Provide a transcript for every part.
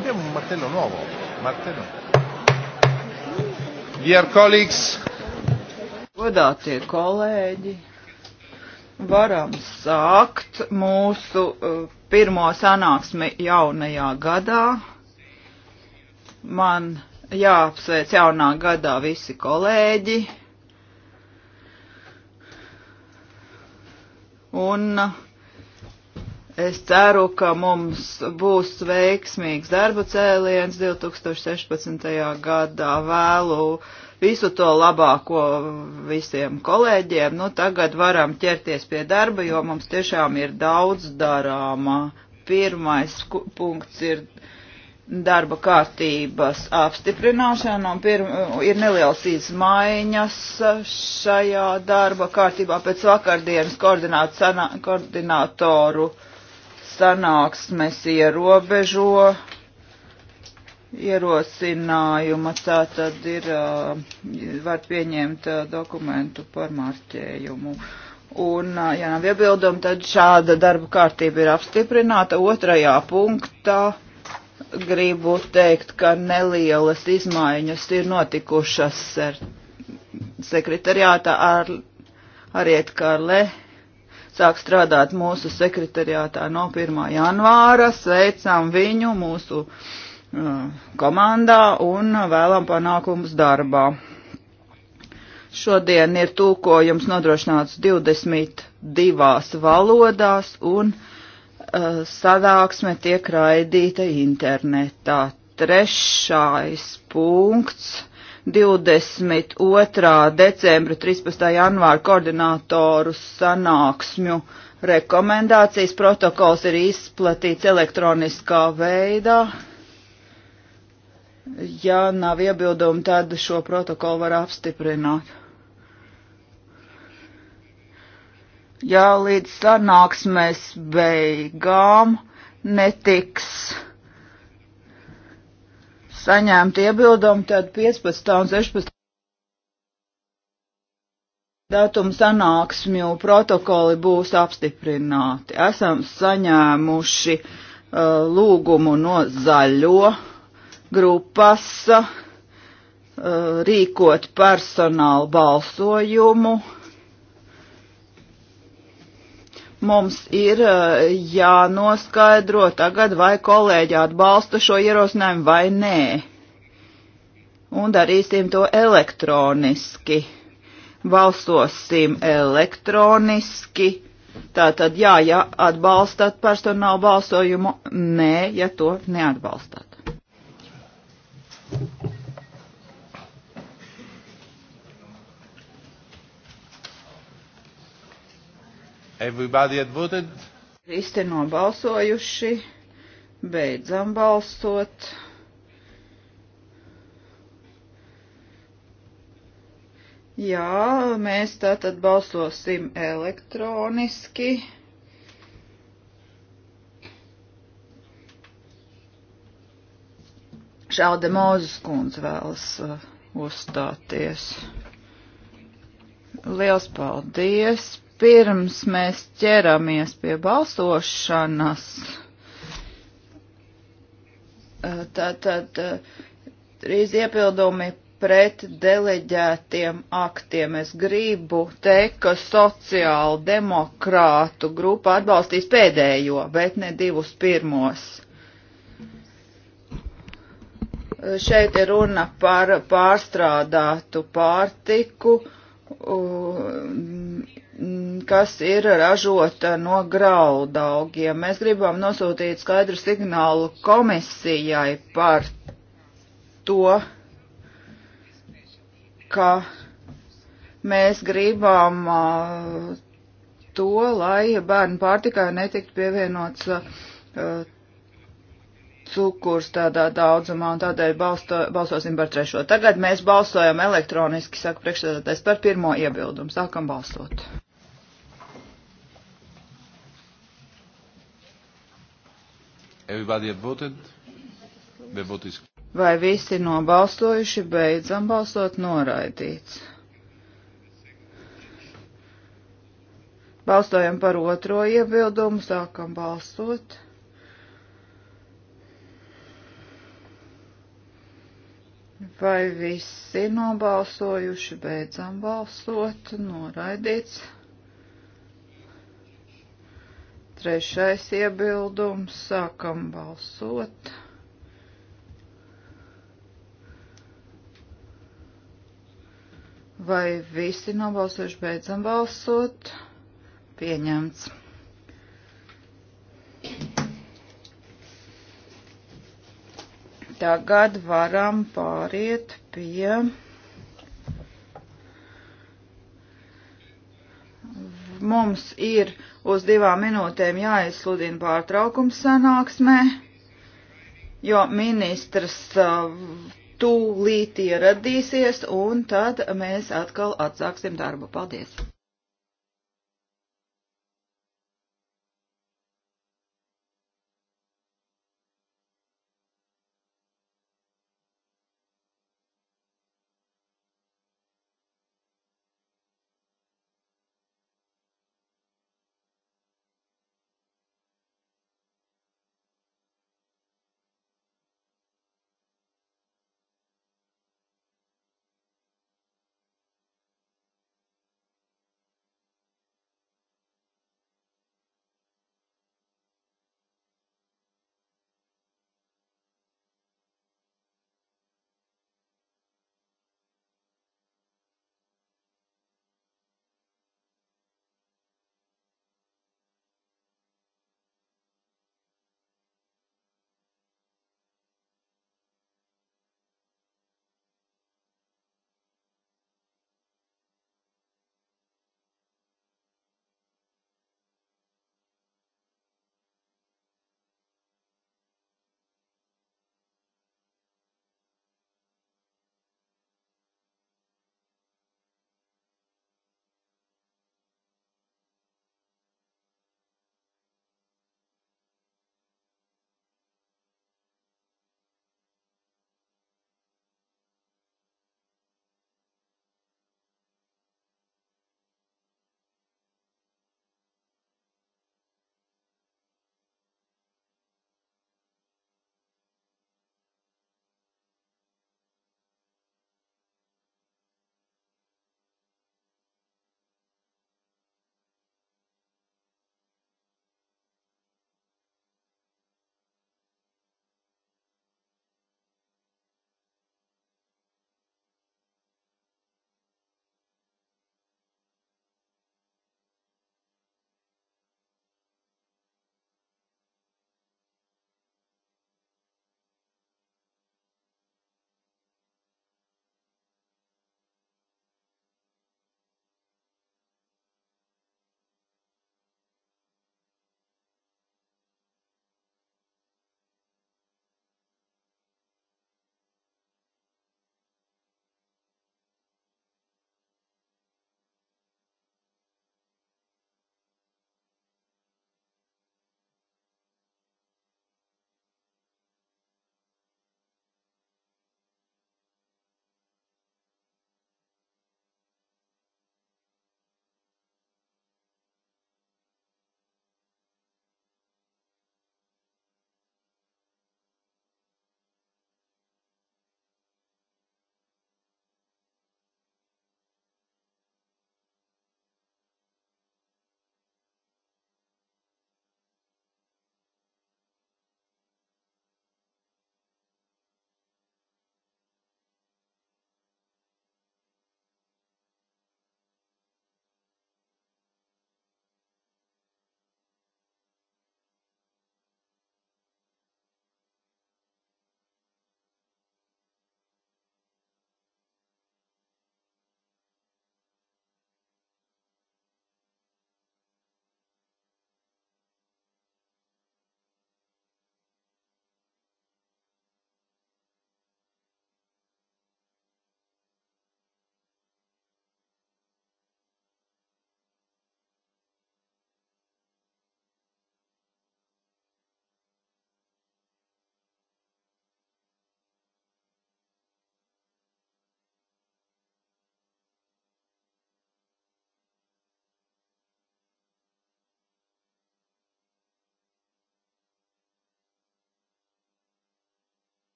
Abbiamo un martello nuovo. Martello. Dear colleagues. Godātie kolēģi, varam sākt mūsu uh, pirmo sanāksmi jaunajā gadā. Man jāapsveic jaunā gadā visi kolēģi. Un uh, Es ceru, ka mums būs veiksmīgs darba cēliens 2016. gadā. Vēlu visu to labāko visiem kolēģiem. Nu, tagad varam ķerties pie darba, jo mums tiešām ir daudz darāmā. Pirmais punkts ir darba kārtības apstiprināšana un pirm, ir nelielas izmaiņas šajā darba kārtībā pēc vakardienas koordinātoru. Sanā, koordinātoru sanāksmes ierobežo ierosinājuma, tā tad ir, var pieņemt dokumentu par marķējumu. Un, ja nav iebildumi, tad šāda darba kārtība ir apstiprināta. Otrajā punktā gribu teikt, ka nelielas izmaiņas ir notikušas sekretariātā ar Ariet Karle sāk strādāt mūsu sekretariātā no 1. janvāra. Sveicam viņu mūsu uh, komandā un vēlam panākumus darbā. Šodien ir tūkojums nodrošināts 22 valodās un uh, sadāksme tiek raidīta internetā. Trešais punkts 22. decembra 13. janvāra koordinātoru sanāksmju rekomendācijas. Protokols ir izplatīts elektroniskā veidā. Ja nav iebildumi, tad šo protokolu var apstiprināt. Ja līdz sanāksmes beigām netiks saņēmt iebildumu, tad 15. un 16. Datuma sanāksmju protokoli būs apstiprināti. Esam saņēmuši uh, lūgumu no zaļo grupas uh, rīkot personālu balsojumu. Mums ir eh, jānoskaidro tagad, vai kolēģi atbalsta šo ierosinājumu vai nē. Un darīsim to elektroniski. Balsosim elektroniski. Tātad, jā, ja atbalstat personālu balsojumu, nē, ja to neatbalstat. Thank you. Everybody had voted. Visi nobalsojuši. Beidzam balsot. Jā, mēs tātad balsosim elektroniski. Šāda Mozus kundze vēlas uh, uzstāties. Liels paldies pirms mēs ķeramies pie balsošanas, eh, tātad eh, trīs iepildumi pret deleģētiem aktiem. Es gribu teikt, ka sociāla demokrātu grupa atbalstīs pēdējo, bet ne divus pirmos. Eh, šeit ir runa par pārstrādātu pārtiku. Uh, Mm, kas ir ražota no graudaugiem. Mēs gribam nosūtīt skaidru signālu komisijai par to, ka mēs gribam uh, to, lai bērnu pārtikai netiktu pievienots uh, cukurs tādā daudzumā, un tādēļ balsto, balsosim par trešo. Tagad mēs balsojam elektroniski, saka priekšstādātais, par pirmo iebildumu. Sākam balsot. Everybody have voted? The vote is... Vai visi nobalsojuši, beidzam balsot noraidīts. Balstojam par otro iebildumu, sākam balsot. Vai visi nobalsojuši, beidzam balsot, noraidīts. Trešais iebildums. Sākam balsot. Vai visi nobalsojuši beidzam balsot? Pieņemts. Tagad varam pāriet pie mums ir uh, uz divām minūtēm jāizsludina pārtraukums sanāksmē, jo ministrs uh, tūlīt ieradīsies, un tad mēs atkal atsāksim darbu. Paldies!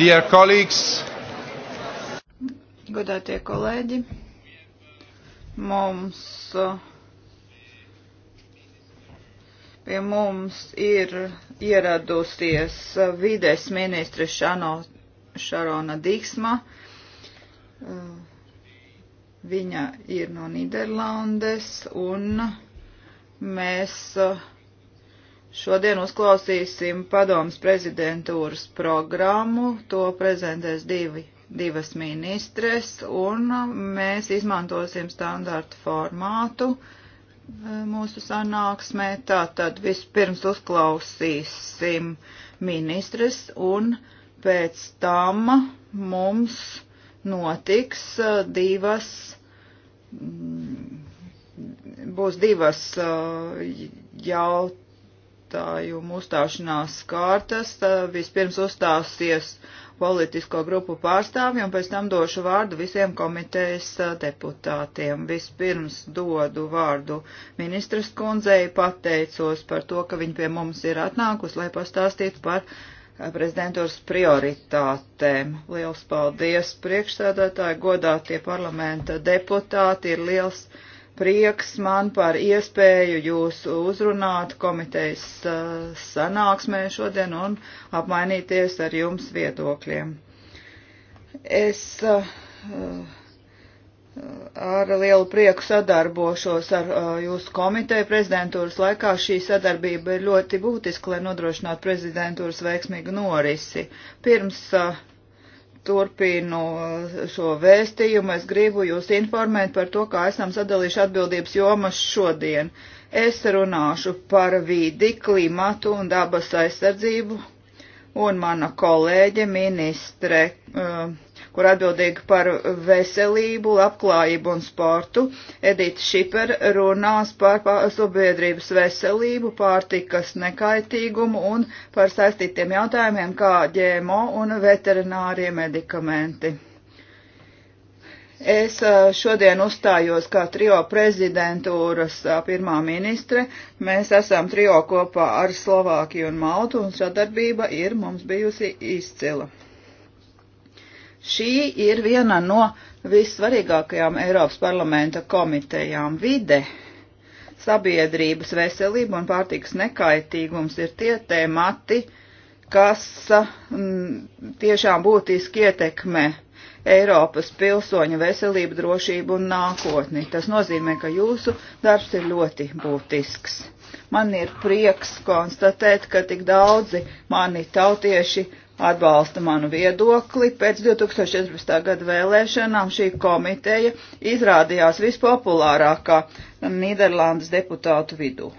Dear colleagues, godātie kolēģi, mums, pie mums ir ieradusies vides ministre Šano, Šarona Dīksma. Viņa ir no Niderlandes un mēs uh, Šodien uzklausīsim padomas prezidentūras programmu, to prezentēs divi, divas ministres, un mēs izmantosim standartu formātu e, mūsu sanāksmē. Tātad vispirms uzklausīsim ministres, un pēc tam mums notiks e, divas būs divas uh, jaut, jautājumu uzstāšanās kārtas. Vispirms uzstāsies politisko grupu pārstāvji un pēc tam došu vārdu visiem komitejas deputātiem. Vispirms dodu vārdu ministras kundzei, pateicos par to, ka viņa pie mums ir atnākus, lai pastāstītu par prezidentūras prioritātēm. Liels paldies priekšsēdētāji, godātie parlamenta deputāti, ir liels paldies prieks man par iespēju jūs uzrunāt komitejas uh, sanāksmē šodien un apmainīties ar jums viedokļiem. Es uh, uh, ar lielu prieku sadarbošos ar jūsu komiteju prezidentūras laikā. Šī sadarbība ir ļoti būtiska, lai nodrošinātu prezidentūras veiksmīgu norisi. Pirms uh, turpinu uh, šo vēstījumu. Es gribu jūs informēt par to, kā esam sadalījuši atbildības jomas šodien. Es runāšu par vidi, klimatu un dabas aizsardzību, un mana kolēģe ministre. Uh, kur atbildīga par veselību, labklājību un sportu. Edita Šiper runās par sabiedrības veselību, pārtikas nekaitīgumu un par saistītiem jautājumiem kā ģēmo un veterinārie medikamenti. Es šodien uzstājos kā trio prezidentūras pirmā ministre. Mēs esam trio kopā ar Slovākiju un Maltu, un sadarbība ir mums bijusi izcila. Šī ir viena no vissvarīgākajām Eiropas parlamenta komitejām - vide. Sabiedrības veselība un pārtiks nekaitīgums ir tie temati, kas mm, tiešām būtiski ietekmē Eiropas pilsoņu veselību, drošību un nākotni. Tas nozīmē, ka jūsu darbs ir ļoti būtisks. Man ir prieks konstatēt, ka tik daudzi mani tautieši atbalsta manu viedokli. Pēc 2014. gada vēlēšanām šī komiteja izrādījās vispopulārākā Nīderlandes deputātu vidū.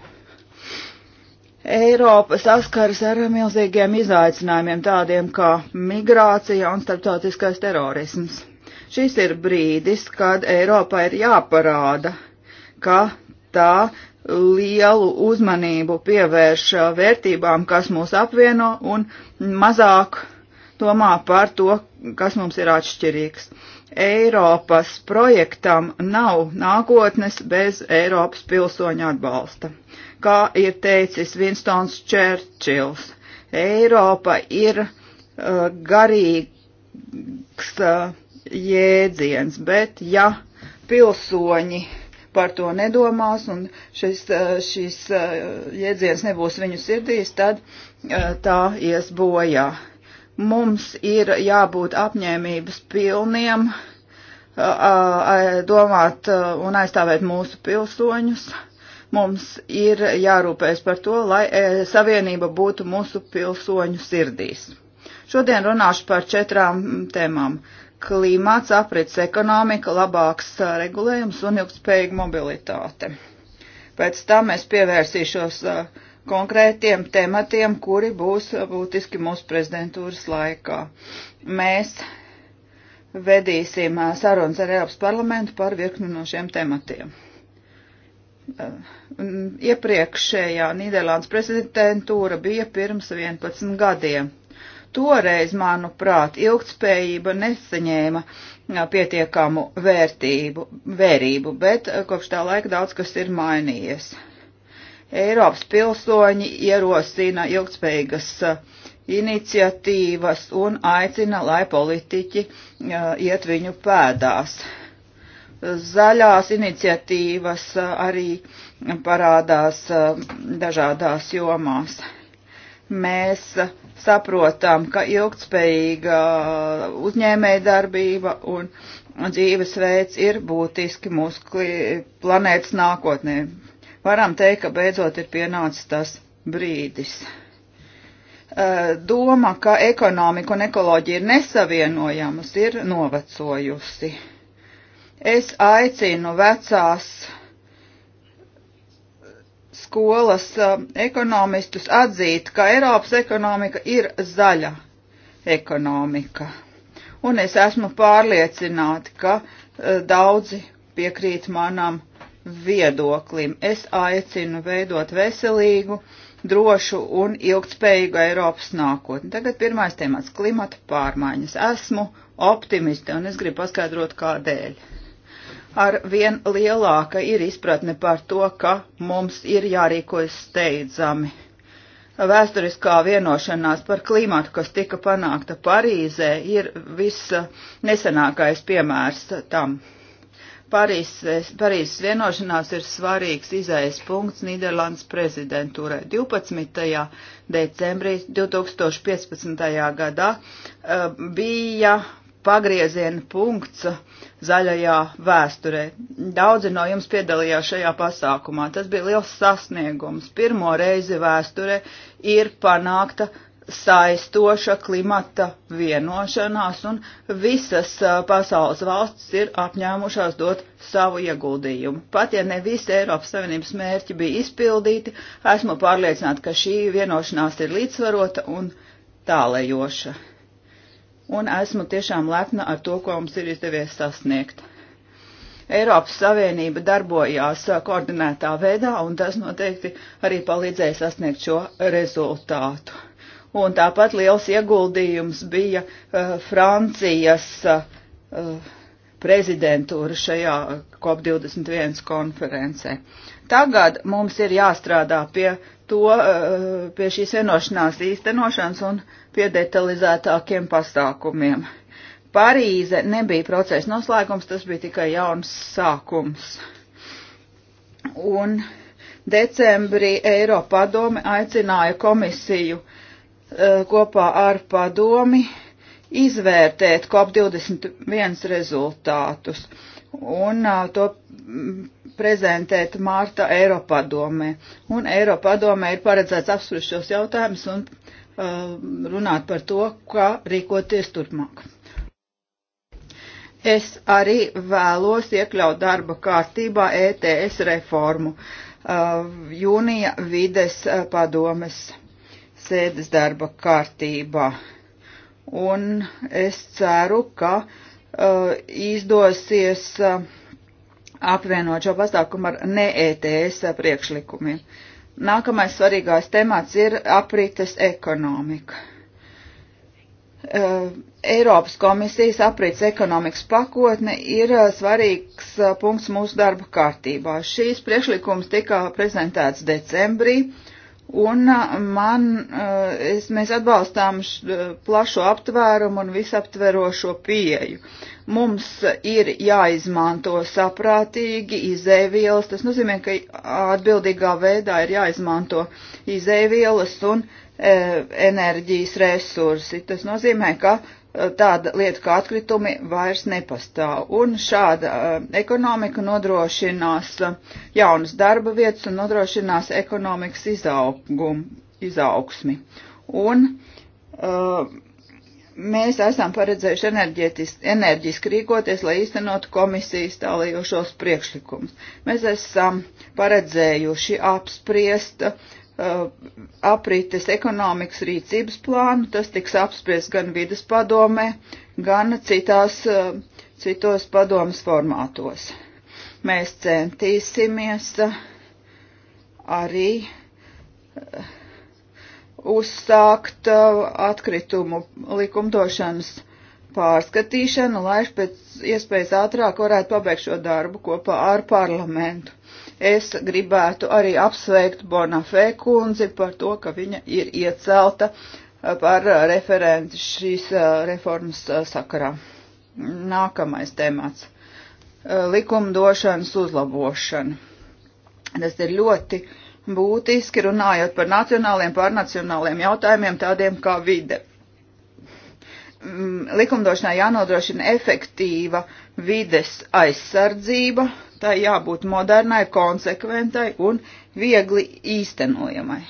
Eiropa saskaras ar milzīgiem izaicinājumiem tādiem kā migrācija un starptautiskais terorisms. Šis ir brīdis, kad Eiropa ir jāparāda, ka tā lielu uzmanību pievērš uh, vērtībām, kas mūs apvieno, un mazāk domā par to, kas mums ir atšķirīgs. Eiropas projektam nav nākotnes bez Eiropas pilsoņu atbalsta. Kā ir teicis Winstons Čērčils, Eiropa ir uh, garīgs uh, jēdziens, bet ja pilsoņi uh, par to nedomās un šis, šis jēdziens nebūs viņu sirdīs, tad tā ies bojā. Mums ir jābūt apņēmības pilniem, domāt un aizstāvēt mūsu pilsoņus. Mums ir jārūpējas par to, lai savienība būtu mūsu pilsoņu sirdīs. Šodien runāšu par četrām tēmām. Uh, klimats, aprits ekonomika, labāks regulējums un ilgspējīga mobilitāte. Pēc tam es pievērsīšos konkrētiem tematiem, kuri būs būtiski mūsu prezidentūras laikā. Mēs vedīsim sarunas ar Eiropas parlamentu par virkni no šiem tematiem. Iepriekšējā Nīderlandes prezidentūra bija pirms 11 gadiem toreiz, manuprāt, ilgtspējība nesaņēma pietiekamu vērtību, vērību, bet kopš tā laika daudz kas ir mainījies. Eiropas pilsoņi ierosina ilgtspējīgas iniciatīvas un aicina, lai politiķi iet viņu pēdās. Zaļās iniciatīvas arī parādās dažādās jomās. Mēs uh, saprotam, ka ilgtspējīga uh, uzņēmēja darbība un dzīvesveids ir būtiski mūsu planētas nākotnē. Varam teikt, ka beidzot ir pienācis tas brīdis. Uh, doma, ka ekonomika un ekoloģija ir nesavienojamas, ir novecojusi. Es aicinu vecās skolas uh, ekonomistus atzīt, ka Eiropas ekonomika ir zaļa ekonomika. Un es esmu pārliecināta, ka uh, daudzi piekrīt manam viedoklim. Es aicinu veidot veselīgu, drošu un ilgtspējīgu Eiropas nākotni. Tagad pirmais temats - klimata pārmaiņas. Esmu optimiste un es gribu paskaidrot, kādēļ ar vien lielāka ir izpratne par to, ka mums ir jārīkojas steidzami. Vēsturiskā vienošanās par klimatu, kas tika panākta Parīzē, ir visnesenākais piemērs tam. Parīzes, Parīzes vienošanās ir svarīgs izējas punkts Nīderlandes prezidentūrai. 12. decembrī 2015. gadā eh, bija pagrieziena punkts zaļajā vēsturē. Daudzi no jums piedalījās šajā pasākumā. Tas bija liels sasniegums. Pirmo reizi vēsturē ir panākta saistoša klimata vienošanās, un visas pasaules valstis ir apņēmušās dot savu ieguldījumu. Pat ja ne visi Eiropas Savienības mērķi bija izpildīti, esmu pārliecināta, ka šī vienošanās ir līdzsvarota un tālējoša un esmu tiešām lepna ar to, ko mums ir izdevies sasniegt. Eiropas Savienība darbojās koordinētā veidā, un tas noteikti arī palīdzēja sasniegt šo rezultātu. Un tāpat liels ieguldījums bija uh, Francijas uh, prezidentūra šajā COP21 konferencē. Tagad mums ir jāstrādā pie to uh, pie šīs vienošanās īstenošanas un pie detalizētākiem pasākumiem. Parīze nebija procesa noslēgums, tas bija tikai jauns sākums. Un decembrī Eiropadome aicināja komisiju uh, kopā ar padomi izvērtēt COP21 rezultātus. Uh, un to prezentēt Mārta Eiropadomē. Un Eiropadomē ir paredzēts apspriest šos jautājumus un runāt par to, kā rīkoties turpmāk. Es arī vēlos iekļaut darba kārtībā ETS reformu jūnija vides padomes sēdes darba kārtībā. Un es ceru, ka uh, Uh, izdosies uh, apvienot šo pasākumu ar ne ETS uh, priekšlikumiem. Nākamais svarīgais temats ir aprites ekonomika. Eiropas komisijas aprits ekonomikas pakotne ir svarīgs punkts mūsu darba kārtībā. Šīs priekšlikums tika prezentēts decembrī. Uh, Un uh, man, uh, es, mēs atbalstām uh, plašo aptvērumu un visaptverošo pieeju. Mums ir jāizmanto saprātīgi izēvielas, tas nozīmē, ka atbildīgā veidā ir jāizmanto izēvielas un e, enerģijas resursi. Tas nozīmē, ka tāda lieta kā atkritumi vairs nepastāv. Un šāda uh, ekonomika nodrošinās uh, jaunas darba vietas un nodrošinās ekonomikas izaugum, izaugsmi. Un uh, mēs esam paredzējuši enerģiski rīkoties, lai īstenotu komisijas tālējošos priekšlikumus. Mēs esam paredzējuši apspriest uh, Uh, aprites ekonomikas rīcības plānu. Tas tiks apspriest gan vidas padomē, gan citās, uh, citos padomas formātos. Mēs centīsimies arī uh, uzsākt atkritumu likumdošanas pārskatīšanu, lai pēc iespējas ātrāk varētu pabeigt šo darbu kopā ar parlamentu. Es gribētu arī apsveikt Bonafē kundzi par to, ka viņa ir iecelta uh, par uh, referenti šīs uh, reformas sakarā. Nākamais temats - likumdošanas uzlabošana. Tas ir ļoti būtiski runājot par nacionāliem, pārnacionāliem jautājumiem, tādiem kā vide mm, likumdošanai jānodrošina efektīva vides aizsardzība, tai jābūt modernai, konsekventai un viegli īstenojamai.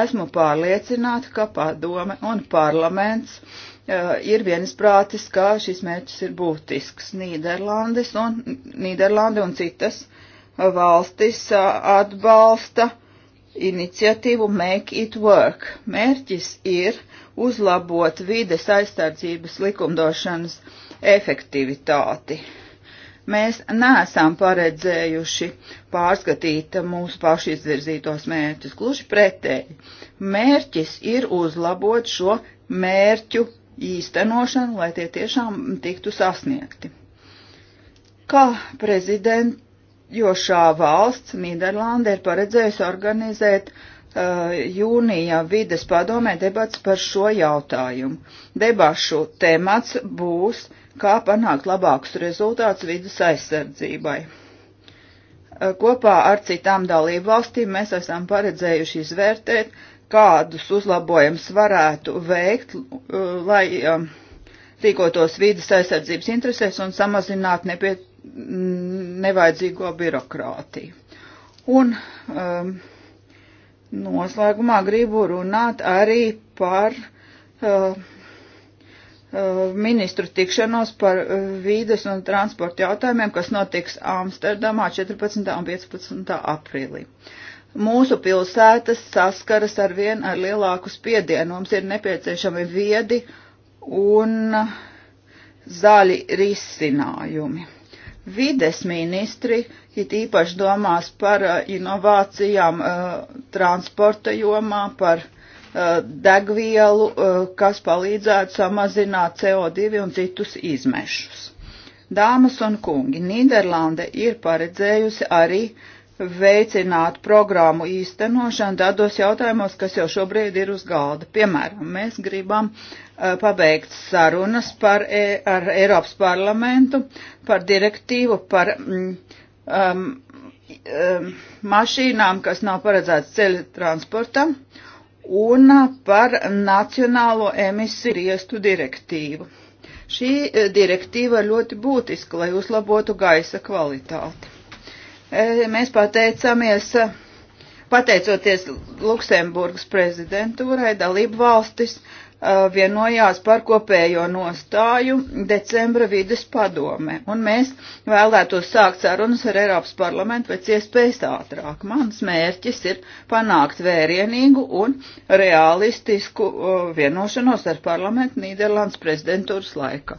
Esmu pārliecināta, ka padome un parlaments uh, ir viensprātis, ka šis mērķis ir būtisks. Nīderlandes un, Nīderlandi un citas valstis uh, atbalsta iniciatīvu Make It Work. Mērķis ir uzlabot vides aizstardzības likumdošanas efektivitāti. Uh, Mēs neesam paredzējuši pārskatīt mūsu pašu izvirzītos mērķus. Gluži pretēji, mērķis ir uzlabot šo mērķu īstenošanu, lai tie tiešām tiktu sasniegti. Kā prezidentjošā valsts Nīderlanda ir paredzējusi organizēt uh, jūnijā vides padomē debats par šo jautājumu. Debašu temats būs uh, kā panākt labākus rezultātus vidas aizsardzībai. Kopā ar citām dalību valstīm mēs esam paredzējuši izvērtēt, kādus uzlabojumus varētu veikt, lai rīkotos vidas aizsardzības interesēs un samazinātu nepie, nevajadzīgo birokrātiju. Un um, noslēgumā gribu runāt arī par uh, Uh, ministru tikšanos par uh, vīdes un transporta jautājumiem, kas notiks Amsterdamā 14. un 15. aprīlī. Mūsu pilsētas saskaras ar vien ar lielāku spiedienu. Mums ir nepieciešami viedi un zaļi risinājumi. Vides ministri it īpaši domās par uh, inovācijām transporta jomā, par Uh, degvielu, uh, kas palīdzētu samazināt CO2 un citus izmešus. Dāmas un kungi, Nīderlande ir paredzējusi arī veicināt programmu īstenošanu tādos jautājumos, kas jau šobrīd ir uz galda. Piemēram, mēs gribam uh, pabeigt sarunas par, e ar Eiropas parlamentu par direktīvu par mm, um, um, mašīnām, kas nav paredzētas ceļu transportam, uh, un par Nacionālo emisiju riestu direktīvu. Šī e, direktīva ir ļoti būtiska, lai uzlabotu gaisa kvalitāti. E, mēs pateicamies, pateicoties Luksemburgas prezidentūrai, dalību valstis Eh, vienojās par kopējo nostāju decembra vides padome, un mēs vēlētos sākt sarunas ar Eiropas parlamentu pēc iespējas ātrāk. Mans mērķis ir panākt vērienīgu un realistisku eh, vienošanos ar parlamentu Nīderlandes prezidentūras laika.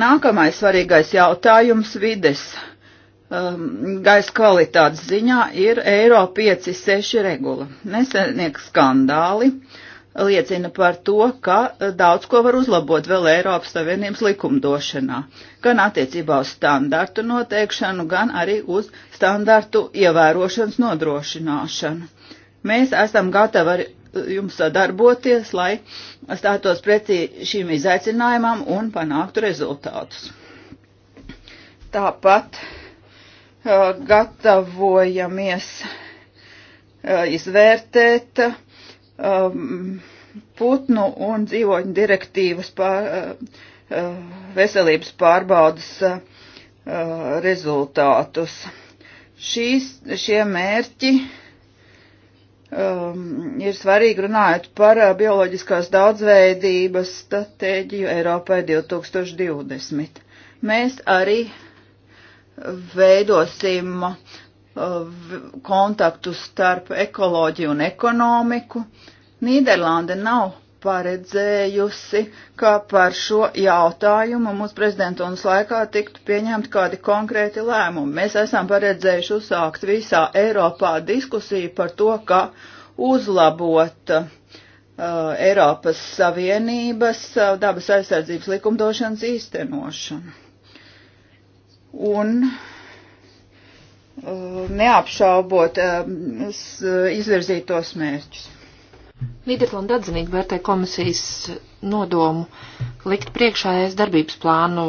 Nākamais svarīgais jautājums vides ehm, gaisa kvalitātes ziņā ir Eiro 5-6 regula. Nesenie skandāli. Uh, liecina par to, ka e, daudz ko var uzlabot vēl Eiropas Savienības likumdošanā, gan attiecībā uz standartu noteikšanu, gan arī uz standartu ievērošanas nodrošināšanu. Mēs esam gatavi ar e, jums sadarboties, lai stātos pretī šīm izaicinājumam un panāktu rezultātus. Tāpat uh, gatavojamies uh, izvērtēt uh, um, putnu un dzīvoņu direktīvas pār, uh, uh, veselības pārbaudas uh, rezultātus. Šīs, šie mērķi um, ir svarīgi runājot par uh, bioloģiskās daudzveidības stratēģiju Eiropai 2020. Mēs arī veidosim kontaktu starp ekoloģiju un ekonomiku. Nīderlanda nav paredzējusi, ka par šo jautājumu mūsu prezidentūras laikā tiktu pieņemti kādi konkrēti lēmumi. Mēs esam paredzējuši uzsākt visā Eiropā diskusiju par to, kā uzlabot uh, Eiropas Savienības uh, dabas aizsardzības likumdošanas īstenošanu. Un uh, Uh, neapšaubot um, uh, izvirzītos mērķus. Nīderlanda atzinīgi vērtē komisijas nodomu likt priekšējais darbības plānu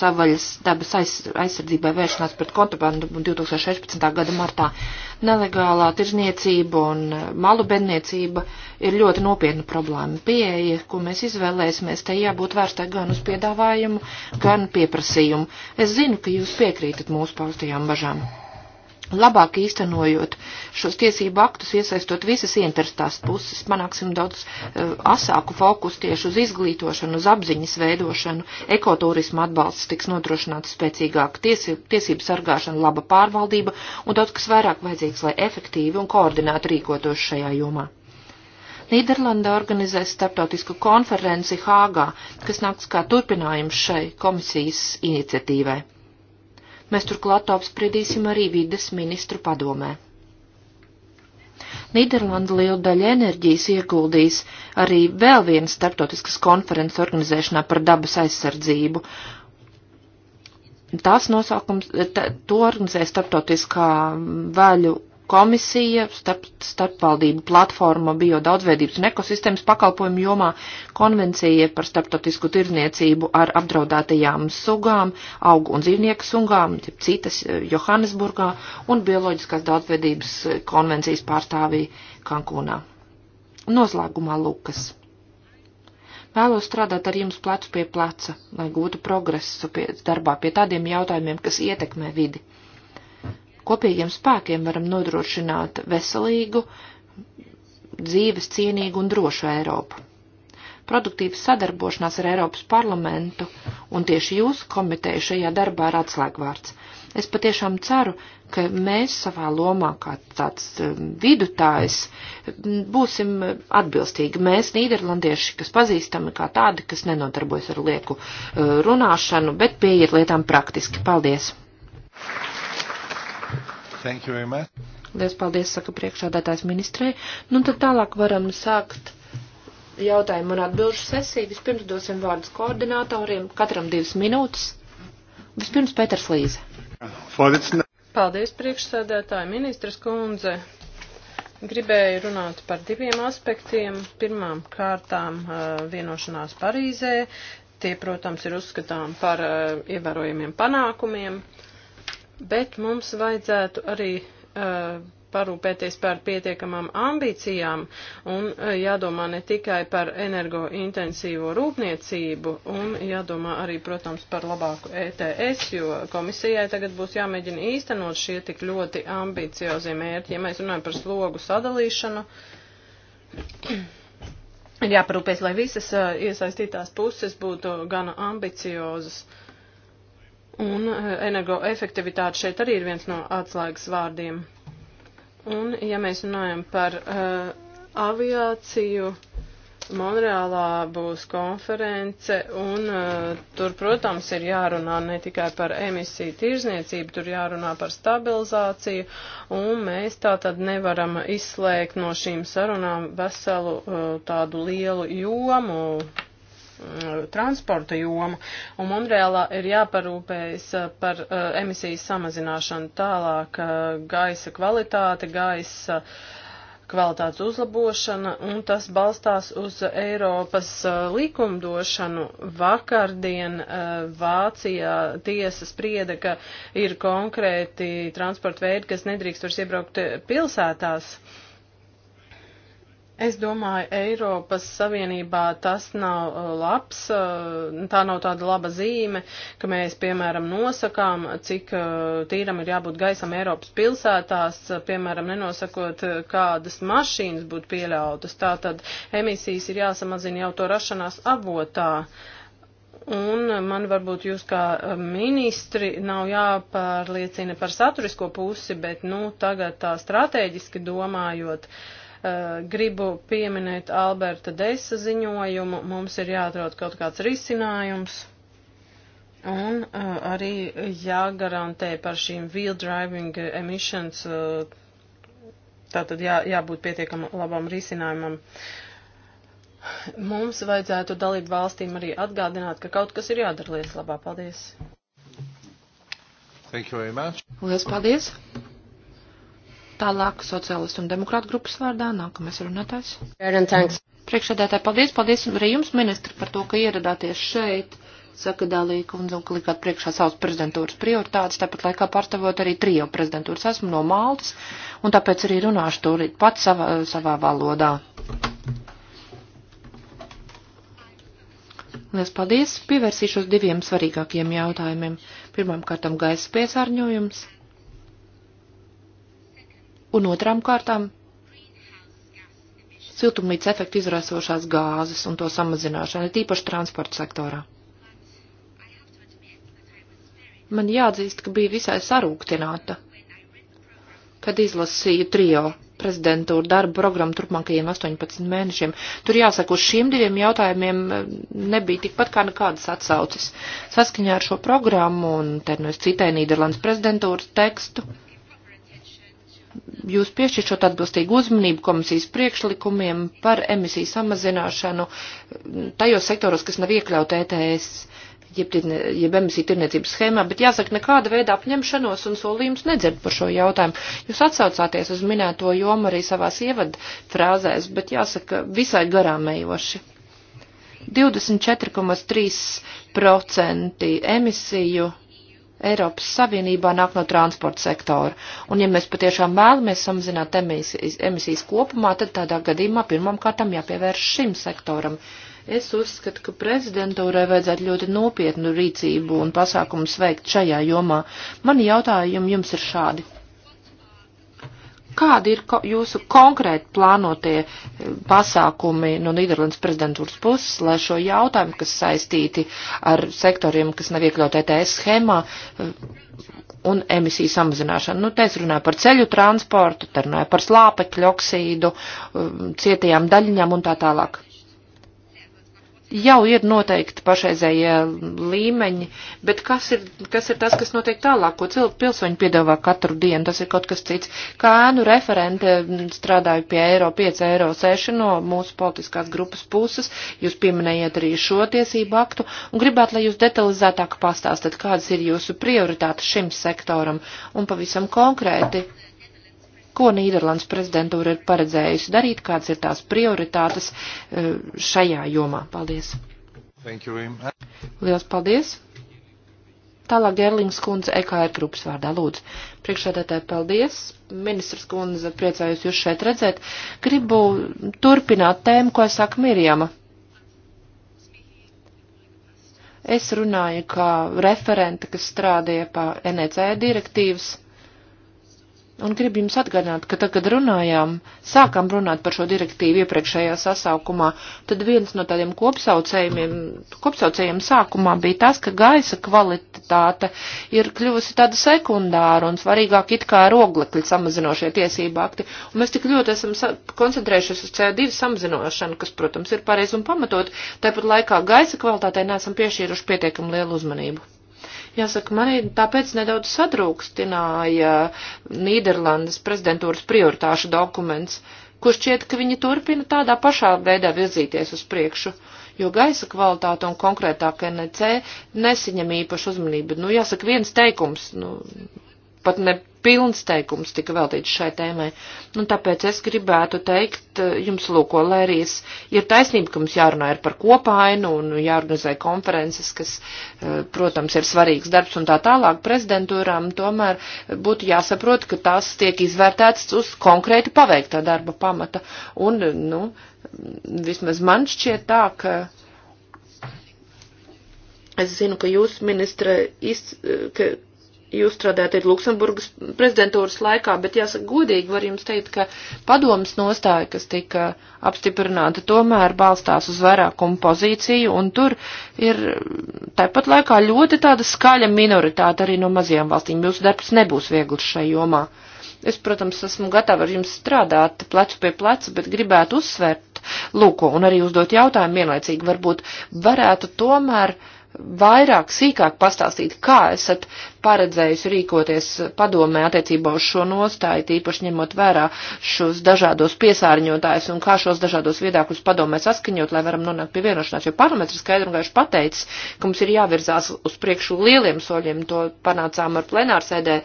savaļas dabas aiz, aizsardzībai vēršanās pret kontrabandu 2016. gada martā. Nelegālā tirzniecība un uh, malu bedniecība ir ļoti nopietna problēma. Pieeja, ko mēs izvēlēsimies, te jābūt vērstai gan uz piedāvājumu, gan pieprasījumu. Es zinu, ka jūs piekrītat mūsu paustajām bažām labāk īstenojot šos tiesību aktus, iesaistot visas interesētās puses, panāksim daudz uh, asāku fokusu tieši uz izglītošanu, uz apziņas veidošanu, ekoturismu atbalsts tiks nodrošināts spēcīgāk, tiesību, tiesību sargāšana, laba pārvaldība un daudz kas vairāk vajadzīgs, lai efektīvi un koordināti rīkotos šajā jomā. Nīderlanda organizēs starptautisku konferenci Hāgā, kas nāks kā turpinājums šai komisijas iniciatīvai. Mēs turklāt to apspriedīsim arī vides ministru padomē. Nīderlanda lielu daļu enerģijas ieguldīs arī vēl vienas starptautiskas konferences organizēšanā par dabas aizsardzību. Tās nosaukums, t, to organizē starptautiskā vaļu komisija starp, starpvaldību platforma biodaudzveidības un ekosistēmas pakalpojumu jomā konvencija par starptautisku tirzniecību ar apdraudētajām sugām, augu un dzīvnieku sugām, citas eh, Johannesburgā un bioloģiskās daudzveidības eh, konvencijas pārstāvī Kankūnā. Noslēgumā Lukas. Vēlos strādāt ar jums plecu pie pleca, lai gūtu progresu pie, darbā pie tādiem jautājumiem, kas ietekmē vidi kopīgiem spēkiem varam nodrošināt veselīgu, dzīves cienīgu un drošu Eiropu. Produktīva sadarbošanās ar Eiropas parlamentu un tieši jūsu komiteju šajā darbā ir atslēgvārds. Es patiešām ceru, ka mēs savā lomā kā tāds um, vidutājs būsim atbilstīgi. Mēs, nīderlandieši, kas pazīstami kā tādi, kas nenodarbojas ar lieku uh, runāšanu, bet pieiet lietām praktiski. Paldies! Thank you very much. Lies paldies, saka priekšādātājs ministrei. Nu, tad tālāk varam sākt jautājumu un atbilžu sesiju. Vispirms dosim vārdus koordinātoriem, katram divas minūtes. Vispirms Pēters Līze. Paldies, priekšsēdētāji ministras kundze. Gribēju runāt par diviem aspektiem. Pirmām kārtām uh, vienošanās Parīzē. Tie, protams, ir uzskatām par uh, ievērojumiem panākumiem. Uh, bet mums vajadzētu arī uh, parūpēties par pietiekamām ambīcijām un uh, jādomā ne tikai par energointensīvo rūpniecību un jādomā arī, protams, par labāku ETS, jo komisijai tagad būs jāmēģina īstenot šie tik ļoti ambiciozie mērķi. Ja mēs runājam par slogu sadalīšanu, ir jāparūpēs, lai visas uh, iesaistītās puses būtu gana ambiciozas. Un eh, energoefektivitāte šeit arī ir viens no atslēgas vārdiem. Un, ja mēs runājam par uh, aviāciju, Monreālā būs konference, un uh, tur, protams, ir jārunā ne tikai par emisiju tirzniecību, tur jārunā par stabilizāciju, un mēs tā tad nevaram izslēgt no šīm sarunām veselu uh, tādu lielu jomu, Mm, transporta jomu, un Monreālā ir jāparūpējas uh, par uh, emisijas samazināšanu tālāk uh, gaisa kvalitāte, gaisa uh, kvalitātes uzlabošana, un tas balstās uz Eiropas uh, likumdošanu. Vakardien uh, Vācijā tiesa sprieda, ka ir konkrēti transporta veidi, kas nedrīkst vairs iebraukt pilsētās. Uh, Es domāju, Eiropas Savienībā tas nav uh, labs, uh, tā nav tāda laba zīme, ka mēs, piemēram, nosakām, cik uh, tīram ir jābūt gaisam Eiropas pilsētās, piemēram, nenosakot, kādas mašīnas būtu pieļautas. Tātad emisijas ir jāsamazina jau to rašanās avotā. Un man varbūt jūs kā ministri nav jāpārliecina par saturisko pusi, bet, nu, tagad tā strateģiski domājot. Uh, Eh, gribu pieminēt Alberta Deisa ziņojumu. Mums ir jāatrod kaut kāds risinājums. Un uh, arī jāgarantē par šīm wheel driving emissions, uh, tātad jā, jābūt pietiekam labam risinājumam. Mums vajadzētu dalību valstīm arī atgādināt, ka kaut kas ir jādara lietas labā. Paldies! Thank you very much. Lielas paldies! Tālāk sociālistu un demokrātu grupas vārdā nākamais runātājs. Priekšsēdētāji, paldies, paldies arī jums, ministri, par to, ka ieradāties šeit saka Dalīja kundze, un likāt priekšā savas prezidentūras prioritātes, tāpat laikā pārstāvot arī trijo prezidentūras. Esmu no Maltas, un tāpēc arī runāšu tūlīt pat savā, savā valodā. Liels paldies! Pievērsīšos diviem svarīgākiem jautājumiem. Pirmām kārtām gaisa piesārņojums un otrām kārtām siltumnīca efektu izraisošās gāzes un to samazināšana, tīpaši transporta sektorā. Man jāatzīst, ka bija visai sarūktināta, kad izlasīju trio prezidentūru darbu programmu turpmākajiem 18 mēnešiem. Tur jāsaka, uz šiem diviem jautājumiem eh, nebija tikpat kā nekādas atsauces. Saskaņā ar šo programmu, un te nu es citēju Nīderlandes prezidentūras tekstu, jūs piešķiršot atbilstīgu uzmanību komisijas priekšlikumiem par emisiju samazināšanu tajos sektoros, kas nav iekļaut ETS, jeb, jeb emisiju tirniecības schēmā, bet jāsaka, nekāda veida apņemšanos un solījums nedzird par šo jautājumu. Jūs atsaucāties uz minēto jomu arī savās ievad frāzēs, bet jāsaka, visai garāmējoši. 24,3% emisiju Eiropas Savienībā nāk no transporta sektora. Un ja mēs patiešām vēlamies samazināt emisijas, emisijas kopumā, tad tādā gadījumā pirmam kārtam jāpievērš šim sektoram. Es uzskatu, ka prezidentūrai vajadzētu ļoti nopietnu rīcību un pasākumus veikt šajā jomā. Mani jautājumi jums ir šādi. Kādi ir ko, jūsu konkrēti plānotie eh, pasākumi no Nīderlandes prezidentūras puses, lai šo jautājumu, kas saistīti ar sektoriem, kas nav iekļaut ETS schēmā eh, un emisiju samazināšanu? Nu, te es runāju par ceļu transportu, te runāju par slāpekļu oksīdu, eh, cietajām daļiņām un tā tālāk jau ir noteikti pašreizējie līmeņi, bet kas ir, kas ir tas, kas notiek tālāk, ko cil, pilsoņi piedāvā katru dienu, tas ir kaut kas cits. Kā ēnu referente strādāju pie eiro 5, eiro 6 no mūsu politiskās grupas puses, jūs pieminējat arī šo tiesību aktu un gribētu, lai jūs detalizētāk pastāstat, kādas ir jūsu prioritātes šim sektoram un pavisam konkrēti. Okay Ko Nīderlandes prezidentūra ir paredzējusi darīt, kāds ir tās prioritātes eh, šajā jomā? Paldies! Lielas paldies! Tālāk Gerlings kundze EKR grupas vārdā lūdzu. Priekšādātāji, paldies. Ministrs kundze, priecājos jūs šeit redzēt. Gribu turpināt tēmu, ko saka Mirjama. Es runāju kā referente, kas strādāja pie NEC direktīvas Un gribu jums atgādināt, ka tad, kad runājām, sākām runāt par šo direktīvu iepriekšējā sasaukumā, tad viens no tādiem kopsaucējiem, kopsaucējiem sākumā bija tas, ka gaisa kvalitāte ir kļuvusi tāda sekundāra un svarīgāk it kā ir oglekļa samazinošie tiesība akti. Un mēs tik ļoti esam koncentrējušies uz CO2 samazinošanu, kas, protams, ir pareizi un pamatot, tāpat laikā gaisa kvalitātei neesam piešķīruši pietiekam lielu uzmanību. Jāsaka, manī tāpēc nedaudz sadrūkstināja Nīderlandes prezidentūras prioritāšu dokuments, kur šķiet, ka viņi turpina tādā pašā veidā virzīties uz priekšu, jo gaisa kvalitāte un konkrētāk NEC nesaņem īpašu uzmanību. Nu, jāsaka, viens teikums, nu, pat ne pilns teikums tika veltīts šai tēmai. Un nu, tāpēc es gribētu teikt eh, jums, lūko, lai arī es, ir taisnība, ka mums jārunā ir par kopainu un jāorganizē konferences, kas, eh, protams, ir svarīgs darbs un tā tālāk prezidentūrām, tomēr būtu jāsaprot, ka tās tiek izvērtētas uz konkrēti paveiktā darba pamata. Un, nu, vismaz man šķiet tā, ka. Es zinu, ka jūs, ministre, iz, eh, ka, jūs strādājat Luksemburgas prezidentūras laikā, bet jāsaka godīgi, var jums teikt, ka padomas nostāja, kas tika apstiprināta, tomēr balstās uz vairākumu pozīciju, un tur ir tāpat laikā ļoti tāda skaļa minoritāte arī no mazajām valstīm. Jūsu darbs nebūs viegls šai jomā. Es, protams, esmu gatava ar jums strādāt plecu pie pleca, bet gribētu uzsvērt lūko un arī uzdot jautājumu vienlaicīgi. Varbūt varētu tomēr uh, vairāk sīkāk pastāstīt, kā esat paredzējusi rīkoties padomē attiecībā uz šo nostāju, tīpaši ņemot vērā šos dažādos piesārņotājus un kā šos dažādos viedākus padomē saskaņot, lai varam nonākt pie vienošanās, jo parlaments ir skaidri un gaiši pateicis, ka mums ir jāvirzās uz priekšu lieliem soļiem, to panācām ar plenārsēdē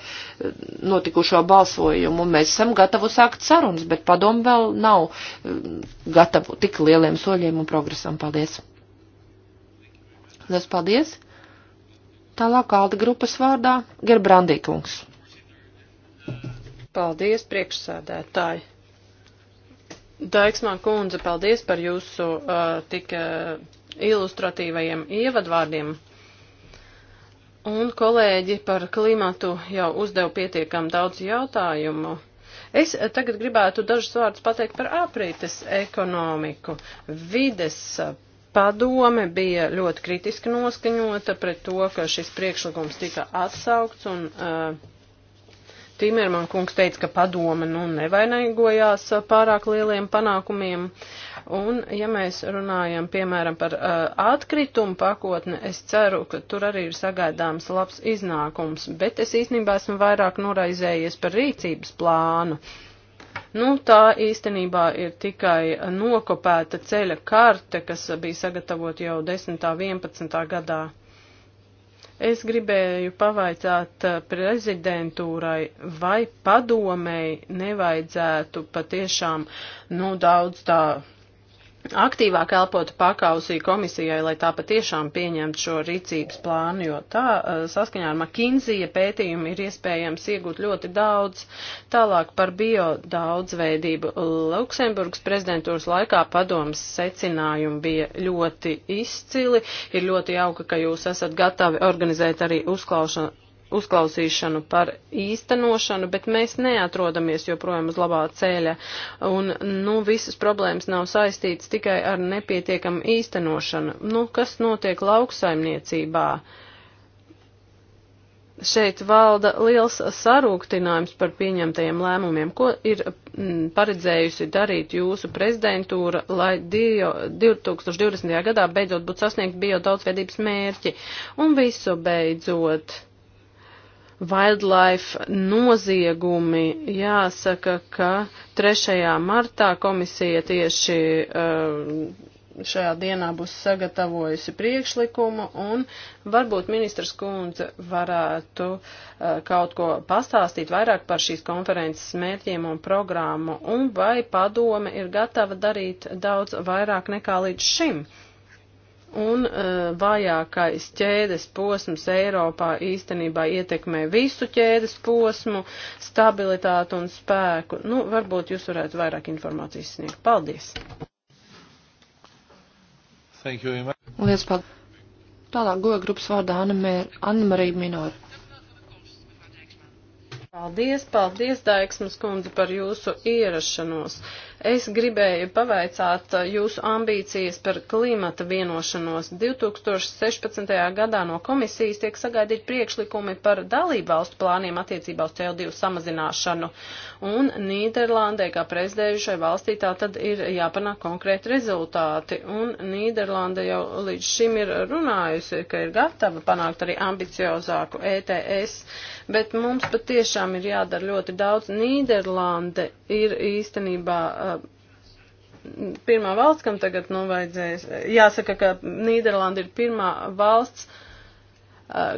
notikušo balsojumu, un mēs esam gatavi sākt sarunas, bet padomu vēl nav eh, gatavu tik lieliem soļiem un progresam. Paldies! Liels paldies! Tālāk Alda grupas vārdā Gerbrandīkungs. Paldies, priekšsēdētāji! Daiksmā kundze, paldies par jūsu uh, tik uh, ilustratīvajiem ievadvārdiem. Un kolēģi par klimatu jau uzdev pietiekam daudz jautājumu. Es uh, tagad gribētu dažus vārdus pateikt par aprītes ekonomiku, vides uh, Padome bija ļoti kritiski noskaņota pret to, ka šis priekšlikums tika atsaukts un uh, Timerman kungs teica, ka padome nu, nevainagojās pārāk lieliem panākumiem. Un, ja mēs runājam, piemēram, par uh, atkritumu pakotni, es ceru, ka tur arī ir sagaidāms labs iznākums, bet es īstenībā esmu vairāk noraizējies par rīcības plānu. Uh, Nu, tā īstenībā ir tikai nokopēta ceļa karte, kas bija sagatavot jau 10. 11. gadā. Es gribēju pavaicāt prezidentūrai, vai padomēji nevajadzētu patiešām, nu, daudz tā aktīvāk elpotu pakausī komisijai, lai tā patiešām pieņemtu šo rīcības plānu, jo tā eh, saskaņā ar McKinsey pētījumu ir iespējams iegūt ļoti daudz tālāk par bio daudzveidību. Luksemburgas prezidentūras laikā padomas secinājumi bija ļoti izcili. Ir ļoti jauka, ka jūs esat gatavi organizēt arī uzklaušanu uzklausīšanu par īstenošanu, bet mēs neatrodamies joprojām uz labā ceļa, un, nu, visas problēmas nav saistītas tikai ar nepietiekamu īstenošanu. Nu, kas notiek lauksaimniecībā? Šeit valda liels sarūktinājums par pieņemtajiem lēmumiem, ko ir mm, paredzējusi darīt jūsu prezidentūra, lai 2020. gadā beidzot būtu sasniegt bio daudzveidības mērķi. Un visu beidzot wildlife noziegumi. Jāsaka, ka 3. martā komisija tieši um, šajā dienā būs sagatavojusi priekšlikumu un varbūt ministrs kundze varētu uh, kaut ko pastāstīt vairāk par šīs konferences mērķiem un programmu un vai padome ir gatava darīt daudz vairāk nekā līdz šim un uh, vajākais ķēdes posms Eiropā īstenībā ietekmē visu ķēdes posmu, stabilitātu un spēku. Nu, varbūt jūs varētu vairāk informācijas sniegt. Paldies! Lielas paldies! Tālāk goja grupas vārdā Anna-Marija Minora. Paldies, paldies, Daiksmas kundze, par jūsu ierašanos. Uh, Es gribēju pavaicāt uh, jūsu ambīcijas par klimata vienošanos. 2016. gadā no komisijas tiek sagaidīti priekšlikumi par dalību valstu plāniem attiecībā uz CO2 samazināšanu. Un Nīderlandē, kā prezidējušai valstī, tā tad ir jāpanāk konkrēti rezultāti. Un Nīderlanda jau līdz šim ir runājusi, ka ir gatava panākt arī ambiciozāku ETS, bet mums patiešām ir jādara ļoti daudz. Nīderlande ir īstenībā uh, pirmā valsts, kam tagad, nu, vajadzēs, jāsaka, ka Nīderlanda ir pirmā valsts,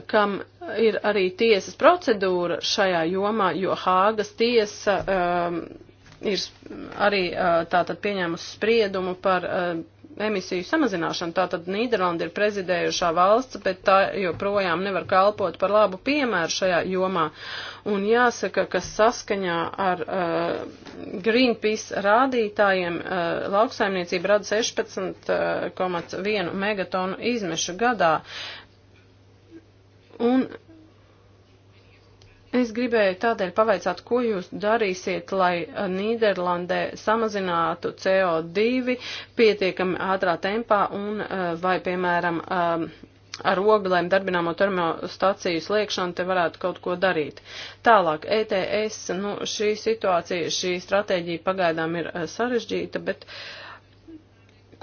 kam ir arī tiesas procedūra šajā jomā, jo Hāgas tiesa um, ir arī tātad pieņēmusi spriedumu par uh, emisiju samazināšanu. Tātad Nīderlanda ir prezidējušā valsts, bet tā joprojām nevar kalpot par labu piemēru šajā jomā. Un jāsaka, ka saskaņā ar uh, Greenpeace rādītājiem uh, lauksaimniecība rada 16,1 uh, megatonu izmešu gadā. Un Es gribēju tādēļ pavaicāt, ko jūs darīsiet, lai eh, Nīderlandē samazinātu CO2 pietiekami ātrā tempā un eh, vai, piemēram, ehm, ar oglēm darbināmo termostaciju sliekšanu te varētu kaut ko darīt. Tālāk, ETS, nu, šī situācija, šī stratēģija pagaidām ir eh, sarežģīta, bet uh,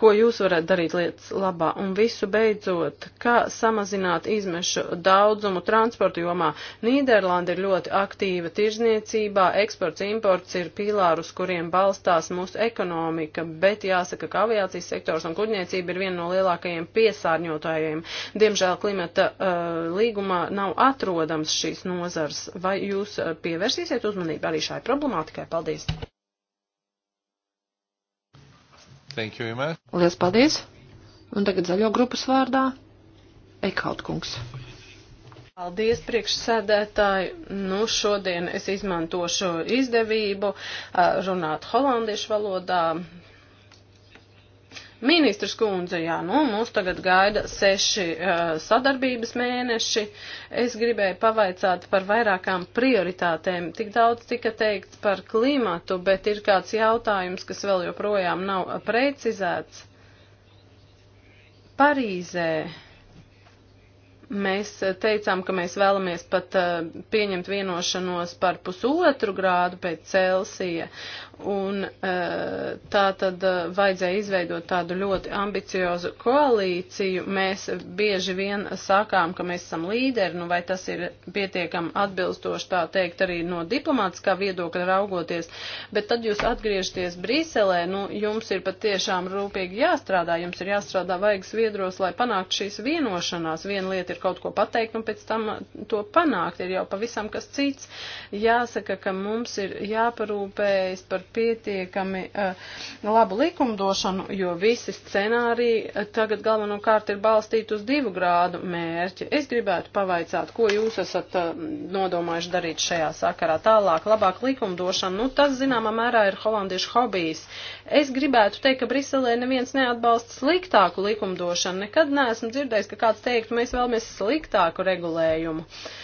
ko jūs varētu darīt lietas labā. Un visu beidzot, kā samazināt izmešu daudzumu transporta jomā. Nīderlanda ir ļoti aktīva tirzniecībā, eksports, imports ir pīlārus, kuriem balstās mūsu ekonomika, bet jāsaka, ka aviācijas sektors un kuģniecība ir viena no lielākajiem piesārņotājiem. Diemžēl klimata uh, līgumā nav atrodams šīs nozars. Vai jūs uh, pievērsīsiet uzmanību arī šai problemātikai? Paldies! Thank you, Imē. Lielas paldies. Un tagad zaļo grupas vārdā Ekaut kungs. Paldies, priekšsēdētāji. Nu, šodien es izmantošu izdevību runāt holandiešu valodā, Ministrs kundze, jā, nu, mums tagad gaida seši uh, sadarbības mēneši. Es gribēju pavaicāt par vairākām prioritātēm. Tik daudz tika teikts par klimatu, bet ir kāds jautājums, kas vēl joprojām nav precizēts. Parīzē mēs teicām, ka mēs vēlamies pat eh, pieņemt vienošanos par pusotru grādu pēc Celsija, Un eh, tā tad eh, vajadzēja izveidot tādu ļoti ambiciozu koalīciju. Mēs bieži vien sakām, ka mēs esam līderi, nu vai tas ir pietiekami atbilstoši tā teikt arī no diplomātiskā viedokļa raugoties, bet tad jūs atgriežaties Brīselē, nu jums ir patiešām rūpīgi jāstrādā, jums ir jāstrādā vaigas viedros, lai panāktu šīs vienošanās. Viena lieta ir kaut ko pateikt un nu, pēc tam eh, to panākt, ir jau pavisam kas cits. Jāsaka, ka mums ir jāparūpējas par par pietiekami uh, labu likumdošanu, jo visi scenāriji eh, tagad galvenokārt ir balstīti uz divu grādu mērķi. Es gribētu pavaicāt, ko jūs esat uh, nodomājuši darīt šajā sakarā tālāk, labāk likumdošanu. Nu, tas, zināmā mērā, ir holandiešu hobijs. Es gribētu teikt, ka Briselē neviens neatbalsta sliktāku likumdošanu. Nekad neesmu dzirdējis, ka kāds teiktu, mēs vēlamies sliktāku regulējumu. Uh,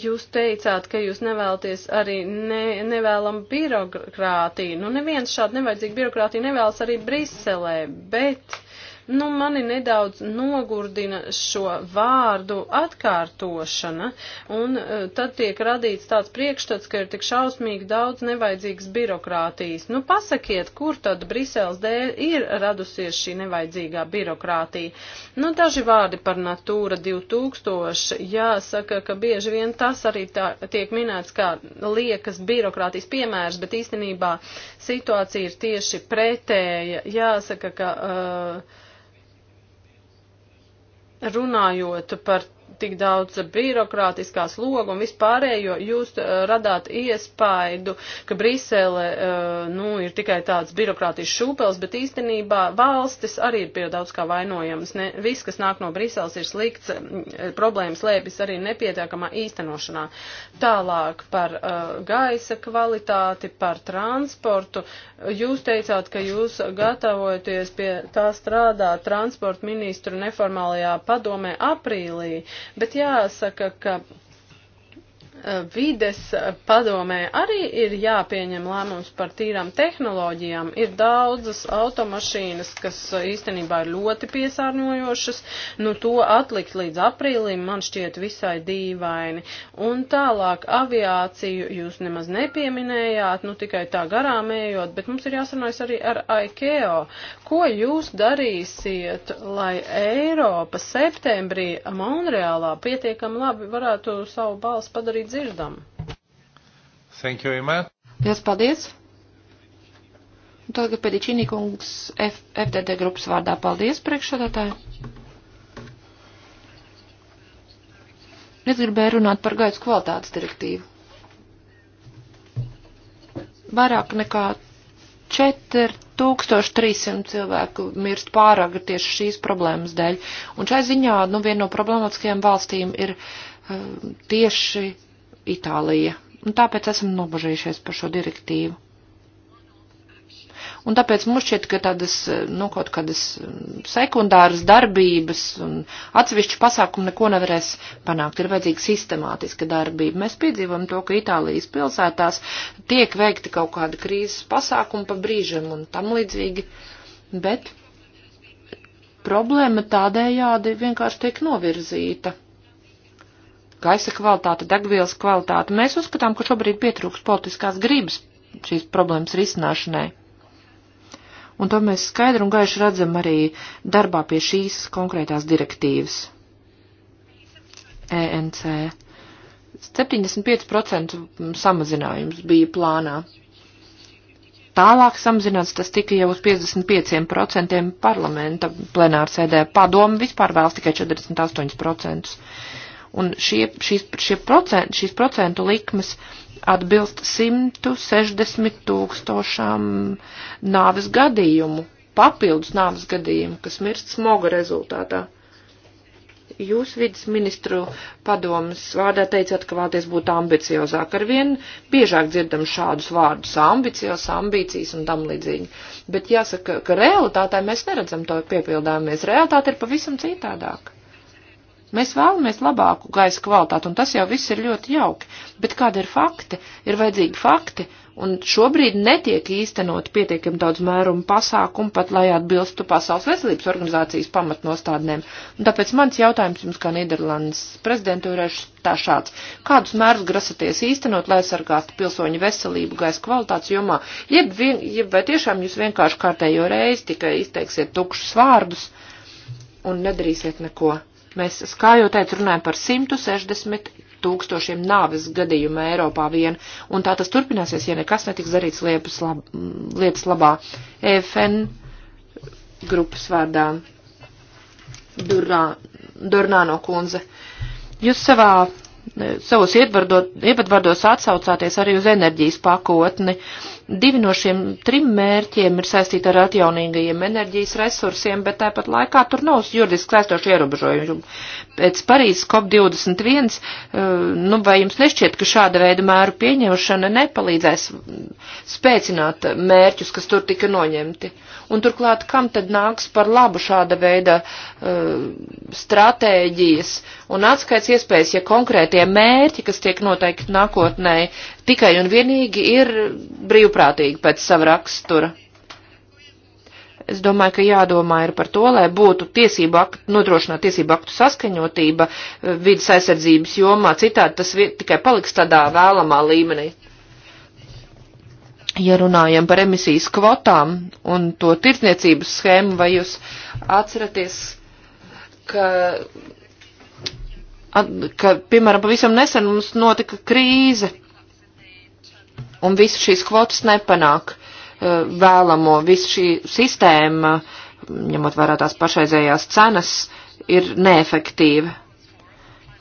Jūs teicāt, ka jūs nevēlaties arī ne, nevēlam birokrātiju. Nu, neviens šādu nevajadzīgu birokrātiju nevēlas arī Briselē, bet Nu, mani nedaudz nogurdina šo vārdu atkārtošana, un e, tad tiek radīts tāds priekšstats, ka ir tik šausmīgi daudz nevajadzīgas birokrātijas. Nu, pasakiet, kur tad Briseles dēļ ir radusies šī nevajadzīgā birokrātija. Nu, daži vārdi par Natūra 2000. Jāsaka, ka bieži vien tas arī tā, tiek minēts kā liekas birokrātijas piemērs, bet īstenībā situācija ir tieši pretēja. Jāsaka, ka. Uh, Runājot par tik daudz birokrātiskās logu un vispārējo, jūs eh, radāt iespaidu, ka Brisele, eh, nu, ir tikai tāds birokrātijas šūpels, bet īstenībā valstis arī ir pie daudz kā vainojamas. Ne, viss, kas nāk no Briseles, ir slikts, eh, problēmas lēpjas arī nepietiekamā īstenošanā. Tālāk par uh, gaisa kvalitāti, par transportu. Jūs teicāt, ka jūs gatavojaties pie tā strādāt transporta ministru neformālajā padomē aprīlī. Bet jāsaka, ka Eh, vides eh, padomē arī ir jāpieņem lēmums par tīrām tehnoloģijām. Ir daudzas automašīnas, kas eh, īstenībā ir ļoti piesārņojošas. Nu, to atlikt līdz aprīlim man šķiet visai dīvaini. Un tālāk aviāciju jūs nemaz nepieminējāt, nu tikai tā garām ejot, bet mums ir jāsarunājas arī ar IKEO. Ko jūs darīsiet, lai Eiropa septembrī Monreālā pietiekam labi varētu savu balstu padarīt dzirdam. Thank you, Imē. Liels paldies. Un tagad pēdīčīnī kungs F FDD grupas vārdā. Paldies, priekšsādātāji. Es gribēju runāt par gaisa kvalitātes direktīvu. Vairāk nekā 4300 cilvēku mirst pāragri tieši šīs problēmas dēļ. Un šai ziņā, nu, viena no problemātiskajām valstīm ir uh, tieši Itālija, un tāpēc esam nobažījušies par šo direktīvu. Un tāpēc mums šķiet, ka tādas, nu, kaut kādas sekundāras darbības un atsevišķi pasākumi neko nevarēs panākt. Ir vajadzīga sistemātiska darbība. Mēs piedzīvam to, ka Itālijas pilsētās tiek veikti kaut kāda krīzes pasākuma pa brīžam un tam līdzīgi, bet problēma tādējādi vienkārši tiek novirzīta gaisa kvalitāte, degvielas kvalitāte. Mēs uzskatām, ka šobrīd pietrūks politiskās gribas šīs problēmas risināšanai. Un to mēs skaidri un gaiši redzam arī darbā pie šīs konkrētās direktīvas. E ENC. 75% samazinājums bija plānā. Tālāk samazināts tas tika jau uz 55% parlamenta plenārsēdē. Padomu vispār vēlas tikai 48% un šie, šīs, šie procent, šīs procentu likmes atbilst 160 tūkstošām nāves gadījumu, papildus nāves gadījumu, kas mirst smoga rezultātā. Jūs vidas ministru padomas vārdā teicāt, ka vēlaties būt ambiciozāk. Arvien biežāk dzirdam šādus vārdus - ambiciozs, ambīcijas un tam līdzīgi. Bet jāsaka, ka realitātē mēs neredzam to piepildāmies. Realitāte ir pavisam citādāka Mēs vēlamies labāku gaisa kvalitāti, un tas jau viss ir ļoti jauki. Bet kāda ir fakti? Ir vajadzīgi fakti, un šobrīd netiek īstenot pietiekami daudz mērumu pasākumu, pat lai atbilstu Pasaules veselības organizācijas pamatnostādnēm. Un tāpēc mans jautājums jums, kā Nīderlandes prezidentūrai, tā šāds. Kādus mērus grasaties īstenot, lai sargātu pilsoņu veselību gaisa kvalitātes jomā? Jeb, vien, jeb vai tiešām jūs vienkārši kārtējo reizi tikai izteiksiet tukšus vārdus un nedarīsiet neko? Mēs, kā jau teicu, runājam par 160 tūkstošiem nāves gadījumu Eiropā vien, un tā tas turpināsies, ja nekas netiks darīts liepas lab, lietas labā. EFN grupas vārdā Durā, Durnāno kundze. Jūs savā, e, savos ievadvardos atsaucāties arī uz enerģijas pakotni Divi no šiem trim mērķiem ir saistīti ar atjaunīgajiem enerģijas resursiem, bet tāpat laikā tur nav juridiski saistoši ierobežojumi. Pēc Parīzes COP21, eh, nu vai jums nešķiet, ka šāda veida mēru pieņemšana nepalīdzēs spēcināt mērķus, kas tur tika noņemti? Un turklāt, kam tad nāks par labu šāda veida uh, stratēģijas un atskaits iespējas, ja konkrētie mērķi, kas tiek noteikti nākotnē, tikai un vienīgi ir brīvprātīgi pēc sava rakstura. Es domāju, ka jādomā ir par to, lai būtu tiesību aktu, nodrošināt tiesību aktu saskaņotība eh, vidas aizsardzības jomā, citādi tas tikai paliks tādā vēlamā līmenī. Ja runājam par emisijas kvotām un to tirdzniecības schēmu, vai jūs atceraties, ka ka, piemēram, pavisam nesen mums notika krīze, un visu šīs kvotas nepanāk eh, vēlamo. Visu šī sistēma, ņemot vērā tās pašreizējās cenas, ir neefektīva.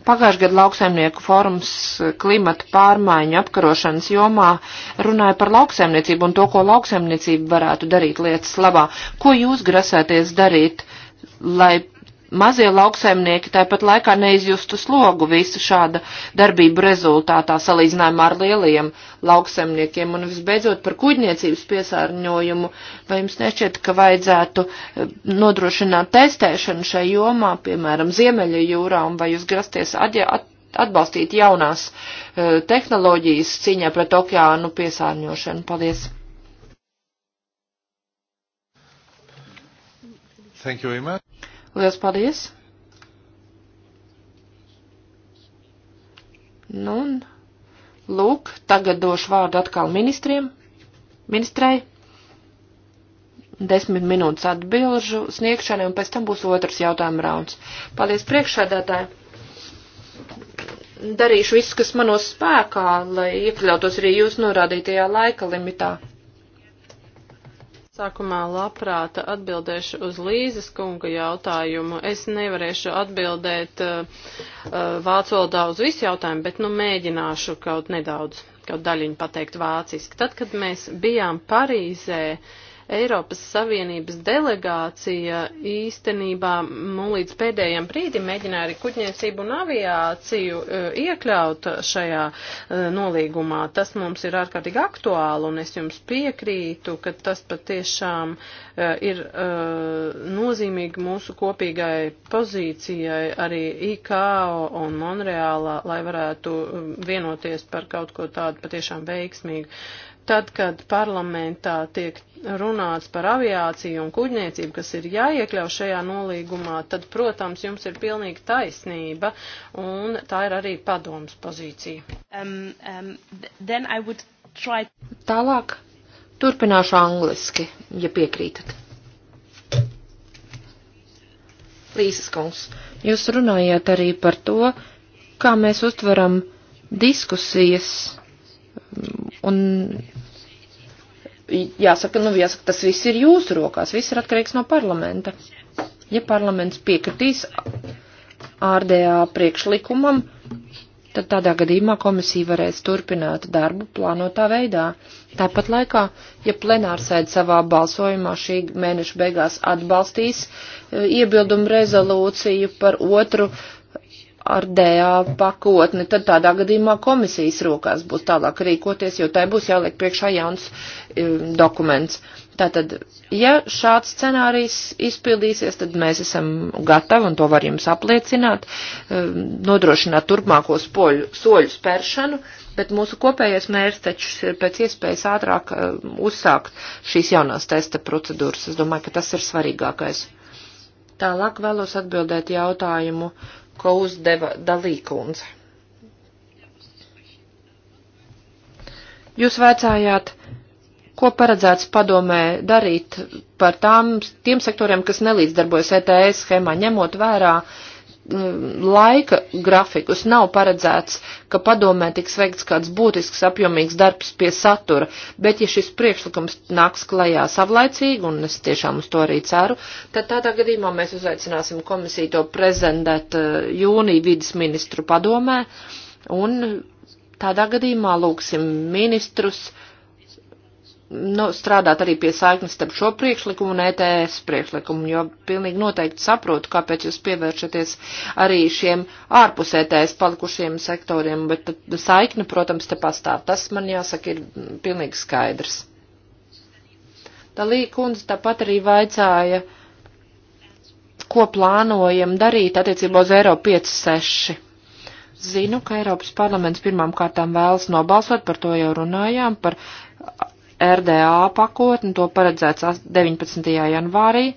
Pagājušajā gadā lauksaimnieku forums eh, klimata pārmaiņu apkarošanas jomā runāja par lauksaimniecību un to, ko lauksaimniecība varētu darīt lietas labā. Ko jūs grasāties darīt, lai mazie lauksaimnieki tāpat laikā neizjustu slogu visu šāda darbību rezultātā salīdzinājumā ar lielajiem lauksaimniekiem. Un visbeidzot par kuģniecības piesārņojumu, vai jums nešķiet, ka vajadzētu eh, nodrošināt testēšanu šai jomā, piemēram, Ziemeļa jūrā, un vai jūs grasties atbalstīt jaunās uh, tehnoloģijas cīņā pret okeānu piesārņošanu? Paldies! Thank you very much. Lielas paldies! Nu, un lūk, tagad došu vārdu atkal ministriem, ministrei. Desmit minūtes atbilžu sniegšanai, un pēc tam būs otrs jautājuma rauns. Paldies priekšsēdētāji! Darīšu visu, kas manos spēkā, lai iekļautos arī jūs norādītajā laika limitā. Sākumā labprāt atbildēšu uz Līzes kunga jautājumu. Es nevarēšu atbildēt uh, uh, vācu valodā uz visu jautājumu, bet nu mēģināšu kaut nedaudz, kaut daļiņu pateikt vāciski. Tad, kad mēs bijām Parīzē, uh, Eiropas Savienības delegācija īstenībā nu, līdz pēdējiem brīdim mēģināja arī kuģniecību un aviāciju e, iekļaut šajā e, nolīgumā. Tas mums ir ārkārtīgi aktuāli un es jums piekrītu, ka tas patiešām e, ir nozīmīgi mūsu kopīgai pozīcijai arī IKO un Monreālā, lai varētu vienoties par kaut ko tādu patiešām veiksmīgu. Tad, kad parlamentā tiek runāts par aviāciju un kuģniecību, kas ir jāiekļau šajā nolīgumā, tad, protams, jums ir pilnīga taisnība, un tā ir arī padomas pozīcija. Um, um, try... Tālāk turpināšu angliski, ja piekrītat. Līsas kungs, jūs runājāt arī par to, kā mēs uztveram diskusijas mm, un jāsaka, nu, jāsaka, tas viss ir jūsu rokās, viss ir atkarīgs no parlamenta. Ja parlaments piekritīs ārdējā priekšlikumam, tad tādā gadījumā komisija varēs turpināt darbu plānotā veidā. Tāpat laikā, ja plenārsēde savā balsojumā šī mēneša beigās atbalstīs e, iebildumu rezolūciju par otru ar DA pakotni, tad tādā gadījumā komisijas rokās būs tālāk rīkoties, jo tai būs jāliek priekšā jauns um, dokuments. Tātad, ja šāds scenārijs izpildīsies, tad mēs esam gatavi, un to var jums apliecināt, um, nodrošināt turpmāko spoļu, soļu spēršanu, bet mūsu kopējais mērķis taču ir pēc iespējas ātrāk um, uzsākt šīs jaunās testa procedūras. Es domāju, ka tas ir svarīgākais. Tālāk vēlos atbildēt jautājumu ko uzdeva Dalīkundze. Jūs vēcājāt, ko paredzēts padomē darīt par tām, tiem sektoriem, kas nelīdzdarbojas ETS schēmā, ņemot vērā uh, Mm, laika grafikus. Nav paredzēts, ka padomē tiks veikts kāds būtisks apjomīgs darbs pie satura, bet ja šis priekšlikums nāks klajā savlaicīgi, un es tiešām uz to arī ceru, tad tādā gadījumā mēs uzaicināsim komisiju to prezentēt eh, jūnija vidas ministru padomē, un tādā gadījumā lūksim ministrus, uh, nu, strādāt arī pie saiknes starp šo priekšlikumu un ETS priekšlikumu, jo pilnīgi noteikti saprotu, kāpēc jūs pievēršaties arī šiem ārpus ETS palikušiem sektoriem, bet saikne, protams, te pastāv. Tas man jāsaka ir pilnīgi skaidrs. Dalī kundze tāpat arī vaicāja, ko plānojam darīt attiecībā uz Eiro 5-6. Zinu, ka Eiropas parlaments pirmām kārtām vēlas nobalsot, par to jau runājām, par RDA pakotni, to paredzēts 19. janvārī,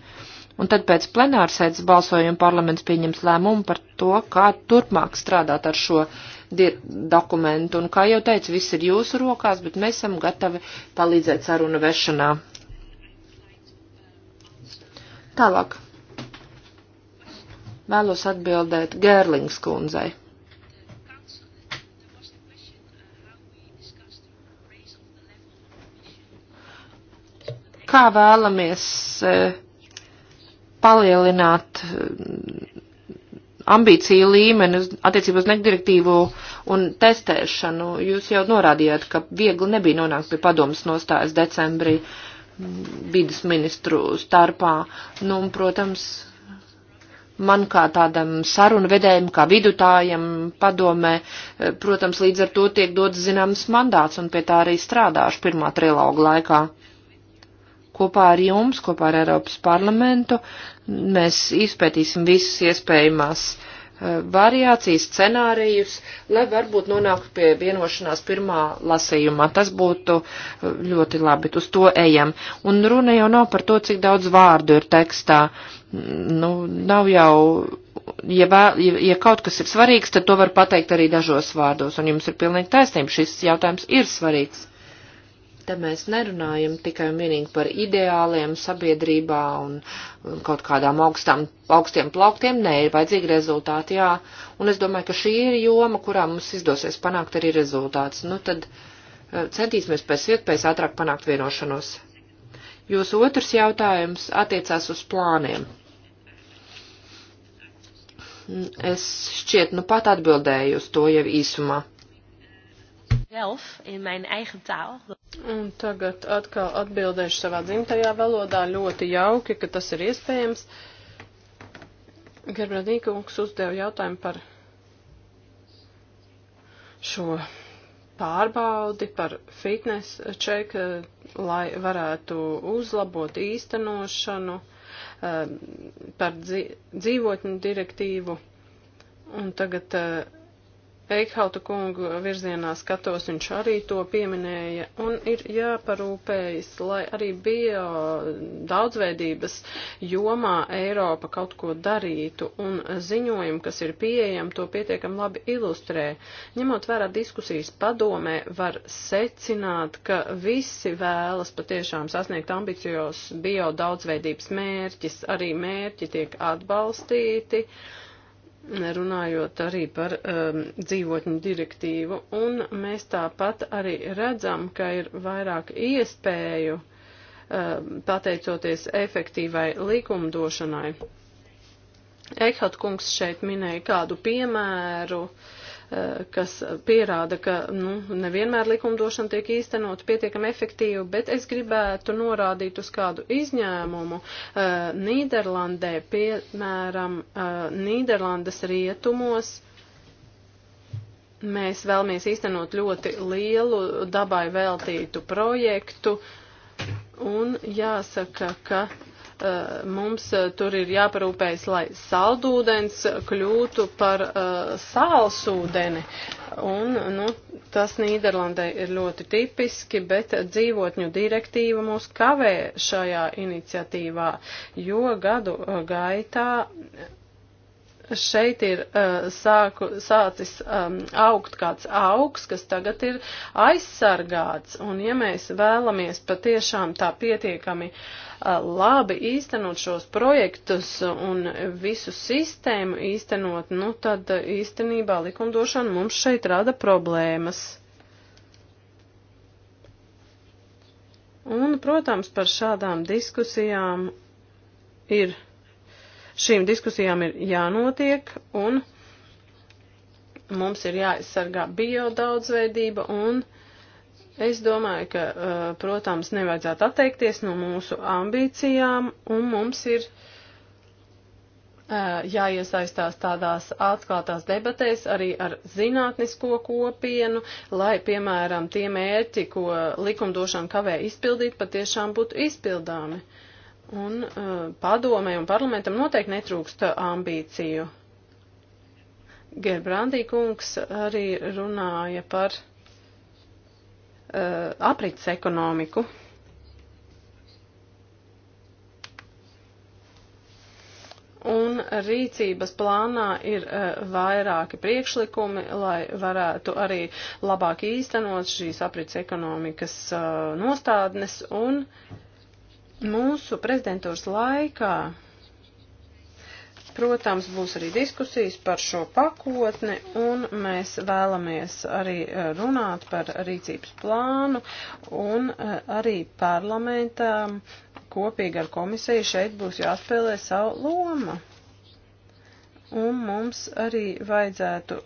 un tad pēc plenārsēdes balsojuma parlaments pieņems lēmumu par to, kā turpmāk strādāt ar šo dokumentu, un kā jau teicu, viss ir jūsu rokās, bet mēs esam gatavi palīdzēt sarunu vešanā. Tālāk. Vēlos atbildēt Gērlings kundzei. kā vēlamies e, palielināt e, ambīciju līmeni attiecībā uz nekdirektīvu un testēšanu. Jūs jau norādījāt, ka viegli nebija nonākt pie padomas nostājas decembrī vidas ministru starpā. Nu, un, protams, man kā tādam sarunu vedējam, kā vidutājam padomē, e, protams, līdz ar to tiek dots zināms mandāts un pie tā arī strādāšu pirmā trilogu laikā kopā ar jums, kopā ar Eiropas parlamentu, mēs izpētīsim visas iespējamās eh, variācijas, scenārijus, lai varbūt nonāktu pie vienošanās pirmā lasījumā. Tas būtu eh, ļoti labi, uz to ejam. Un runa jau nav par to, cik daudz vārdu ir tekstā. Mm, nu, nav jau, ja, vēl, ja, ja kaut kas ir svarīgs, tad to var pateikt arī dažos vārdos, un jums ir pilnīgi taisnība, šis jautājums ir svarīgs. Te mēs nerunājam tikai un vienīgi par ideāliem sabiedrībā un, un kaut kādām augstām, augstiem plauktiem. Nē, ir vajadzīgi rezultāti, jā. Un es domāju, ka šī ir joma, kurā mums izdosies panākt arī rezultāts. Nu tad eh, centīsimies pēc iespējas ātrāk panākt vienošanos. Jūsu otrs jautājums attiecās uz plāniem. Es šķiet, nu pat atbildēju uz to jau īsumā zelf in mijn eigen taal. Un tagad atkal atbildēšu savā dzimtajā valodā. Ļoti jauki, ka tas ir iespējams. Gerbradīkungs uzdeva jautājumu par šo pārbaudi, par fitness check, lai varētu uzlabot īstenošanu, eh, par dzīvotņu direktīvu. Un tagad eh, Eikhauta kungu virzienā skatos, viņš arī to pieminēja, un ir jāparūpējas, lai arī bio daudzveidības jomā Eiropa kaut ko darītu, un ziņojumi, kas ir pieejami, to pietiekam labi ilustrē. Ņemot vērā diskusijas padomē, var secināt, ka visi vēlas patiešām sasniegt ambicios bio daudzveidības mērķis, arī mērķi tiek atbalstīti. Uh, runājot arī par um, dzīvotņu direktīvu, un mēs tāpat arī redzam, ka ir vairāk iespēju um, pateicoties efektīvai likumdošanai. Eikhat kungs šeit minēja kādu piemēru, uh, Eh, kas pierāda, ka nu, nevienmēr likumdošana tiek īstenot pietiekami efektīvi, bet es gribētu norādīt uz kādu izņēmumu. Eh, Nīderlandē, piemēram, eh, Nīderlandes rietumos mēs vēlamies īstenot ļoti lielu dabai veltītu projektu, un jāsaka, ka Eh, mums eh, tur ir jāparūpējas, lai saldūdens kļūtu par eh, sālsūdeni. Un, nu, tas Nīderlandē ir ļoti tipiski, bet dzīvotņu direktīva mūs kavē šajā iniciatīvā, jo gadu gaitā šeit ir uh, sāku, sācis um, augt kāds augs, kas tagad ir aizsargāts. Un ja mēs vēlamies patiešām tā pietiekami uh, labi īstenot šos projektus un visu sistēmu īstenot, nu tad uh, īstenībā likumdošana mums šeit rada problēmas. Un, protams, par šādām diskusijām ir Šīm diskusijām ir jānotiek un mums ir jāaizsargā bio daudzveidība un es domāju, ka, uh, protams, nevajadzētu atteikties no mūsu ambīcijām un mums ir uh, jāiesaistās tādās atklātās debatēs arī ar zinātnisko kopienu, lai, piemēram, tie mērķi, ko likumdošana kavē izpildīt, patiešām būtu izpildāmi. Uh, Un uh, padomē un parlamentam noteikti netrūkst ambīciju. Gerbrandī kungs arī runāja par uh, aprits ekonomiku. un rīcības plānā ir uh, vairāki priekšlikumi, lai varētu arī labāk īstenot šīs aprits ekonomikas uh, nostādnes un uh, Mūsu prezidentūras laikā, protams, būs arī diskusijas par šo pakotni, un mēs vēlamies arī e, runāt par rīcības plānu, un e, arī parlamentām kopīgi ar komisiju šeit būs jāspēlē savu lomu. Un mums arī vajadzētu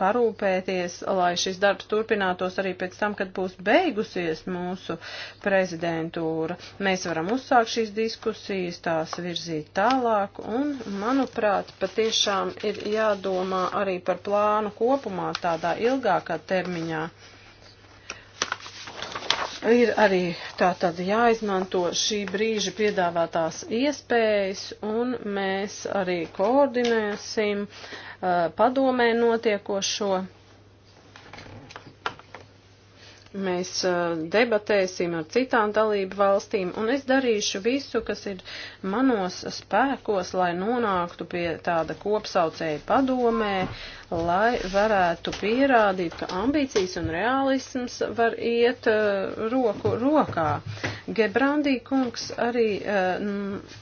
parūpēties, lai šis darbs turpinātos arī pēc tam, kad būs beigusies mūsu prezidentūra. Mēs varam uzsākt šīs diskusijas, tās virzīt tālāk, un, manuprāt, patiešām ir jādomā arī par plānu kopumā tādā ilgākā termiņā ir arī tā tad jāizmanto šī brīža piedāvātās iespējas, un mēs arī koordinēsim uh, padomē notiekošo mēs uh, debatēsim ar citām dalību valstīm, un es darīšu visu, kas ir manos spēkos, lai nonāktu pie tāda kopsaucēja padomē, lai varētu pierādīt, ka ambīcijas un realisms var iet uh, roku rokā. Gebrandī kungs arī uh,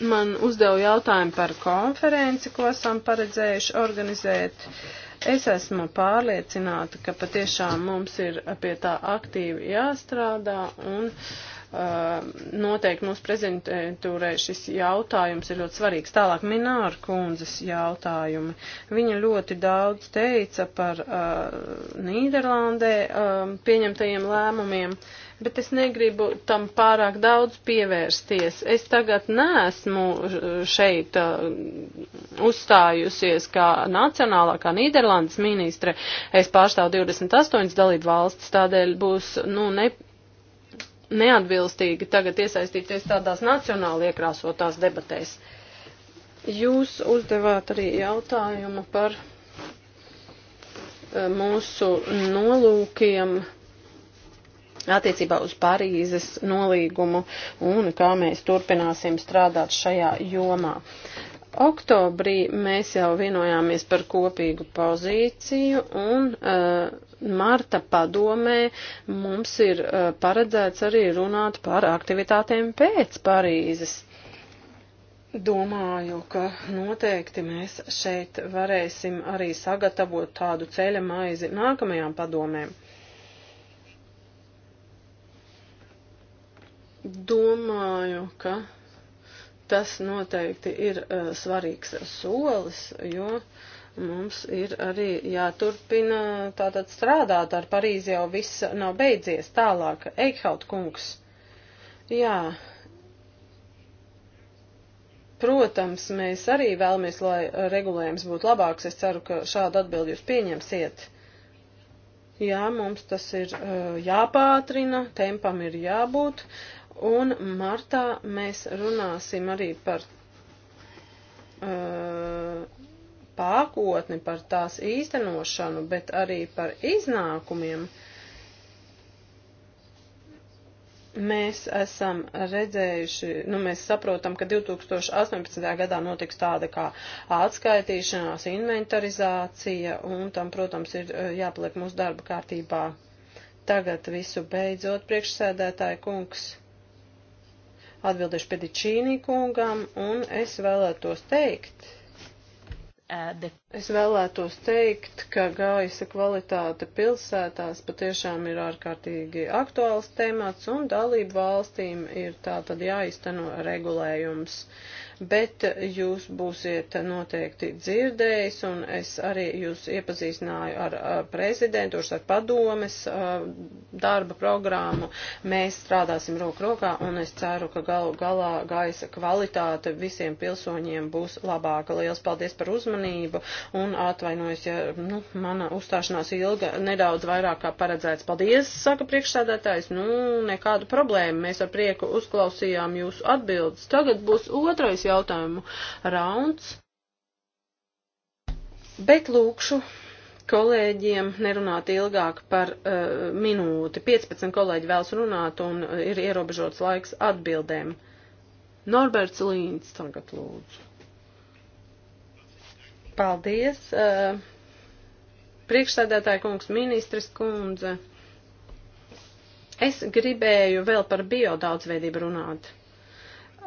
man uzdeva jautājumu par konferenci, ko esam paredzējuši organizēt. Uh, Es esmu pārliecināta, ka patiešām mums ir pie tā aktīvi jāstrādā un uh, noteikti mūsu prezidentūrai šis jautājums ir ļoti svarīgs. Tālāk Mināra kundzes jautājumi. Viņa ļoti daudz teica par uh, Nīderlandē uh, pieņemtajiem lēmumiem. Uh, bet es negribu tam pārāk daudz pievērsties. Es tagad neesmu uh, šeit uh, uzstājusies kā nacionālā, kā Nīderlandes ministre. Es pārstāvu 28 dalību valstis, tādēļ būs, nu, ne, neatbilstīgi tagad iesaistīties tādās nacionāli iekrāsotās debatēs. Jūs uzdevāt arī jautājumu par uh, mūsu nolūkiem attiecībā uz Parīzes nolīgumu un kā mēs turpināsim strādāt šajā jomā. Oktobrī mēs jau vienojāmies par kopīgu pozīciju un uh, marta padomē mums ir uh, paredzēts arī runāt par aktivitātēm pēc Parīzes. Domāju, ka noteikti mēs šeit varēsim arī sagatavot tādu ceļa maizi nākamajām padomēm. Domāju, ka tas noteikti ir uh, svarīgs solis, jo mums ir arī jāturpina tātad strādāt ar Parīzi jau viss nav beidzies tālāk. Eikhaut kungs. Jā, Protams, mēs arī vēlamies, lai regulējums būtu labāks. Es ceru, ka šādu atbildi jūs pieņemsiet. Jā, mums tas ir eh, jāpātrina, tempam ir jābūt. Un martā mēs runāsim arī par uh, pakotni, par tās īstenošanu, bet arī par iznākumiem. Mēs esam redzējuši, nu mēs saprotam, ka 2018. gadā notiks tāda kā atskaitīšanās, inventarizācija un tam, protams, ir uh, jāpaliek mūsu darba kārtībā. Tagad visu beidzot, priekšsēdētāji kungs. Atbildēšu Pedičīnī kungam un es vēlētos teikt, uh, Es vēlētos teikt, ka gaisa kvalitāte pilsētās patiešām ir ārkārtīgi aktuāls temats un dalību valstīm ir tātad jāizteno regulējums bet jūs būsiet noteikti dzirdējis, un es arī jūs iepazīstināju ar, ar prezidentūras, ar padomes uh, darba programmu. Mēs strādāsim roku rokā, un es ceru, ka galu galā gaisa kvalitāte visiem pilsoņiem būs labāka. Liels paldies par uzmanību, un atvainojos, ja nu, mana uzstāšanās ilga nedaudz vairāk kā paredzēts. Paldies, saka priekšsēdētājs, nu, nekādu problēmu. Mēs ar prieku uzklausījām jūsu atbildes. Tagad būs otrais jautājums jautājumu rauns. Bet lūkšu kolēģiem nerunāt ilgāk par uh, minūti. 15 kolēģi vēlas runāt un ir ierobežots laiks atbildēm. Norberts Līns tagad lūdzu. Paldies. Uh, Priekšsēdētāja kungs, ministres kundze. Es gribēju vēl par biodaudzveidību runāt.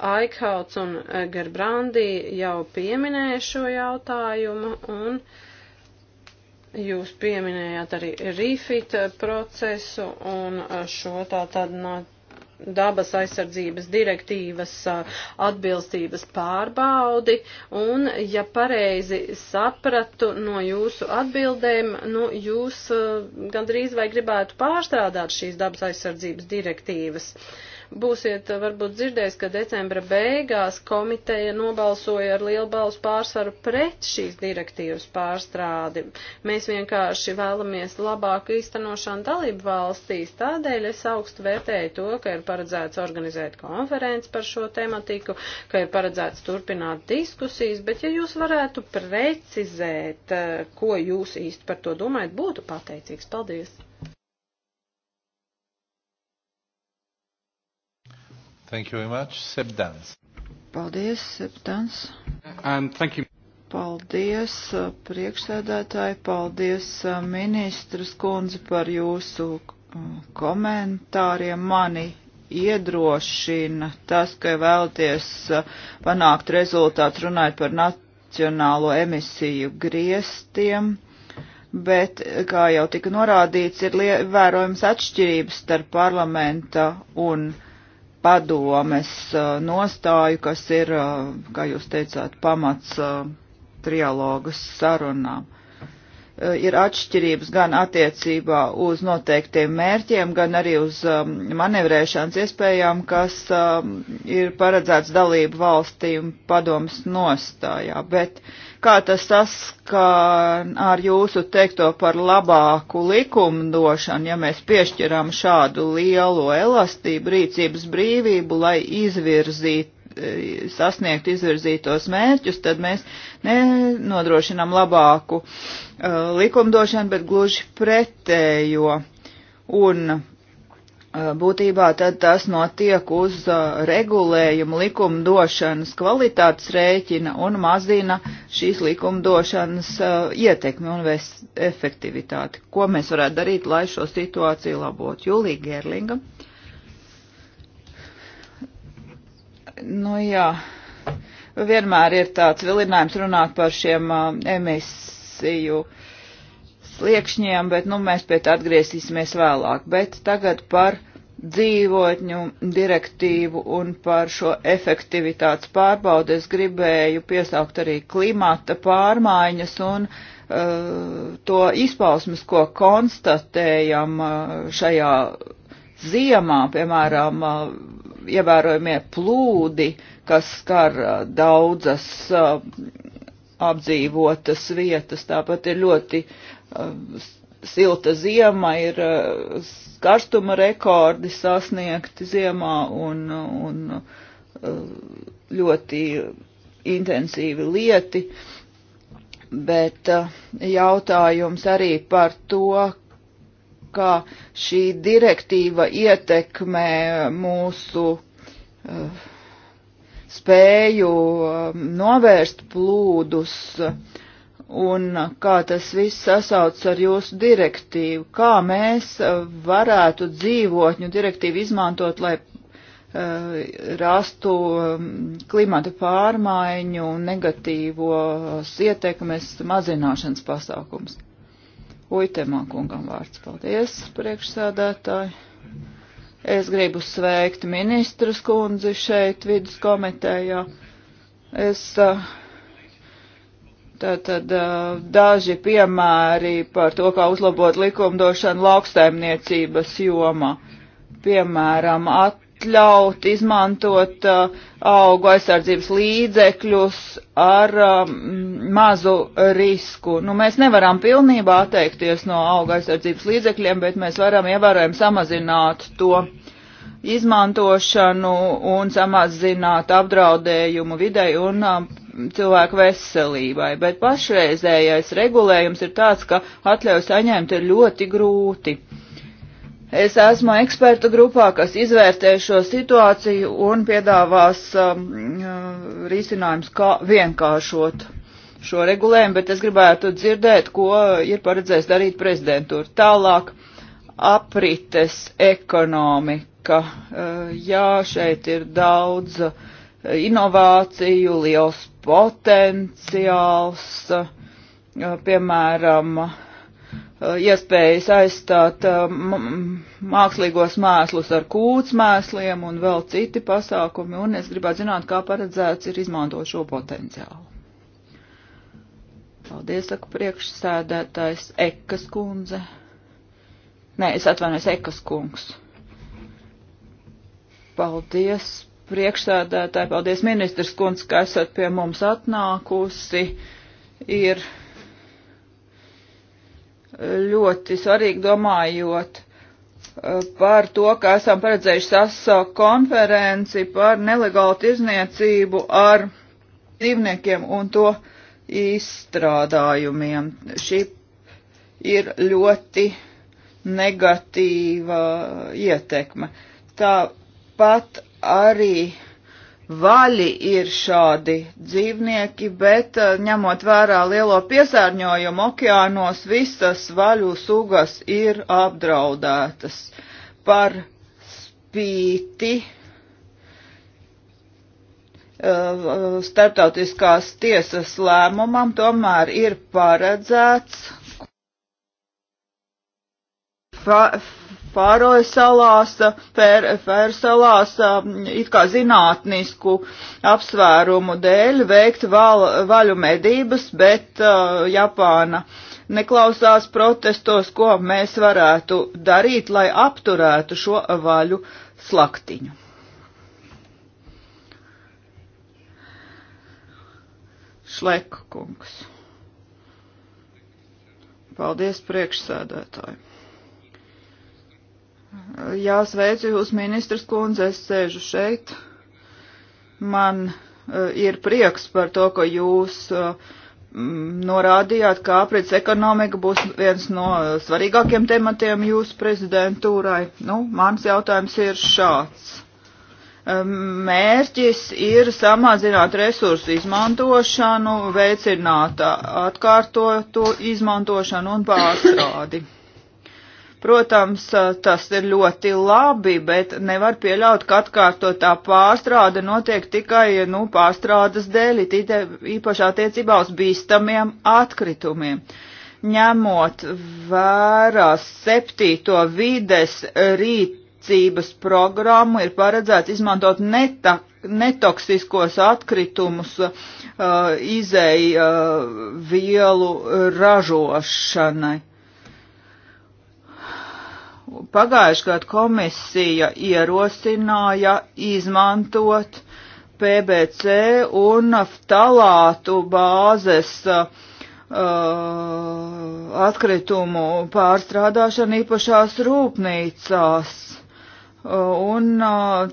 Aikhauts un Gerbrandī jau pieminēja šo jautājumu un jūs pieminējāt arī refit procesu un šo tā tad no dabas aizsardzības direktīvas atbilstības pārbaudi, un, ja pareizi sapratu no jūsu atbildēm, nu, jūs gandrīz vai gribētu pārstrādāt šīs dabas aizsardzības direktīvas. Uh, Būsiet eh, varbūt dzirdējis, ka decembra beigās komiteja nobalsoja ar lielu balsu pārsvaru pret šīs direktīvas pārstrādi. Mēs vienkārši vēlamies labāku īstenošanu dalību valstīs, tādēļ es augstu vērtēju to, ka ir paredzēts organizēt konferenci par šo tematiku, ka ir paredzēts turpināt diskusijas, bet ja jūs varētu precizēt, eh, ko jūs īsti par to domājat, būtu pateicīgs. Paldies! Thank you very much. Seb Dans. Paldies, Seb Dans. And thank you. Paldies, uh, priekšsēdētāji, paldies, uh, ministras kundze, par jūsu uh, komentāriem. Mani iedrošina tas, ka vēlties panākt rezultātu runājot par nacionālo emisiju griestiem, bet, kā jau tika norādīts, ir vērojams atšķirības starp parlamenta un parlamenta padomes uh, nostāju, kas ir, uh, kā jūs teicāt, pamats uh, trialogas sarunām. Eh, ir atšķirības gan attiecībā uz noteiktiem mērķiem, gan arī uz um, manevrēšanas iespējām, kas um, ir paredzēts dalību valstīm padomas nostājā. Bet kā tas saskan ar jūsu teikto par labāku likumdošanu, ja mēs piešķiram šādu lielu elastību, rīcības brīvību, lai izvirzītu eh, sasniegt izvirzītos mērķus, tad mēs nenodrošinām labāku uh, Uh, likumdošanu, bet gluži pretējo. Un uh, būtībā tad tas notiek uz uh, regulējuma likumdošanas kvalitātes rēķina un mazina šīs likumdošanas ietekmi un efektivitāti. Ko mēs varētu darīt, lai šo situāciju labotu? Julija Gerlinga. Nu jā, vienmēr ir tāds vilinājums runāt par šiem emisijas emisiju sliekšņiem, bet nu, mēs pie tā atgriezīsimies vēlāk. Bet tagad par dzīvotņu direktīvu un par šo efektivitātes pārbaudu es gribēju piesaukt arī klimata pārmaiņas un uh, to izpausmes, ko konstatējam uh, šajā ziemā, piemēram, uh, ievērojamie plūdi, kas skar uh, daudzas uh, apdzīvotas vietas. Tāpat ir ļoti uh, silta ziema, ir uh, karstuma rekordi sasniegti ziemā un, un uh, ļoti intensīvi lieti. Bet uh, jautājums arī par to, kā šī direktīva ietekmē mūsu uh, spēju um, novērst plūdus un kā tas viss sasauc ar jūsu direktīvu, kā mēs uh, varētu dzīvotņu direktīvu izmantot, lai uh, rastu um, klimata pārmaiņu un negatīvos ietekmes mazināšanas pasākums. Uitemā kungam vārds. Paldies, priekšsēdētāji. Es gribu sveikt ministras kundzi šeit vidus komitejā. Es eh, tātad eh, daži piemēri par to, kā uzlabot likumdošanu lauksaimniecības jomā. Piemēram, at, atļaut izmantot uh, augu aizsardzības līdzekļus ar um, mazu risku. Nu, mēs nevaram pilnībā atteikties no auga aizsardzības līdzekļiem, bet mēs varam ievērojami samazināt to izmantošanu un samazināt apdraudējumu videi un um, cilvēku veselībai. Bet pašreizējais regulējums ir tāds, ka atļauju saņemt ir ļoti grūti. Uh, Es esmu ekspertu grupā, kas izvērtē šo situāciju un piedāvās um, uh, risinājums, kā vienkāršot šo regulējumu, bet es gribētu dzirdēt, ko ir paredzējis darīt prezidentūra. Tālāk aprites ekonomika. Uh, jā, šeit ir daudz uh, inovāciju, liels potenciāls, uh, piemēram, uh, Uh, iespējas aizstāt uh, mākslīgos mēslus ar kūtsmēsliem un vēl citi pasākumi, un es gribētu zināt, kā paredzēts ir izmantot šo potenciālu. Paldies, saka priekšsēdētājs Ekas kundze. Nē, es atvainojos Ekas kungs. Paldies, priekšsēdētāji, paldies ministrs kundze, ka esat pie mums atnākusi. Ir ļoti svarīgi domājot e, par to, ka esam paredzējuši SASO konferenci par nelegālu tirzniecību ar dzīvniekiem un to izstrādājumiem. Šī ir ļoti negatīva ietekme. Tāpat arī uh, vaļi ir šādi dzīvnieki, bet eh, ņemot vērā lielo piesārņojumu okeānos, visas vaļu sugas ir apdraudētas par spīti eh, starptautiskās tiesas lēmumam tomēr ir paredzēts Fāroe salās, Fēru fēr salās, um, it kā zinātnisku apsvērumu dēļ veikt val, vaļu medības, bet uh, Japāna neklausās protestos, ko mēs varētu darīt, lai apturētu šo vaļu slaktiņu. Šleka kungs. Paldies priekšsēdētāji jāsveicu jūs ministrs kundze, es sēžu šeit. Man e, ir prieks par to, ka jūs e, norādījāt, ka aprits ekonomika būs viens no e, svarīgākiem tematiem jūsu prezidentūrai. Nu, mans jautājums ir šāds. Mērķis ir samazināt resursu izmantošanu, veicināt atkārtotu izmantošanu un pārstrādi. Protams, tas ir ļoti labi, bet nevar pieļaut, ka atkārtotā pārstrāde notiek tikai nu, pārstrādes dēļ, tīte, īpaši attiecībā uz bīstamiem atkritumiem. Ņemot vērā septīto vides rīcības programmu, ir paredzēts izmantot neta, netoksiskos atkritumus uh, izēju uh, vielu ražošanai Pagājuši gadu komisija ierosināja izmantot PBC un ftalātu bāzes uh, atkritumu pārstrādāšanu īpašās rūpnīcās Un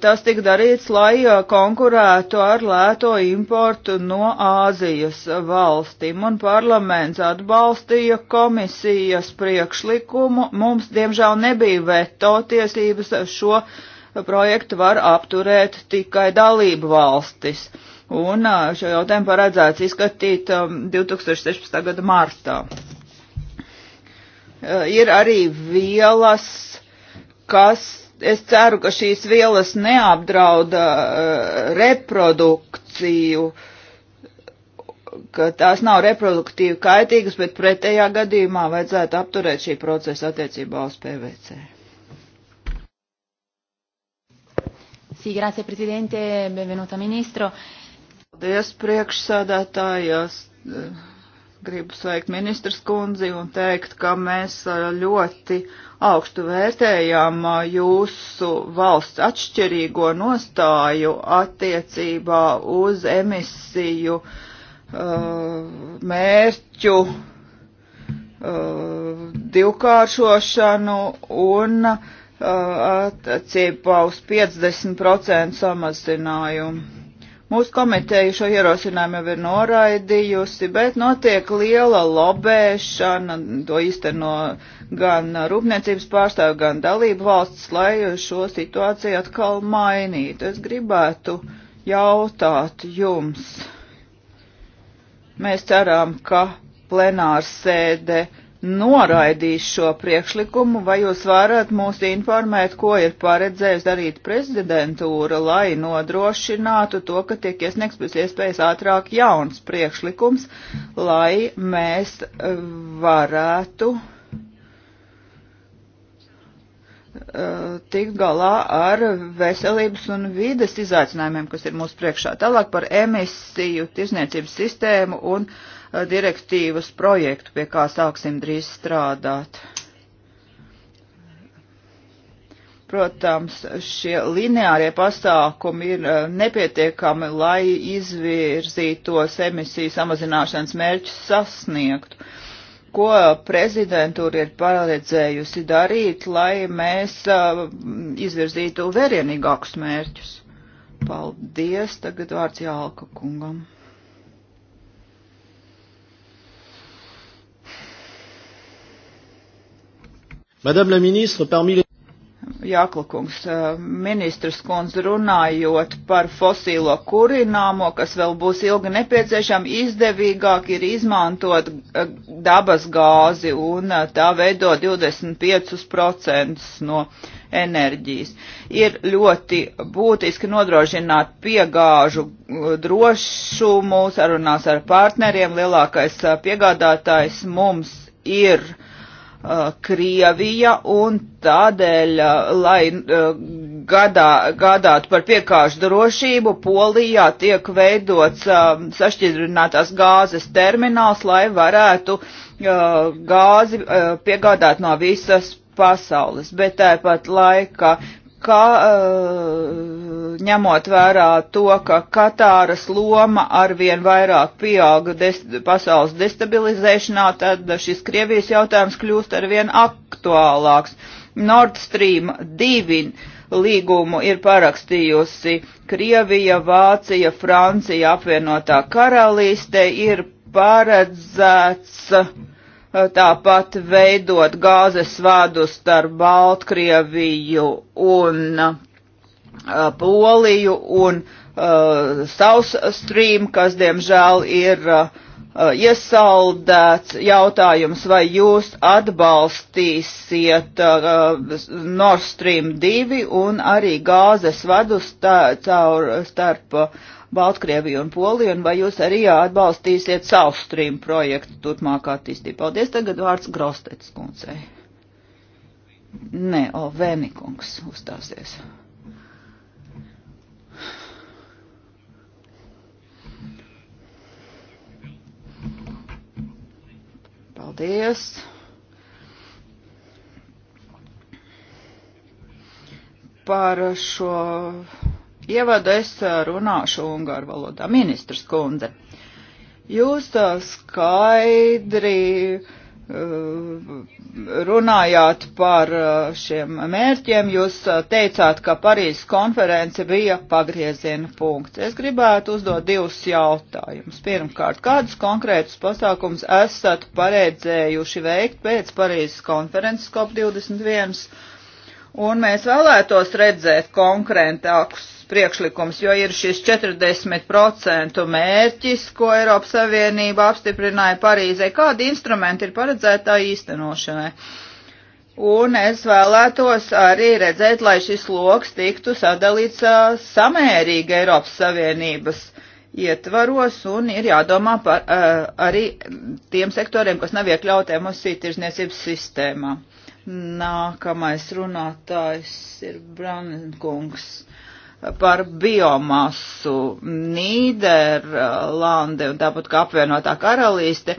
tas tika darīts, lai konkurētu ar lēto importu no Āzijas valstīm, un parlaments atbalstīja komisijas priekšlikumu. Mums, diemžēl, nebija veto tiesības šo projektu var apturēt tikai dalību valstis. Un šo jautājumu paredzēts izskatīt 2016. gada martā. Ir arī vielas, kas es ceru, ka šīs vielas neapdrauda uh, reprodukciju, ka tās nav reproduktīvi kaitīgas, bet pretējā gadījumā vajadzētu apturēt šī procesa attiecībā uz PVC. Sī, grazie, prezidente, benvenuta ministro. Paldies, priekšsādātājas. Uh, eh, gribu sveikt ministrs kundzi un teikt, ka mēs uh, ļoti augstu vērtējām uh, jūsu valsts atšķirīgo nostāju attiecībā uz emisiju uh, mērķu uh, divkāršošanu un uh, attiecībā uz 50% samazinājumu. Mūsu komiteja šo ierosinājumu jau ir noraidījusi, bet notiek liela lobēšana, to īsteno gan rūpniecības pārstāvi, gan dalību valsts, lai šo situāciju atkal mainītu. Es gribētu jautāt jums. Mēs ceram, ka plenārs sēde noraidīs šo priekšlikumu, vai jūs varat mūs informēt, ko ir paredzējis darīt prezidentūra, lai nodrošinātu to, ka tiek iesniegts pēc iespējas ātrāk jauns priekšlikums, lai mēs varētu eh, tikt galā ar veselības un vides izaicinājumiem, kas ir mūsu priekšā. Tālāk par emisiju, tirzniecības sistēmu un uh, Eh, direktīvas projektu, pie kā sāksim drīz strādāt. Protams, šie lineārie pasākumi ir eh, nepietiekami, lai izvirzītos emisiju samazināšanas mērķus sasniegtu. Ko prezidentūra ir paredzējusi darīt, lai mēs eh, izvirzītu vērienīgākus mērķus? Paldies, tagad vārds Jālka kungam. Madame la ministre, parmi les. Jāklakungs, ministrs kundze runājot par fosīlo kurināmo, kas vēl būs ilgi nepieciešama, izdevīgāk ir izmantot dabas gāzi un tā veido 25% no enerģijas. Ir ļoti būtiski nodrošināt piegāžu drošumu sarunās ar partneriem. Lielākais piegādātājs mums ir. Uh, Krievija un tādēļ, uh, lai uh, gadā, gādātu par piekāžu drošību, Polijā tiek veidots um, sašķidrinātās gāzes termināls, lai varētu gāzi piegādāt no visas pasaules, bet tāpat laikā ka eh, ņemot vērā to, ka Katāras loma arvien vairāk pieauga des, pasaules destabilizēšanā, tad šis Krievijas jautājums kļūst arvien aktuālāks. Nord Stream 2 līgumu ir parakstījusi Krievija, Vācija, Francija, apvienotā karalīste ir paredzēts uh, Eh, tāpat veidot gāzes vadus starp Baltkrieviju un eh, Poliju un uh, South Stream, kas diemžēl ir uh, iesaldēts jautājums, vai jūs atbalstīsiet uh, Nord Stream 2 un arī gāzes vadu starp, starp uh, Baltkrieviju un Poliju, un vai jūs arī atbalstīsiet South Stream projektu turpmāk attīstību? Paldies, tagad vārds Grostets kundzei. Nē, o, Vēnikungs uzstāsies. Paldies! Par šo Ievadu es runāšu ungāru valodā. Ministrs kundze, jūs skaidri runājāt par šiem mērķiem, jūs teicāt, ka Parīzes konference bija pagrieziena punkts. Es gribētu uzdot divus jautājumus. Pirmkārt, kādus konkrētus pasākums esat paredzējuši veikt pēc Parīzes konferences COP21? Un mēs vēlētos redzēt konkrētākus priekšlikums, jo ir šis 40% mērķis, ko Eiropas Savienība apstiprināja Parīzē. Kādi instrumenti ir paredzētā īstenošanai? Un es vēlētos arī redzēt, lai šis loks tiktu sadalīts samērīgi Eiropas Savienības ietvaros un ir jādomā par uh, arī tiem sektoriem, kas nav iekļauti emisiju tirzniecības sistēmā. Nākamais runātājs ir Brankungs par biomasu Nīderlande un tāpat kā apvienotā karalīste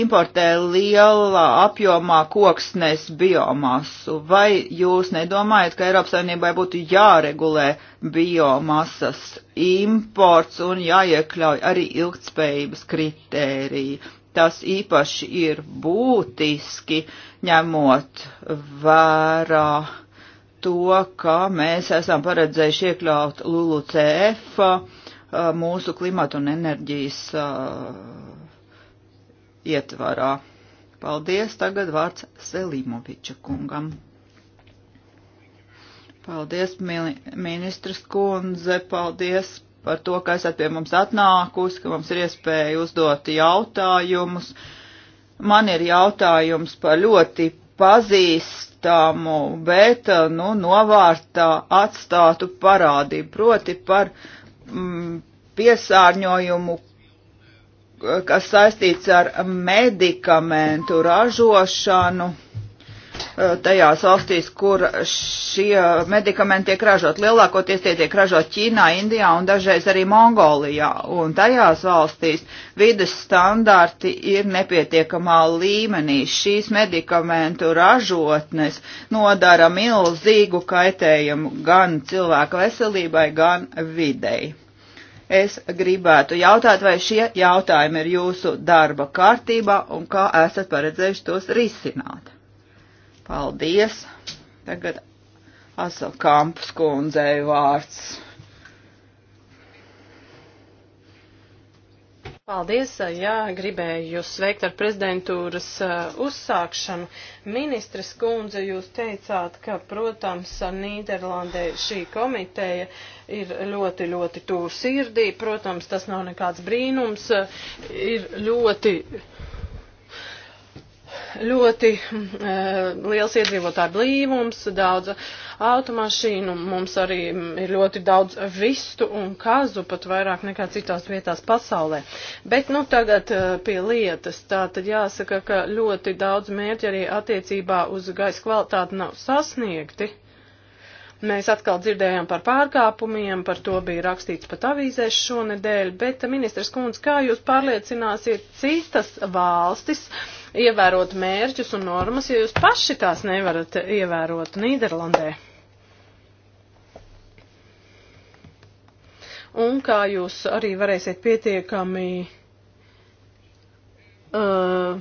importē lielā apjomā koksnes biomasu. Vai jūs nedomājat, ka Eiropas saimnībai būtu jāregulē biomasas imports un jāiekļauj arī ilgtspējības kritēriji? Tas īpaši ir būtiski ņemot vērā to, ka mēs esam paredzējuši iekļaut LULUCF uh, mūsu klimatu un enerģijas uh, ietvarā. Paldies, tagad vārds Selimoviča kungam. Paldies, ministrs kundze, paldies par to, ka esat pie mums atnākus, ka mums ir iespēja uzdot jautājumus. Man ir jautājums par ļoti pazīstamu, bet, eh, nu, novārtā atstātu parādību, proti par mm, piesārņojumu, eh, kas saistīts ar medikamentu ražošanu Eh, tajās valstīs, kur šie medikamenti tiek ražot. Lielākoties tie tiek ražot Ķīnā, Indijā un dažreiz arī Mongolijā. Un tajās valstīs vides standarti ir nepietiekamā līmenī. Šīs medikamentu ražotnes nodara milzīgu kaitējumu gan cilvēku veselībai, gan videi. Es gribētu jautāt, vai šie jautājumi ir jūsu darba kārtībā un kā esat paredzējuši tos risināt. Paldies. Tagad Asel Kampas kundzei vārds. Paldies, jā, gribēju jūs sveikt ar prezidentūras uh, uzsākšanu. Ministres kundze, jūs teicāt, ka, protams, Nīderlandē šī komiteja ir ļoti, ļoti tūs sirdī. Protams, tas nav nekāds brīnums. Ir ļoti ļoti mm, eh, liels iedzīvotāju blīvums, daudz automašīnu, mums arī mm, ir ļoti daudz vistu un kazu, pat vairāk nekā citās vietās pasaulē. Bet, nu, tagad eh, pie lietas, tā tad jāsaka, ka ļoti daudz mērķi arī attiecībā uz gaisa kvalitāti nav sasniegti. Mēs atkal dzirdējām par pārkāpumiem, par to bija rakstīts pat avīzēs šonedēļ, bet ministrs kundze, kā jūs pārliecināsiet citas valstis, uh, ievērot mērķus un normas, ja jūs paši tās nevarat ievērot Nīderlandē? Un kā jūs arī varēsiet pietiekami. Uh,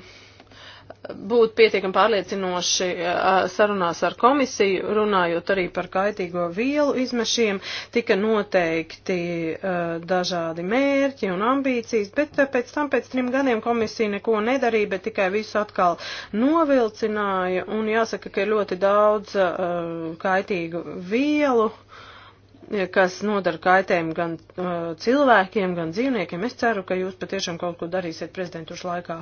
būt pietiekami pārliecinoši eh, sarunās ar komisiju, runājot arī par kaitīgo vielu izmešiem, tika noteikti eh, dažādi mērķi un ambīcijas, bet eh, pēc tam pēc trim gadiem komisija neko nedarīja, bet tikai visu atkal novilcināja un jāsaka, ka ir ļoti daudz kaitīgu vielu kas nodara kaitējumu gan uh, cilvēkiem, gan dzīvniekiem. Es ceru, ka jūs patiešām kaut ko darīsiet prezidentūras laikā.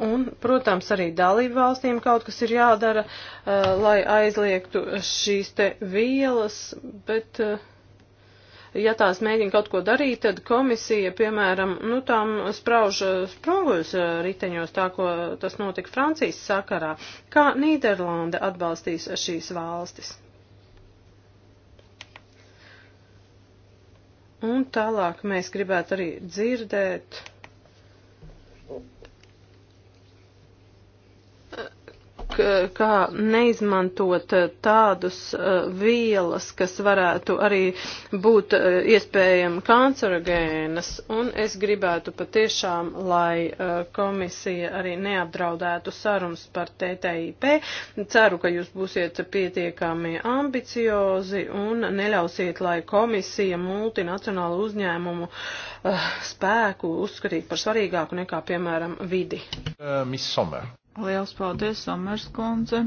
Un, protams, arī dalību valstīm kaut kas ir jādara, uh, lai aizliegtu šīs te vielas, bet, uh, ja tās mēģina kaut ko darīt, tad komisija, piemēram, nu tām sprauž eh, sprungus uh, riteņos, tā ko tas notika Francijas sakarā, kā Nīderlanda atbalstīs šīs valstis. Un tālāk mēs gribētu arī dzirdēt kā neizmantot eh, tādus eh, vielas, kas varētu arī būt eh, iespējami kancerogēnas, un es gribētu patiešām, lai komisija arī neapdraudētu sarunas par TTIP. Ceru, ka jūs būsiet pietiekami ambiciozi un neļausiet, lai komisija multinacionālu uzņēmumu spēku uzskatīt par svarīgāku nekā, piemēram, vidi. Uh, Miss Sommer. Liels paldies, Somers kundze.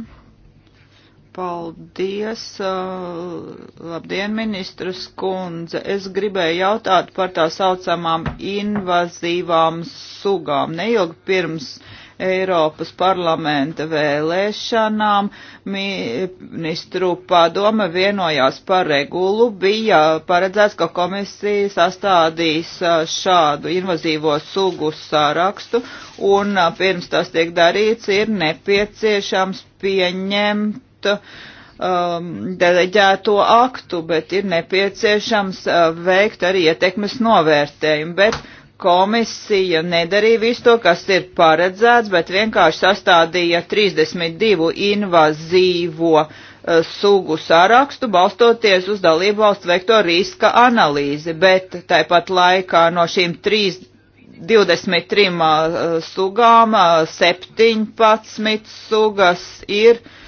Paldies, uh, labdien, ministras kundze. Es gribēju jautāt par tā saucamām invazīvām sugām. Neilgi pirms uh, Eiropas parlamenta vēlēšanām ministru padome vienojās par regulu, bija paredzēts, ka komisija sastādīs šādu invazīvo sugu sārakstu, un pirms tas tiek darīts, ir nepieciešams pieņemt um, deleģēto aktu, bet ir nepieciešams uh, veikt arī ietekmes novērtējumu. Bet komisija nedarīja visu to, kas ir paredzēts, bet vienkārši sastādīja 32 invazīvo uh, sugu sārakstu, balstoties uz dalību valstu veikto riska analīzi, bet tāpat laikā no šīm 3, 23 uh, sugām uh, eh, 17 sugas ir uh,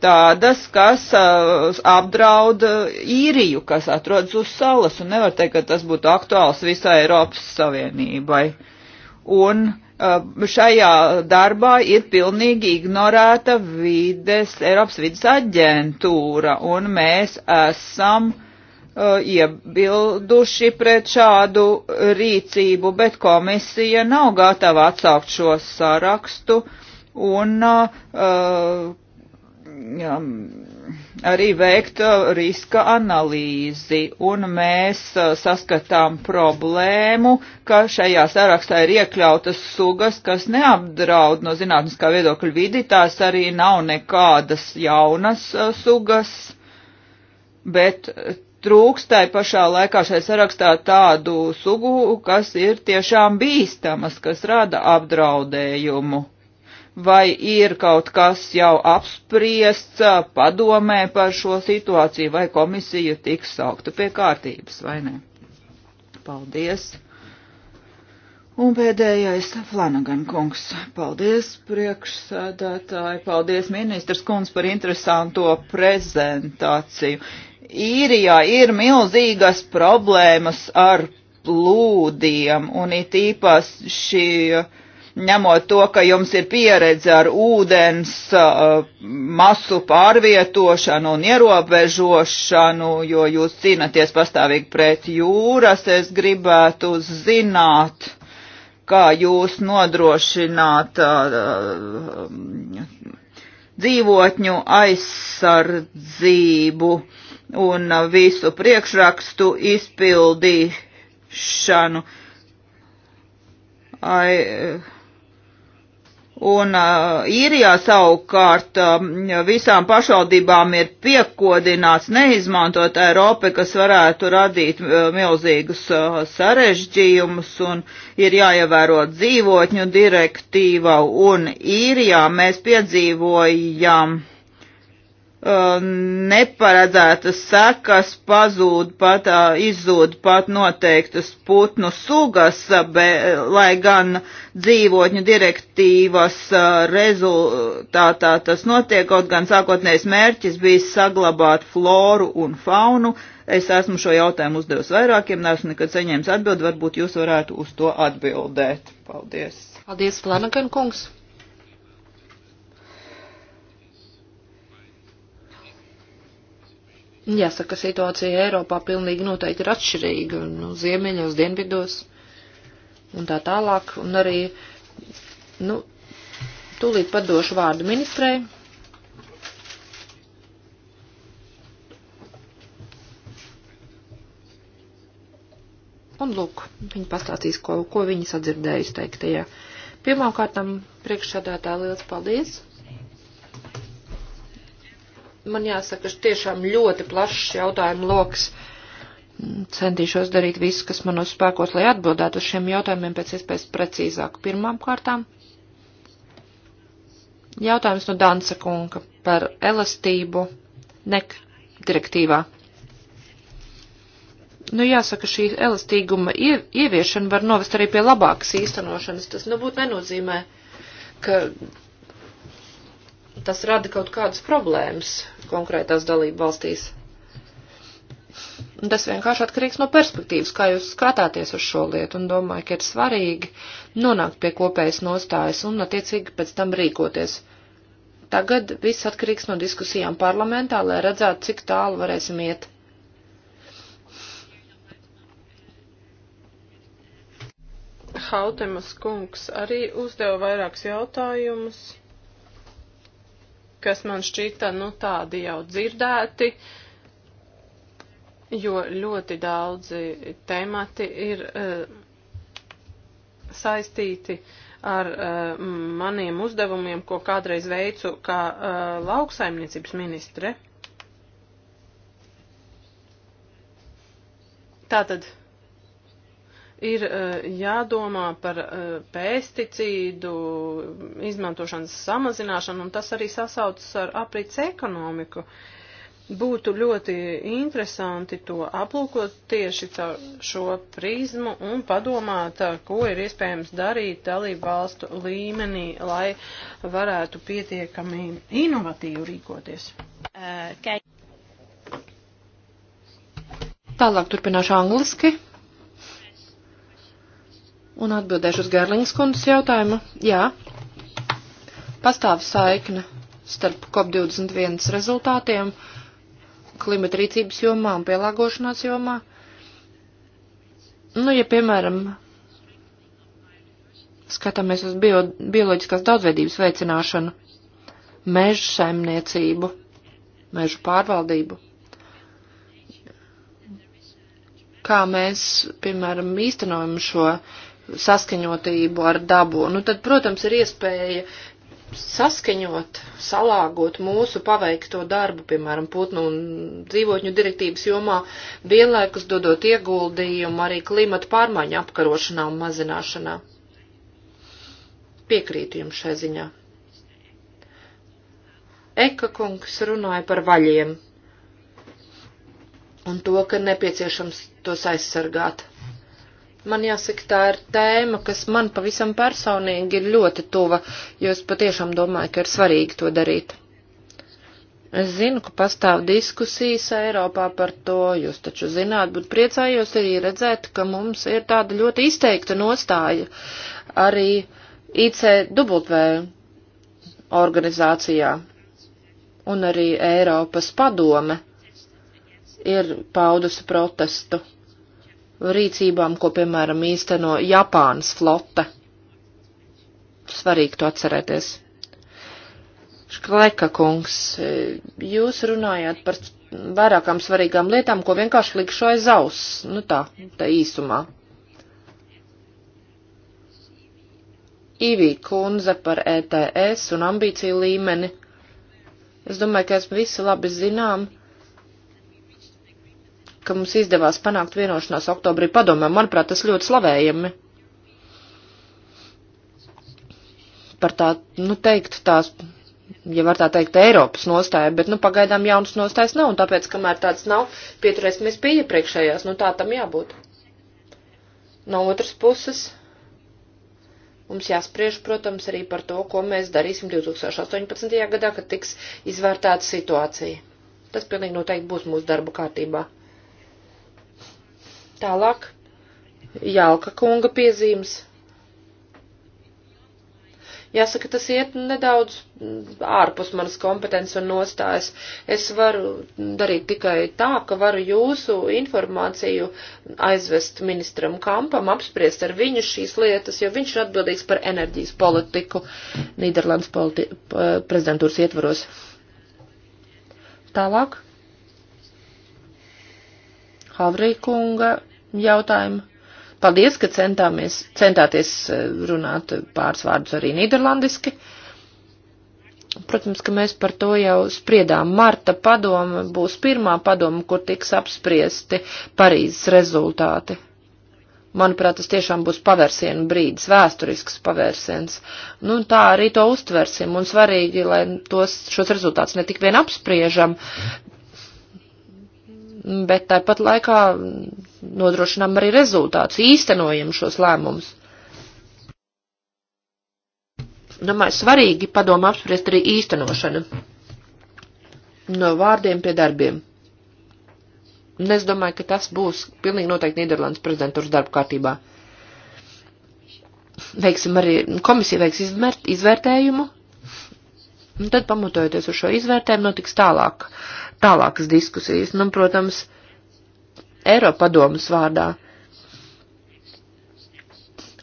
tādas, kas uh, apdraud uh, īriju, kas atrodas uz salas, un nevar teikt, ka tas būtu aktuāls visai Eiropas Savienībai. Un uh, šajā darbā ir pilnīgi ignorēta vides, Eiropas vides aģentūra, un mēs esam iebilduši pret šādu rīcību, bet komisija nav gatava atsaukt šo sarakstu un uh, Um, arī veikt uh, riska analīzi, un mēs uh, saskatām problēmu, ka šajā sarakstā ir iekļautas sugas, kas neapdraud no zinātniskā viedokļa vidi, tās arī nav nekādas jaunas uh, sugas, bet trūkstai pašā laikā šai sarakstā tādu sugu, kas ir tiešām bīstamas, kas rada apdraudējumu vai ir kaut kas jau apspriests padomē par šo situāciju, vai komisija tiks saukta pie kārtības, vai ne? Paldies! Un pēdējais Flanagan kungs. Paldies, priekšsēdētāji, paldies, ministrs kungs, par interesanto prezentāciju. Īrijā ir milzīgas problēmas ar plūdiem, un it īpaši šī ņemot to, ka jums ir pieredze ar ūdens uh, masu pārvietošanu un ierobežošanu, jo jūs cīnaties pastāvīgi pret jūras, es gribētu zināt, kā jūs nodrošināt uh, dzīvotņu aizsardzību un visu priekšrakstu izpildīšanu. Ai, Un uh, īrijā savukārt um, visām pašvaldībām ir piekodināts neizmantot Eiropu, kas varētu radīt uh, milzīgus uh, sarežģījumus un ir jāievēro dzīvotņu direktīva. Un īrijā mēs piedzīvojam. Um, Uh, neparedzētas sekas pazūd pat, uh, izzūd pat noteiktas putnu sugas, uh, be, lai gan dzīvotņu direktīvas rezultātā tas notiek, kaut gan sākotnējs mērķis bija saglabāt floru un faunu. Es esmu šo jautājumu uzdevis vairākiem, neesmu nekad saņēmis atbildi, varbūt jūs varētu uz to atbildēt. Paldies. Paldies, Flanagan kungs. Jāsaka, situācija Eiropā pilnīgi noteikti ir atšķirīga, nu, ziemeļos, dienvidos un tā tālāk, un arī, nu, tūlīt padošu vārdu ministrei. Un lūk, viņi pastāstīs, ko, ko viņi sadzirdējusi teiktajā. Pirmkārtām priekšsādātā liels paldies! man jāsaka, tiešām ļoti plašs jautājumu lokus. Centīšos darīt visu, kas manos spēkos, lai atbildētu uz šiem jautājumiem pēc iespējas precīzāk. Pirmām kārtām jautājums no Dansa kunga par elastību nek direktīvā. Nu, jāsaka, šī elastīguma ieviešana var novest arī pie labākas īstenošanas. Tas, nu, būtu nenozīmē, ka tas rada kaut kādas problēmas konkrētās dalību valstīs. Un tas vienkārši atkarīgs no perspektīvas, kā jūs skatāties uz šo lietu, un domāju, ka ir svarīgi nonākt pie kopējas nostājas un attiecīgi pēc tam rīkoties. Tagad viss atkarīgs no diskusijām parlamentā, lai redzētu, cik tālu varēsim iet. Hautemas kungs arī uzdeva vairākus jautājumus kas man šķita, nu, tādi jau dzirdēti, jo ļoti daudzi temati ir uh, saistīti ar uh, maniem uzdevumiem, ko kādreiz veicu kā uh, lauksaimniecības ministre. Tātad ir e, jādomā par e, pesticīdu izmantošanas samazināšanu, un tas arī sasaucas ar aprits ekonomiku. Būtu ļoti interesanti to aplūkot tieši caur šo prizmu un padomāt, e, ko ir iespējams darīt dalību valstu līmenī, lai varētu pietiekami inovatīvi rīkoties. Uh, okay. Tālāk turpināšu angliski. Un atbildēšu uz Gerlings kundas jautājumu. Jā, pastāv saikne starp COP21 rezultātiem klimata rīcības jomā un pielāgošanās jomā. Nu, ja, piemēram, skatāmies uz bio, bioloģiskās daudzveidības veicināšanu, mežu saimniecību, mežu pārvaldību, kā mēs, piemēram, īstenojam šo uh, saskaņotību ar dabu. Nu, tad, protams, ir iespēja saskaņot, salāgot mūsu paveikto darbu, piemēram, putnu un dzīvotņu direktības jomā, vienlaikus dodot ieguldījumu arī klimata pārmaiņu apkarošanā un mazināšanā. Piekrītu jums šai ziņā. Eka kungs runāja par vaļiem un to, ka nepieciešams tos aizsargāt. Man jāsaka, tā ir tēma, kas man pavisam personīgi ir ļoti tuva, jo es patiešām domāju, ka ir svarīgi to darīt. Es zinu, ka pastāv diskusijas Eiropā par to, jūs taču zināt, bet priecājos arī redzēt, ka mums ir tāda ļoti izteikta nostāja arī ICW organizācijā un arī Eiropas padome ir paudusi protestu rīcībām, ko, piemēram, īsteno Japānas flote. Svarīgi to atcerēties. Škleka kungs, jūs runājāt par vairākām svarīgām lietām, ko vienkārši likšu aiz auss, nu tā, tā īsumā. Ivī kundze par ETS un ambīciju līmeni. Es domāju, ka mēs visi labi zinām, uh, ka mums izdevās panākt vienošanās oktobrī padomē. Manuprāt, tas ļoti slavējami. Par tā, nu teikt, tās, ja var tā teikt, Eiropas nostāja, bet, nu, pagaidām jaunas nostājas nav, un tāpēc, kamēr tāds nav, pieturēsimies pie iepriekšējās, nu, tā tam jābūt. No otras puses, mums jāspriež, protams, arī par to, ko mēs darīsim 2018. gadā, kad tiks izvērtēta situācija. Tas pilnīgi noteikti būs mūsu darba kārtībā. Tālāk Jālka kunga piezīmes. Jāsaka, tas iet nedaudz ārpus manas kompetences un nostājas. Es varu darīt tikai tā, ka varu jūsu informāciju aizvest ministram Kampam, apspriest ar viņu šīs lietas, jo viņš ir atbildīgs par enerģijas politiku Nīderlandes politi prezidentūras ietvaros. Tālāk. Havrīkunga jautājumu. Paldies, ka centāmies, centāties eh, runāt pāris vārdus arī nīderlandiski. Protams, ka mēs par to jau spriedām. Marta padoma būs pirmā padoma, kur tiks apspriesti Parīzes rezultāti. Manuprāt, tas tiešām būs pavērsienu brīdis, vēsturisks pavērsiens. Nu, tā arī to uztversim un svarīgi, lai tos, šos rezultātus ne tik vien apspriežam, bet tāpat laikā nodrošinām arī rezultātus, īstenojam šos lēmumus. Domāju, svarīgi padomu apspriest arī īstenošanu no vārdiem pie darbiem. Un es domāju, ka tas būs pilnīgi noteikti Nīderlandes prezidentūras darba kārtībā. Veiksim arī, komisija veiks izmērt, izvērtējumu, un tad pamatojoties uz šo izvērtējumu notiks tālāk tālākas diskusijas. Nu, protams, Eiropadomas vārdā.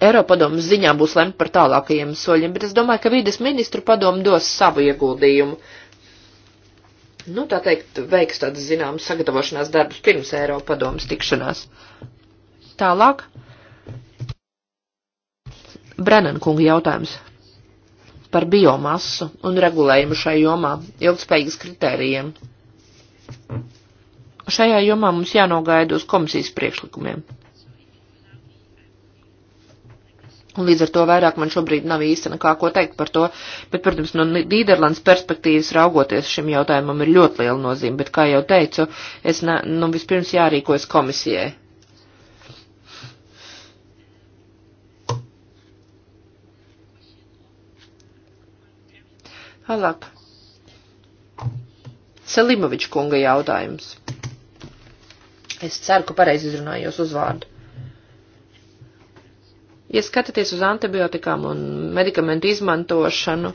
Eiropadomas ziņā būs lemt par tālākajiem soļiem, bet es domāju, ka vīdes ministru padomu dos savu ieguldījumu. Nu, tā teikt, veiks tādas zināmas sagatavošanās darbus pirms Eiropadomas tikšanās. Tālāk. Brennan kunga jautājums par biomasu un regulējumu šai jomā ilgspējīgas kritērijiem. Šajā jomā mums jānogaida uz komisijas priekšlikumiem. Un līdz ar to vairāk man šobrīd nav īsti nekā ko teikt par to, bet, protams, no Nīderlandes perspektīvas raugoties šim jautājumam ir ļoti liela nozīme, bet, kā jau teicu, es, ne, nu, vispirms jārīkojas komisijai. Tālāk Selimoviča kunga jautājums. Es ceru, ka pareizi izrunājos uzvārdu. Ja skatāties uz antibiotikām un medikamentu izmantošanu,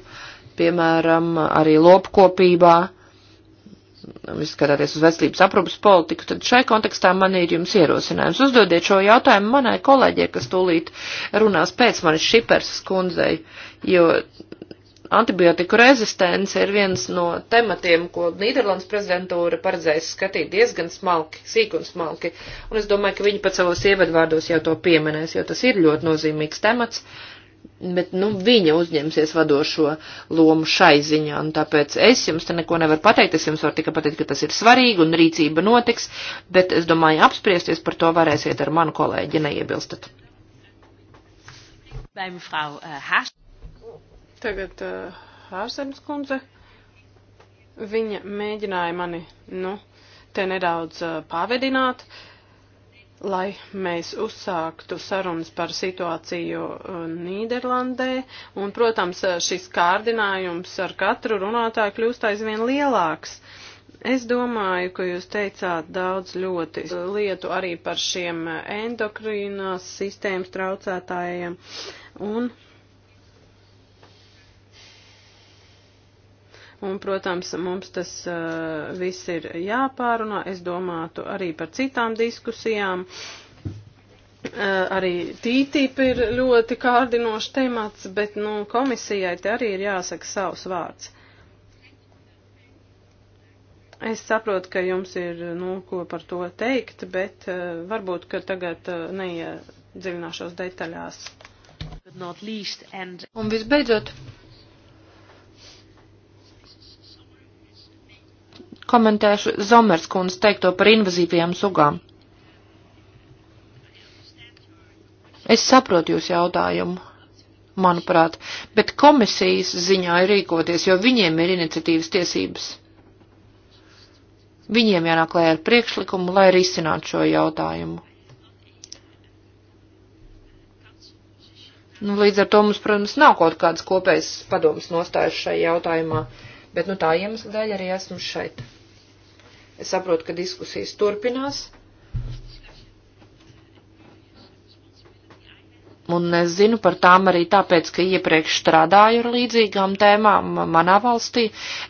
piemēram, arī lopkopībā, skatāties uz veselības aprūpas politiku, tad šai kontekstā man ir jums ierosinājums. Uzdodiet šo jautājumu manai kolēģē, kas tūlīt runās pēc manis Šipers kundzei, jo Antibiotiku rezistence ir viens no tematiem, ko Nīderlandes prezidentūra paredzēs skatīt diezgan smalki, sīk un smalki. Un es domāju, ka viņi pat savos ievadvārdos jau to pieminēs, jo tas ir ļoti nozīmīgs temats bet nu, viņa uzņemsies vadošo lomu šai ziņā, un tāpēc es jums te neko nevaru pateikt, es jums varu tikai pateikt, ka tas ir svarīgi un rīcība notiks, bet es domāju, apspriesties par to varēsiet ar manu kolēģi, neiebilstat. Bij mevrouw uh, Tagad uh, Hārsenis kundze. Viņa mēģināja mani, nu, te nedaudz uh, pavedināt, lai mēs uzsāktu sarunas par situāciju uh, Nīderlandē. Un, protams, uh, šis kārdinājums ar katru runātāju kļūst aizvien lielāks. Uh, Es domāju, ka jūs teicāt daudz ļoti uh, lietu arī par šiem uh, endokrīnās sistēmas traucētājiem. Un Un, protams, mums tas uh, viss ir jāpārunā. Es domātu arī par citām diskusijām. Uh, arī TTIP ir ļoti kārdinošs temats, bet nu, komisijai te arī ir jāsaka savs vārds. Es saprotu, ka jums ir nu, ko par to teikt, bet uh, varbūt, ka tagad uh, neiedziļināšos detaļās. And... Un visbeidzot, komentēšu Zomers kundas teikto par invazīvajām sugām. Es saprotu jūs jautājumu, manuprāt, bet komisijas ziņā ir rīkoties, jo viņiem ir iniciatīvas tiesības. Viņiem jānāk lai ar priekšlikumu, lai arī izcinātu šo jautājumu. Nu, līdz ar to mums, protams, nav kaut kādas kopējas padomas nostājas šai jautājumā, bet nu tā iemesla dēļ arī esmu šeit. Es saprotu, ka diskusijas turpinās. Un es zinu par tām arī tāpēc, ka iepriekš strādāju ar līdzīgām tēmām manā valstī.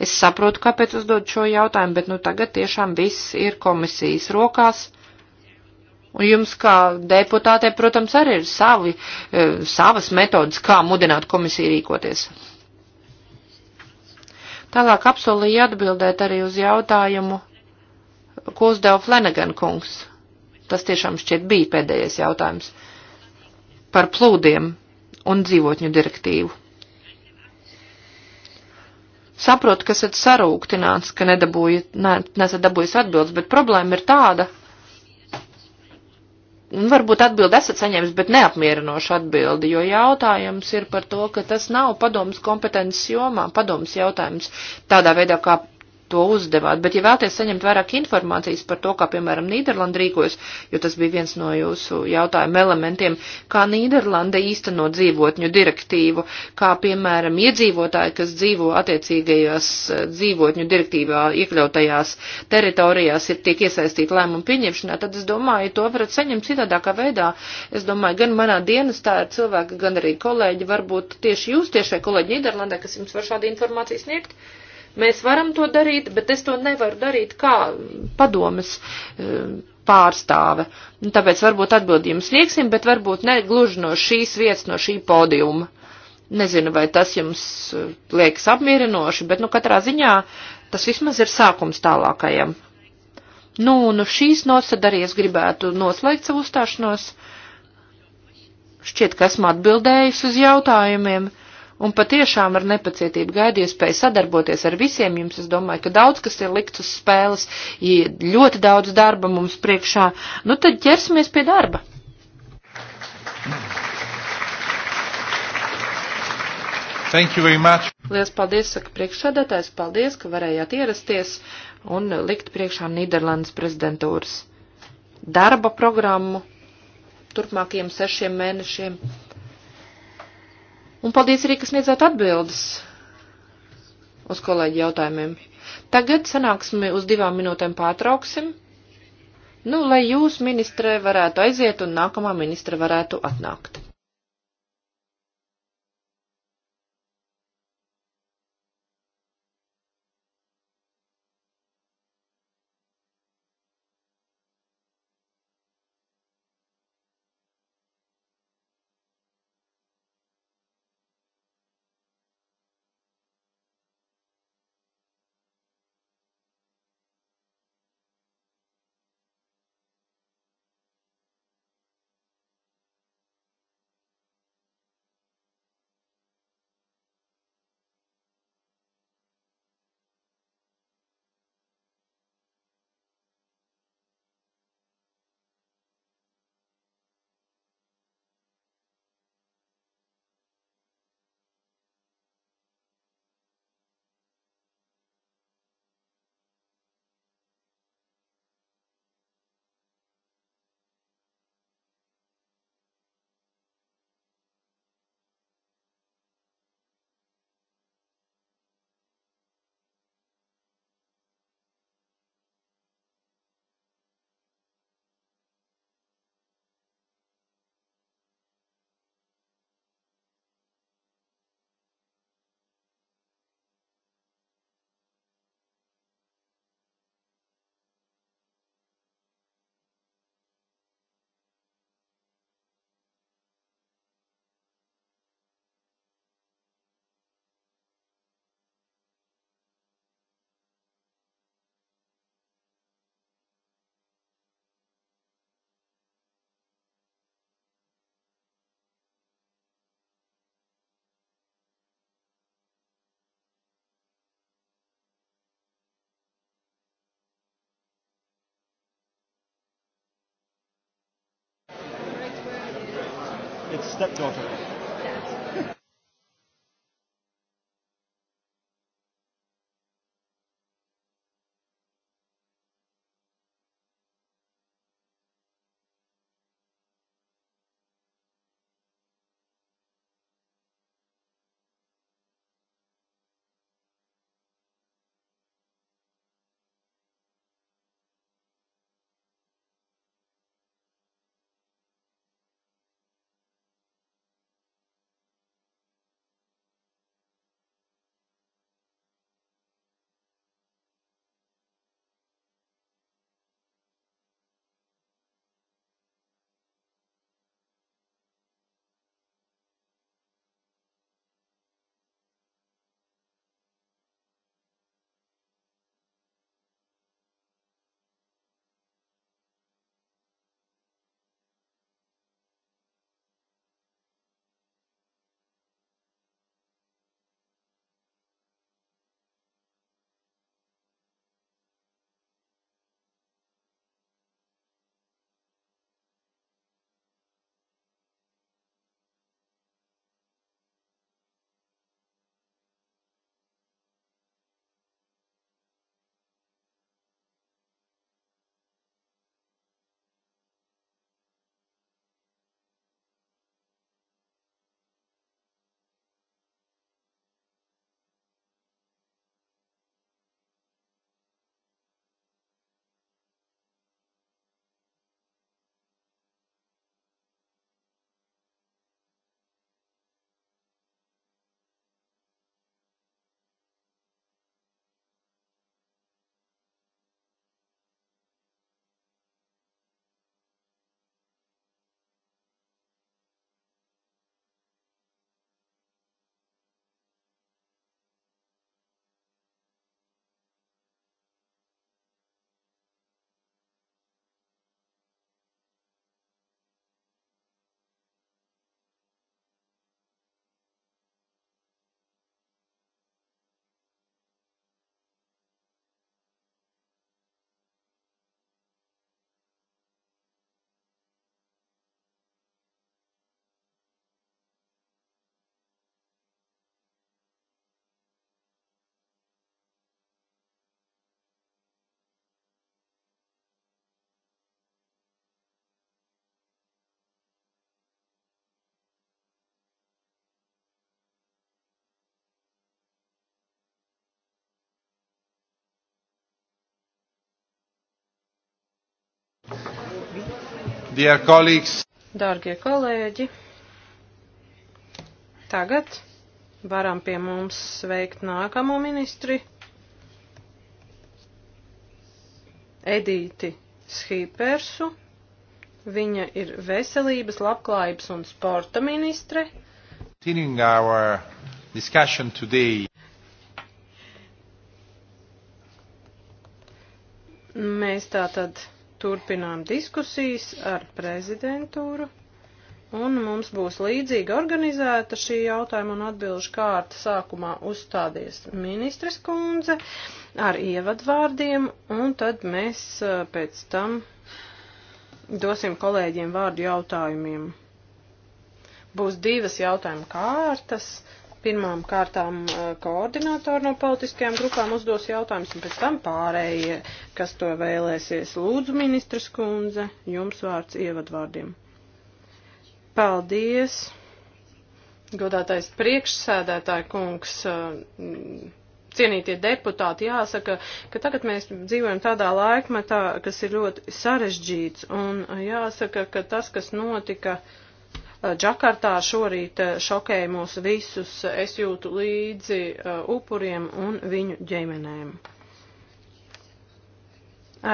Es saprotu, kāpēc uzdod šo jautājumu, bet nu tagad tiešām viss ir komisijas rokās. Un jums kā deputātei, protams, arī ir savi, e, savas metodas, kā mudināt komisiju rīkoties. Tālāk apsolīja atbildēt arī uz jautājumu ko uzdeva Flanagan kungs. Tas tiešām šķiet bija pēdējais jautājums par plūdiem un dzīvotņu direktīvu. Saprotu, ka esat sarūktināts, ka nedabūju, ne, nesat dabūjis atbildes, bet problēma ir tāda, varbūt atbildi esat saņēmis, bet neapmierinošu atbildi, jo jautājums ir par to, ka tas nav padomas kompetences jomā, padomas jautājums tādā veidā, kā to uzdevāt, bet ja vēlaties saņemt vairāk informācijas par to, kā, piemēram, Nīderlanda rīkojas, jo tas bija viens no jūsu jautājuma elementiem, kā Nīderlanda īsteno dzīvotņu direktīvu, kā, piemēram, iedzīvotāji, kas dzīvo attiecīgajās eh, dzīvotņu direktīvā iekļautajās teritorijās, ir tiek iesaistīti lēmumu pieņemšanā, tad es domāju, to varat saņemt citādākā veidā. Es domāju, gan manā dienestā ir cilvēki, gan arī kolēģi, varbūt tieši jūs tiešai kolēģi Nīderlandē, kas jums var šādu informāciju sniegt. Thank you. Mēs varam to darīt, bet es to nevaru darīt kā padomas eh, pārstāve. Nu, tāpēc varbūt atbildi jums sniegsim, bet varbūt ne gluži no šīs vietas, no šī podiuma. Nezinu, vai tas jums eh, liekas apmierinoši, bet nu katrā ziņā tas vismaz ir sākums tālākajam. Nu, un nu šīs nosadarījies gribētu noslēgt savu uzstāšanos. Šķiet, ka esmu atbildējusi uz jautājumiem un patiešām ar nepacietību gaidu iespēju sadarboties ar visiem jums. Es domāju, ka daudz kas ir likts uz spēles, ir ļoti daudz darba mums priekšā. Nu tad ķersimies pie darba. Thank you very much. Lielas paldies, saka priekšsēdētājs, paldies, ka varējāt ierasties un likt priekšā Nīderlandes prezidentūras darba programmu turpmākajiem sešiem mēnešiem. Un paldies arī, kas niedzētu atbildes uz kolēģi jautājumiem. Tagad sanāksmi uz divām minūtēm pārtrauksim, nu, lai jūs ministrē varētu aiziet un nākamā ministra varētu atnākt. its stepdaughter. Dear colleagues. Dārgie kolēģi, tagad varam pie mums sveikt nākamo ministri Edīti Schīpersu. Viņa ir veselības, labklājības un sporta ministre. Continuing our discussion today. Mēs tātad turpinām diskusijas ar prezidentūru. Un mums būs līdzīgi organizēta šī jautājuma un atbilžu kārta. Sākumā uzstādies ministres kundze ar ievadvārdiem, un tad mēs pēc tam dosim kolēģiem vārdu jautājumiem. Būs divas jautājuma kārtas. Uh, Pirmām kārtām eh, koordinātori no politiskajām grupām uzdos jautājumus, un pēc tam pārējie, kas to vēlēsies. Lūdzu, ministrs kundze, jums vārds ievadvārdiem. Paldies, godātais priekšsēdētāja kungs. Eh, cienītie deputāti, jāsaka, ka tagad mēs dzīvojam tādā laikmetā, kas ir ļoti sarežģīts, un eh, jāsaka, ka tas, kas notika uh, Eh, Džakartā šorīt eh, šokēja mūs visus. Es jūtu līdzi eh, upuriem un viņu ģimenēm.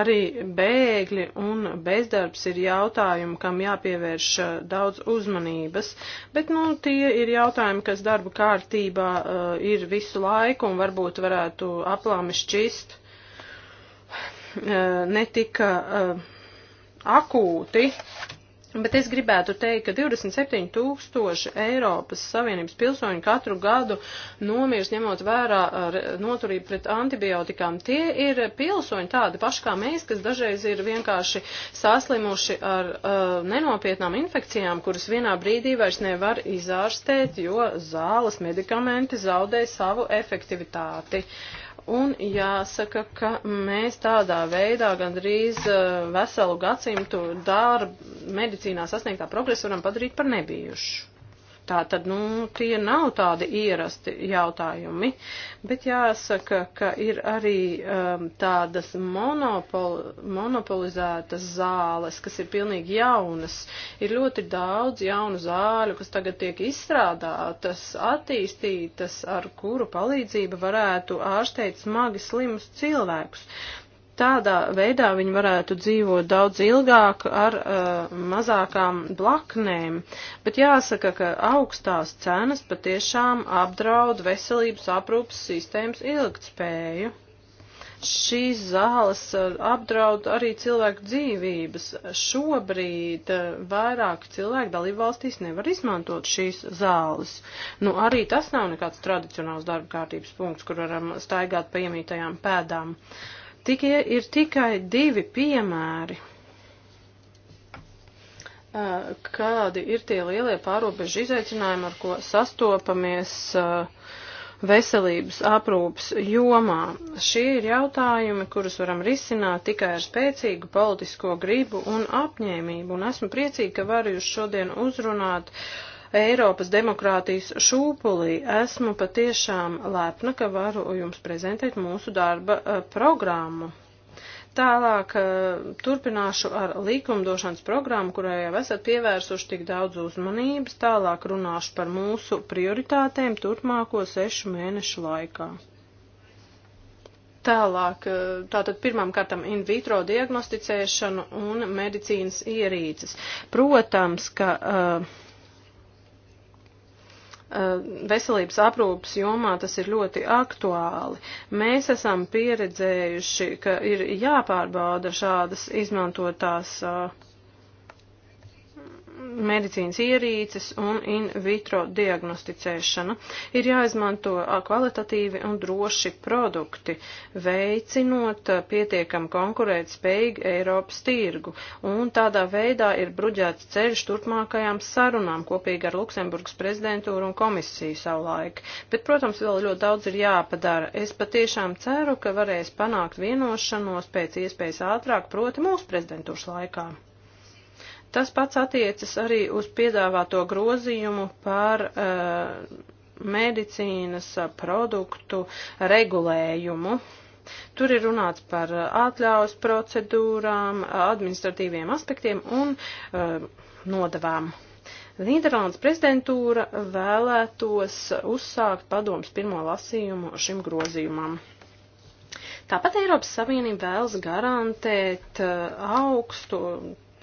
Arī bēgļi un bezdarbs ir jautājumi, kam jāpievērš daudz uzmanības, bet nu, tie ir jautājumi, kas darba kārtībā uh, ir visu laiku un varbūt varētu aplāmi šķist uh, netika uh, akūti, Bet es gribētu teikt, ka 27 tūkstoši Eiropas Savienības pilsoņu katru gadu nomirs ņemot vērā noturību pret antibiotikām. Tie ir pilsoņi tādi paši kā mēs, kas dažreiz ir vienkārši saslimuši ar uh, nenopietnām infekcijām, kuras vienā brīdī vairs nevar izārstēt, jo zāles medikamenti zaudē savu efektivitāti. Uh, Un jāsaka, ka mēs tādā veidā gandrīz eh, veselu gadsimtu darbu medicīnā sasniegtā progresu varam padarīt par nebijušu. Tā tad, nu, tie nav tādi ierasti jautājumi, bet jāsaka, ka ir arī um, tādas monopol, monopolizētas zāles, kas ir pilnīgi jaunas. Ir ļoti daudz jaunu zāļu, kas tagad tiek izstrādātas, attīstītas, ar kuru palīdzību varētu ārsteikt smagi slimus cilvēkus. Tādā veidā viņi varētu dzīvot daudz ilgāk ar uh, mazākām blaknēm, bet jāsaka, ka augstās cenas patiešām apdraud veselības aprūpas sistēmas ilgtspēju. Šīs zāles uh, apdraud arī cilvēku dzīvības. Šobrīd uh, vairāk cilvēku dalībvalstīs nevar izmantot šīs zāles. Nu, arī tas nav nekāds tradicionāls darba kārtības punkts, kur varam staigāt pa iemītajām pēdām. Uh, Tikie ir tikai divi piemēri, kādi ir tie lielie pārobežu izaicinājumi, ar ko sastopamies veselības aprūpas jomā. Šie ir jautājumi, kurus varam risināt tikai ar spēcīgu politisko gribu un apņēmību, un esmu priecīga, ka varu jūs šodien uzrunāt uh, Eiropas demokrātijas šūpulī. Esmu patiešām lepna, ka varu jums prezentēt mūsu darba eh, programmu. Tālāk eh, turpināšu ar likumdošanas programmu, kurai jau esat pievērsuši tik daudz uzmanības. Tālāk runāšu par mūsu prioritātēm turpmāko sešu mēnešu laikā. Tālāk, eh, tātad pirmām kārtām in vitro diagnosticēšanu un medicīnas ierīces. Protams, ka uh, Eh, veselības aprūpas jomā tas ir ļoti aktuāli. Mēs esam pieredzējuši, ka ir jāpārbauda šādas izmantotās uh, medicīnas ierīces un in vitro diagnosticēšana. Ir jāizmanto kvalitatīvi un droši produkti, veicinot pietiekam konkurēt spējīgu Eiropas tirgu. Un tādā veidā ir bruģēts ceļš turpmākajām sarunām kopīgi ar Luksemburgas prezidentūru un komisiju savulaik. Bet, protams, vēl ļoti daudz ir jāpadara. Es patiešām ceru, ka varēs panākt vienošanos pēc iespējas ātrāk, proti mūsu prezidentūras laikā. Tas pats attiecas arī uz piedāvāto grozījumu par uh, medicīnas produktu regulējumu. Tur ir runāts par eh, atļaujas procedūrām, administratīviem aspektiem un uh, eh, nodavām. Nīderlandes prezidentūra vēlētos uzsākt padomus pirmo lasījumu šim grozījumam. Tāpat Eiropas Savienība vēlas garantēt augstu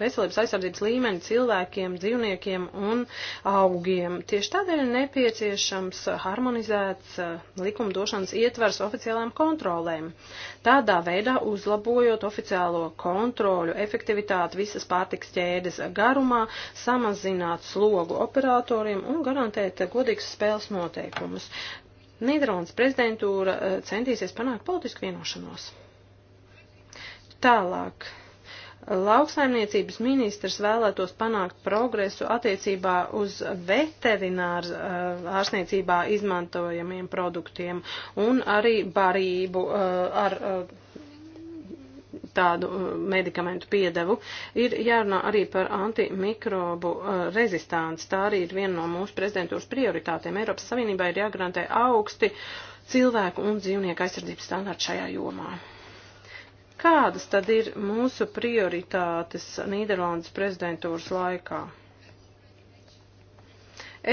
veselības aizsardzības līmeni cilvēkiem, dzīvniekiem un augiem. Tieši tādēļ ir nepieciešams harmonizēts eh, likumdošanas ietvers oficiālām kontrolēm. Tādā veidā uzlabojot oficiālo kontroļu efektivitāti visas pārtiks ķēdes garumā, samazināt slogu operatoriem un garantēt godīgas spēles noteikumus. Nīderlandes prezidentūra eh, centīsies panākt politisku vienošanos. Tālāk Lauksaimniecības ministrs vēlētos panākt progresu attiecībā uz veterināru eh, ārsniecībā izmantojamiem produktiem un arī barību eh, ar eh, tādu medikamentu piedevu, ir jārunā arī par antimikrobu rezistanci. Tā arī ir viena no mūsu prezidentūras prioritātēm. Eiropas Savienībā ir jāgarantē augsti cilvēku un dzīvnieku aizsardzības standarti šajā jomā. Kādas tad ir mūsu prioritātes Nīderlandes prezidentūras laikā?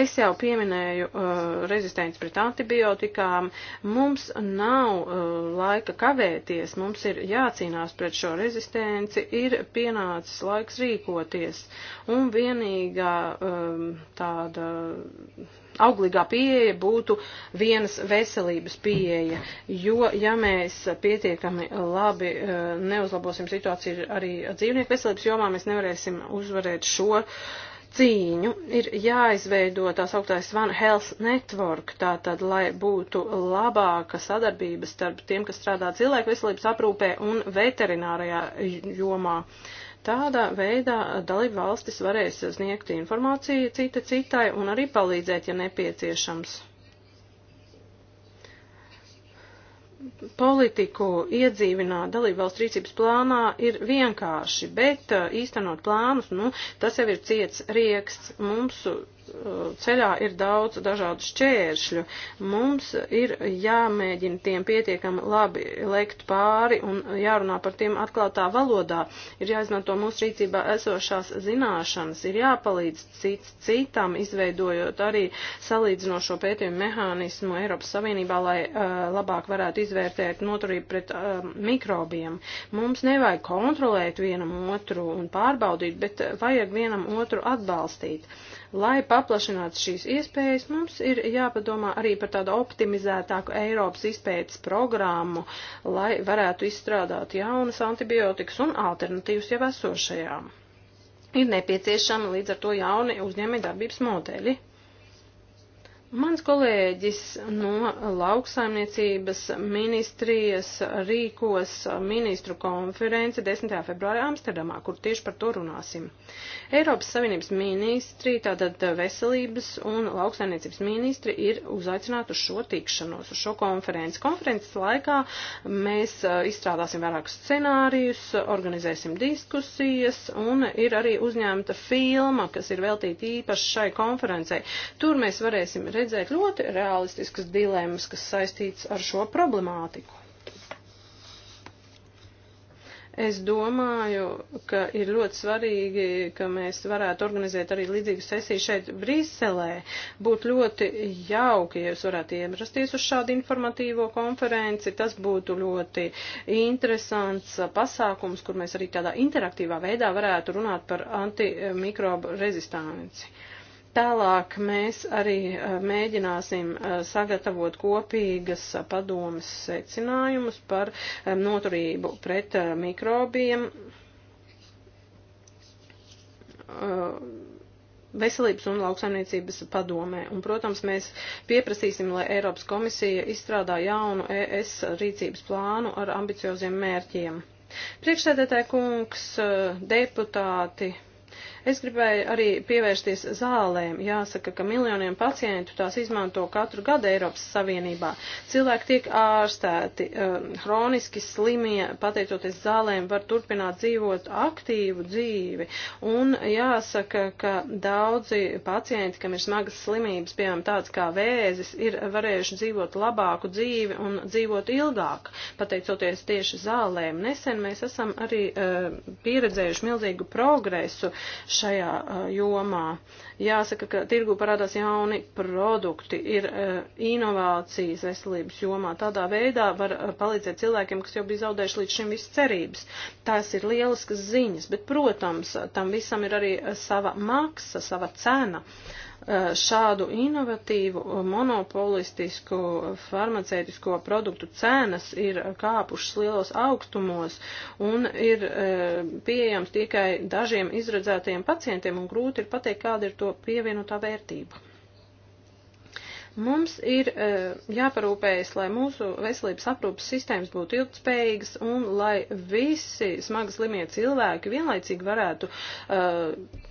Es jau pieminēju uh, rezistenci pret antibiotikām. Mums nav uh, laika kavēties, mums ir jācīnās pret šo rezistenci, ir pienācis laiks rīkoties. Un vienīgā um, tāda auglīgā pieeja būtu vienas veselības pieeja, jo ja mēs pietiekami labi eh, neuzlabosim situāciju arī dzīvnieku veselības jomā, mēs nevarēsim uzvarēt šo cīņu. Ir jāizveido tās augtais One Health Network, tātad, lai būtu labāka sadarbība starp tiem, kas strādā cilvēku veselības aprūpē un veterinārajā jomā. Uh, Tādā veidā dalība valstis varēs sniegt informāciju cita citai un arī palīdzēt, ja nepieciešams. politiku iedzīvināt dalībvalsts rīcības plānā ir vienkārši, bet uh, īstenot plānus, nu, tas jau ir ciets rieksts. Mums ceļā ir daudz dažādu šķēršļu. Mums ir jāmēģina tiem pietiekami labi lekt pāri un jārunā par tiem atklātā valodā. Ir jāizmanto mūsu rīcībā esošās zināšanas, ir jāpalīdz cits citam, izveidojot arī salīdzinošo pētījumu mehānismu Eiropas Savienībā, lai uh, labāk varētu izvērtēt noturību pret uh, mikrobiem. Mums nevajag kontrolēt vienam otru un pārbaudīt, bet uh, vajag vienam otru atbalstīt. Uh, Lai paplašinātu šīs iespējas, mums ir jāpadomā arī par tādu optimizētāku Eiropas izpētes programmu, lai varētu izstrādāt jaunas antibiotikas un alternatīvas jau esošajām. Ir nepieciešami līdz ar to jauni uzņēmējdarbības modeļi. Mans kolēģis no lauksaimniecības ministrijas rīkos ministru konferenci 10. februārī Amsterdamā, kur tieši par to runāsim. Eiropas Savienības ministri, tātad veselības un lauksaimniecības ministri ir uzaicināti uz šo tikšanos, uz šo konferenci. Konferences laikā mēs uh, izstrādāsim vairākus scenārijus, organizēsim diskusijas un ir arī uzņemta filma, kas ir veltīta īpaši šai konferencei. Tur mēs varēsim redzēt ļoti realistiskas dilemmas, kas saistīts ar šo problemātiku. Es domāju, ka ir ļoti svarīgi, ka mēs varētu organizēt arī līdzīgu sesiju šeit Briselē. Būtu ļoti jauki, ja jūs varētu ierasties uz šādu informatīvo konferenci. Tas būtu ļoti interesants pasākums, kur mēs arī tādā interaktīvā veidā varētu runāt par antimikrobu rezistanci. Tālāk mēs arī eh, mēģināsim eh, sagatavot kopīgas eh, padomas secinājumus par noturību pret mikrobiem veselības un lauksaimniecības padomē. Un, protams, mēs pieprasīsim, lai Eiropas komisija izstrādā jaunu ES rīcības plānu ar ambicioziem mērķiem. Priekšsēdētāji kungs, deputāti, Es gribēju arī pievērsties zālēm. Jāsaka, ka miljoniem pacientu tās izmanto katru gadu Eiropas Savienībā. Cilvēki tiek ārstēti, um, hroniski slimie, pateicoties zālēm, var turpināt dzīvot aktīvu dzīvi. Un jāsaka, ka daudzi pacienti, kam ir smagas slimības, piemēram, tāds kā vēzis, ir varējuši dzīvot labāku dzīvi un dzīvot ilgāk, pateicoties tieši zālēm. Nesen mēs esam arī uh, pieredzējuši milzīgu progresu šajā uh, jomā. Jāsaka, ka tirgu parādās jauni produkti, ir uh, inovācijas veselības jomā. Tādā veidā var uh, palīdzēt cilvēkiem, kas jau bija zaudējuši līdz šim visas cerības. Tās ir lieliskas ziņas, bet, protams, tam visam ir arī uh, sava maksa, sava cena. Uh, Eh, šādu inovatīvu eh, monopolistisku eh, farmaceitisko produktu cenas ir kāpušas lielos augstumos un ir pieejams tikai dažiem izredzētajiem pacientiem un grūti ir pateikt, kāda ir to pievienotā vērtība. Mums ir jāparūpējas, lai mūsu veselības aprūpas sistēmas būtu ilgspējīgas un lai visi smagi slimie cilvēki vienlaicīgi varētu uh,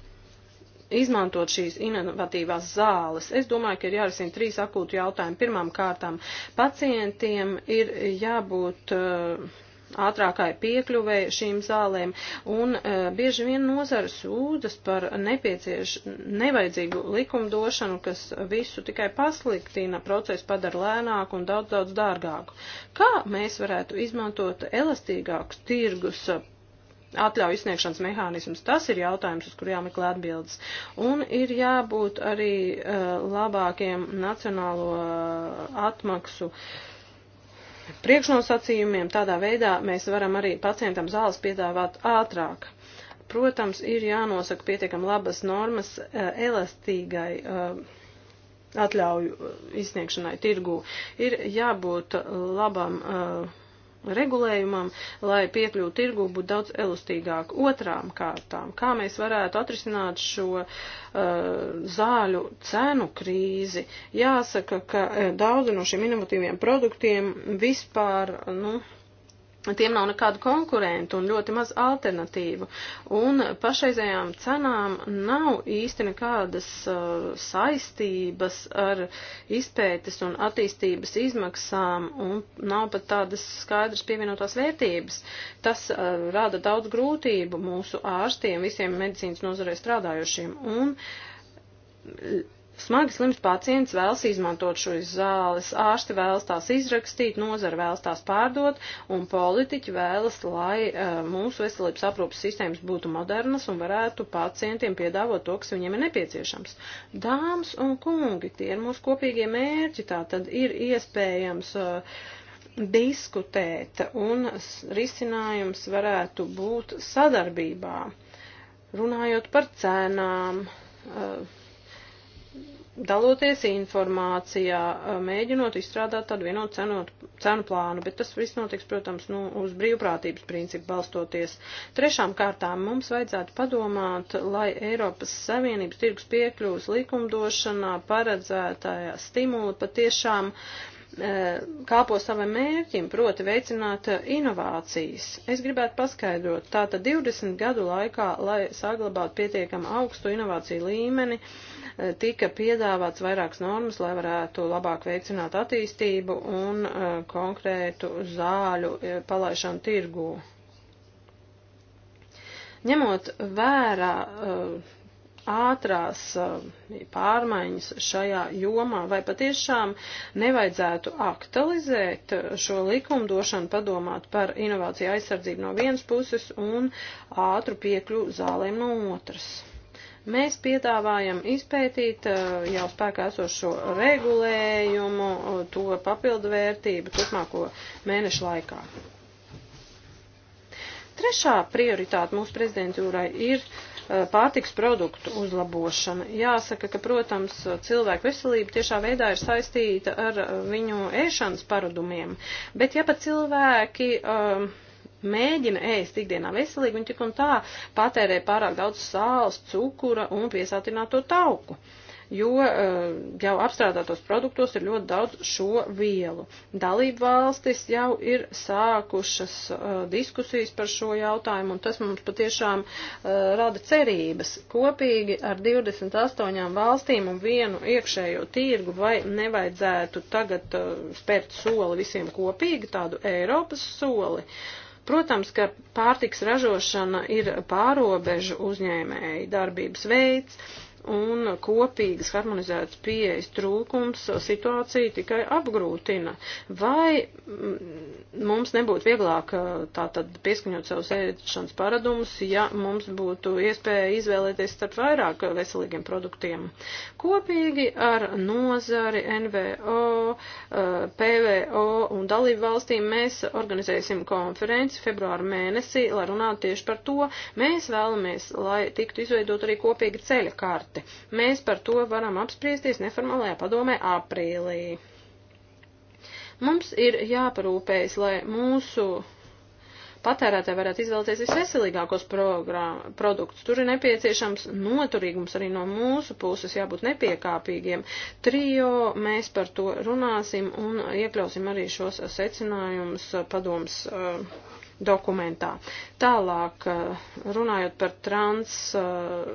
izmantot šīs inovatīvās zāles. Es domāju, ka ir jārisina trīs akūtu jautājumi. Pirmām kārtām pacientiem ir jābūt uh, ātrākai piekļuvēji šīm zālēm, un uh, bieži vien nozara sūdzas par nevajadzīgu likumdošanu, kas visu tikai pasliktina, procesu padara lēnāku un daudz, daudz dārgāku. Kā mēs varētu izmantot elastīgākus tirgus atļauju izsniegšanas mehānismus, tas ir jautājums, uz kur jāmeklē atbildes. Un ir jābūt arī uh, labākiem nacionālo uh, atmaksu priekšnosacījumiem. Tādā veidā mēs varam arī pacientam zāles piedāvāt ātrāk. Protams, ir jānosaka pietiekam labas normas uh, elastīgai. Uh, atļauju izsniegšanai tirgū, ir jābūt labam uh, regulējumam, lai piekļuvu tirgu būtu daudz elastīgāk. Otrām kārtām, kā mēs varētu atrisināt šo uh, zāļu cenu krīzi, jāsaka, ka uh, daudzi no šiem inovatīviem produktiem vispār, nu, uh, Tiem nav nekādu konkurentu un ļoti maz alternatīvu. Un pašreizējām cenām nav īsti nekādas uh, saistības ar izpētes un attīstības izmaksām un nav pat tādas skaidras pievienotās vērtības. Tas uh, rada daudz grūtību mūsu ārstiem, visiem medicīnas nozarē strādājošiem. Un, uh, Smagi slims pacients vēlas izmantot šo zāles, ārsti vēlas tās izrakstīt, nozara vēlas tās pārdot, un politiķi vēlas, lai uh, mūsu veselības aprūpas sistēmas būtu modernas un varētu pacientiem piedāvot to, kas viņiem ir nepieciešams. Dāmas un kungi, tie ir mūsu kopīgie mērķi, tā tad ir iespējams. Uh, diskutēt un risinājums varētu būt sadarbībā. Runājot par cenām, uh, daloties informācijā, mēģinot izstrādāt tādu vienotu cenot, cenu plānu, bet tas viss notiks, protams, nu, uz brīvprātības principu balstoties. Trešām kārtām mums vajadzētu padomāt, lai Eiropas Savienības tirgus piekļuvas likumdošanā paredzētājā stimula patiešām e, kāpo savam mērķim, proti veicināt inovācijas. Es gribētu paskaidrot, tātad 20 gadu laikā, lai saglabātu pietiekam augstu inovāciju līmeni, uh, tika piedāvāts vairākas normas, lai varētu labāk veicināt attīstību un uh, konkrētu zāļu uh, palaišanu tirgū. Ņemot vērā uh, ātrās pārmaiņas šajā jomā, vai patiešām nevajadzētu aktualizēt šo likumdošanu, padomāt par inovāciju aizsardzību no vienas puses un ātru piekļuvu zālēm no otras. Mēs piedāvājam izpētīt uh, jau spēkā esošo regulējumu, uh, to papildu vērtību turpmāko mēnešu laikā. Trešā prioritāte mūsu prezidentūrai ir uh, pārtiks produktu uzlabošana. Jāsaka, ka, protams, cilvēku veselība tiešā veidā ir saistīta ar viņu ēšanas paradumiem, bet ja pat cilvēki uh, mēģina ēst ikdienā veselīgi, viņi tik un tā patērē pārāk daudz sāls, cukura un piesātināto tauku jo eh, jau apstrādātos produktos ir ļoti daudz šo vielu. Dalību valstis jau ir sākušas eh, diskusijas par šo jautājumu, un tas mums patiešām eh, rada cerības. Kopīgi ar 28 valstīm un vienu iekšējo tirgu vai nevajadzētu tagad spērt soli visiem kopīgi, tādu Eiropas soli. Uh, Protams, ka pārtiks ražošana ir pārobežu uzņēmēji darbības veids, un kopīgas harmonizētas pieejas trūkums situāciju tikai apgrūtina. Vai mm, mums nebūtu vieglāk tātad pieskaņot savus ēšanas paradumus, ja mums būtu iespēja izvēlēties starp vairāk veselīgiem produktiem? Kopīgi ar nozari, NVO, PVO un dalību valstīm mēs organizēsim konferenci februāra mēnesī, lai runātu tieši par to. Mēs vēlamies, lai tiktu izveidot arī kopīga ceļa kārta punkti. Mēs par to varam apspriesties neformālajā padomē aprīlī. Mums ir jāparūpējas, lai mūsu patērētāji varētu izvēlēties visveselīgākos produktus. Tur ir nepieciešams noturīgums arī no mūsu puses, jābūt nepiekāpīgiem. Trio mēs par to runāsim un iekļausim arī šos secinājumus padoms uh, dokumentā. Tālāk, eh, runājot par trans eh,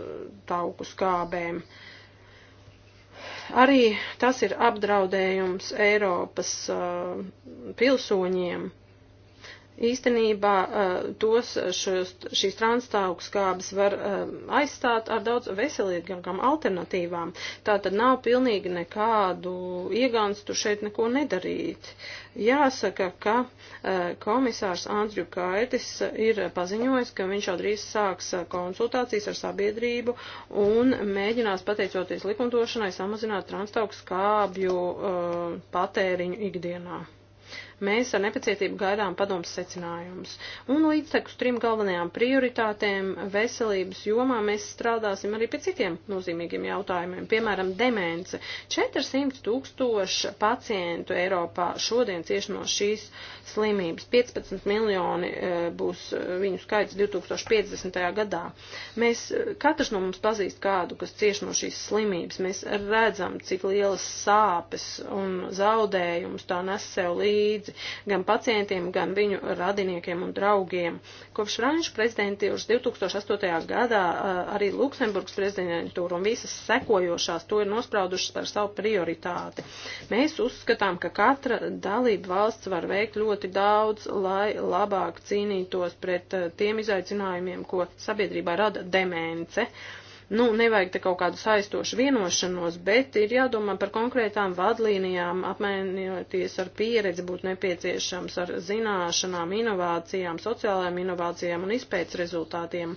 tauku skābēm, arī tas ir apdraudējums Eiropas eh, pilsoņiem īstenībā eh, tos šos, šīs transtāvkskābes var eh, aizstāt ar daudz veselīgākām alternatīvām. Tā tad nav pilnīgi nekādu iegānstu šeit neko nedarīt. Jāsaka, ka eh, komisārs Andriu Kaitis ir paziņojis, ka viņš jau drīz sāks konsultācijas ar sabiedrību un mēģinās pateicoties likumdošanai samazināt transtāvkskābju patēriņu ikdienā. Mēs ar nepacietību gaidām padomus secinājumus. Un līdztekus trim galvenajām prioritātēm veselības jomā mēs strādāsim arī pie citiem nozīmīgiem jautājumiem, piemēram, demence. 400 tūkstoši pacientu Eiropā šodien cieši no šīs slimības. 15 miljoni e, būs e, viņu skaits 2050. gadā. Mēs, e, katrs no mums pazīst kādu, kas cieši no šīs slimības. Mēs redzam, cik lielas sāpes un zaudējumus tā nes sev līdzi bijusi gan pacientiem, gan viņu radiniekiem un draugiem. Kopš Franču prezidentūras 2008. gadā arī Luksemburgas prezidentūra un visas sekojošās to ir nospraudušas par savu prioritāti. Mēs uzskatām, ka katra dalība valsts var veikt ļoti daudz, lai labāk cīnītos pret tiem izaicinājumiem, ko sabiedrībā rada demence. Uh, Nu, nevajag te kaut kādu saistošu vienošanos, bet ir jādomā par konkrētām vadlīnijām, apmainīties ar pieredzi būtu nepieciešams, ar zināšanām, inovācijām, sociālajām inovācijām un izpētes rezultātiem.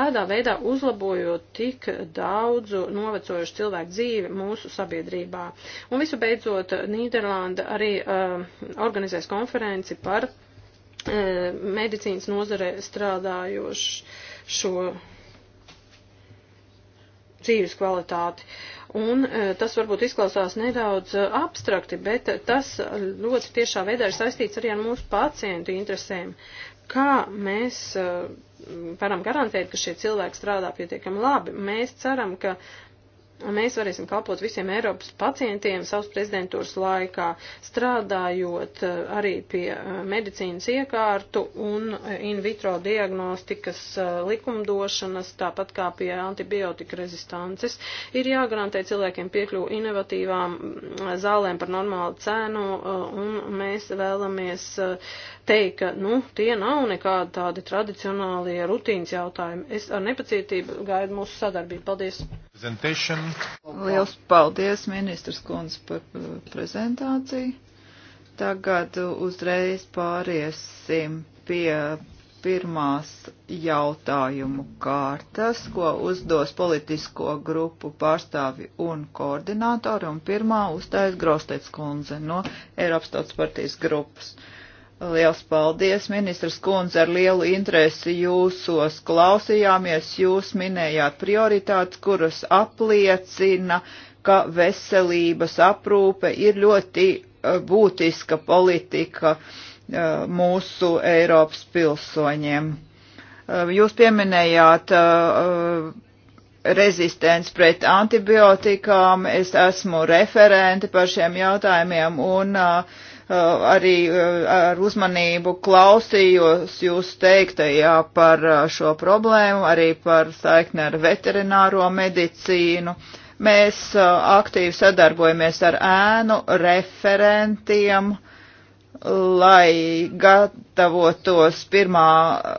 Tādā veidā uzlabojot tik daudzu novecojušu cilvēku dzīvi mūsu sabiedrībā. Un visu beidzot, Nīderlanda arī uh, organizēs konferenci par eh, medicīnas nozare strādājošo dzīves kvalitāti. Un e, tas varbūt izklausās nedaudz e, abstrakti, bet tas e, ļoti tiešā veidā ir saistīts arī ar mūsu pacientu interesēm. Kā mēs varam garantēt, ka šie cilvēki strādā pietiekami labi? Mēs ceram, ka uh, mēs varēsim kalpot visiem Eiropas pacientiem savas prezidentūras laikā, strādājot eh, arī pie eh, medicīnas iekārtu un eh, in vitro diagnostikas likumdošanas, tāpat kā pie antibiotika rezistances. Ir jāgarantē cilvēkiem piekļuvu inovatīvām mm, zālēm par normālu cenu, un mēs vēlamies teikt, ka nu, tie nav nekādi tādi tradicionālie rutīnas jautājumi. Es ar nepacietību gaidu mūsu sadarbību. Paldies! Presentation. Liels paldies, ministrs kundze, par uh, prezentāciju. Tagad uzreiz pāriesim pie pirmās jautājumu kārtas, ko uzdos politisko grupu pārstāvi un koordinātori, un pirmā uzstājas Grostets kundze no Eiropas Tautas partijas grupas. Uh, Liels paldies, ministrs kundze, ar lielu interesi jūsos klausījāmies. Jūs minējāt prioritātes, kuras apliecina, ka veselības aprūpe ir ļoti eh, būtiska politika eh, mūsu Eiropas pilsoņiem. Eh, jūs pieminējāt rezistents pret antibiotikām, es esmu referenti par šiem jautājumiem un uh, arī ar uzmanību klausījos jūs teiktajā par šo problēmu, arī par saikni ar veterināro medicīnu. Mēs aktīvi sadarbojamies ar ēnu referentiem, lai gatavotos pirmā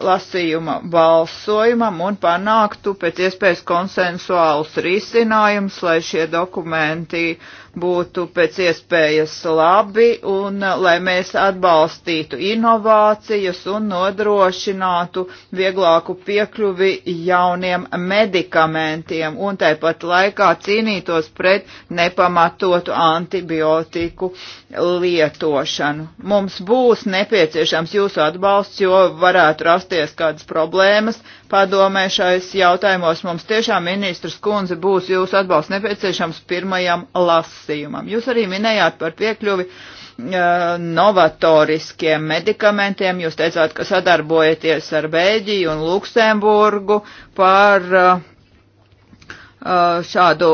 lasījuma balsojumam un panāktu pēc iespējas konsensuālus risinājumus, lai šie dokumenti uh, būtu pēc iespējas labi un uh, lai mēs atbalstītu inovācijas un nodrošinātu vieglāku piekļuvi jauniem medikamentiem un tāpat laikā cīnītos pret nepamatotu antibiotiku lietošanu. Mums būs nepieciešams jūsu atbalsts, jo varētu rasties kādas problēmas padomē šais jautājumos. Mums tiešām ministrs kundze būs jūsu atbalsts nepieciešams pirmajam lasījumam. Jūs arī minējāt par piekļuvi e, novatoriskiem medikamentiem. Jūs teicāt, ka sadarbojaties ar Bēģiju un Luksemburgu par e, e, šādu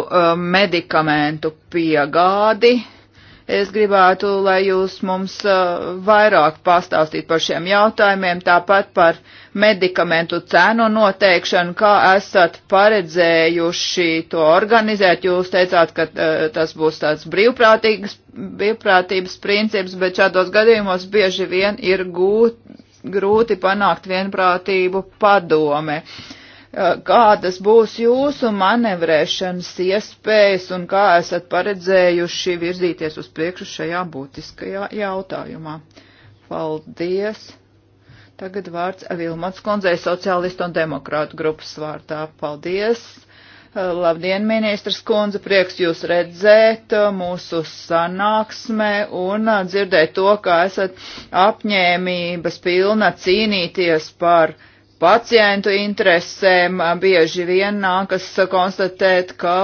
medikamentu piegādi. Es gribētu, lai jūs mums vairāk pastāstītu par šiem jautājumiem, tāpat par uh, medikamentu cenu noteikšanu, kā esat paredzējuši to organizēt. Jūs teicāt, ka e, tas būs tāds brīvprātīgs, brīvprātības princips, bet šādos gadījumos bieži vien ir gūt, grūti panākt vienprātību padome. E, kādas būs jūsu manevrēšanas iespējas un kā esat paredzējuši virzīties uz priekšu šajā būtiskajā jautājumā? Paldies! Tagad vārds Vilmots Konzei, sociālistu un demokrātu grupas vārtā. Paldies! Eh, labdien, ministrs Konze, prieks jūs redzēt eh, mūsu sanāksmē un eh, dzirdēt to, ka esat apņēmības pilna cīnīties par pacientu interesēm. Bieži vien nākas konstatēt, ka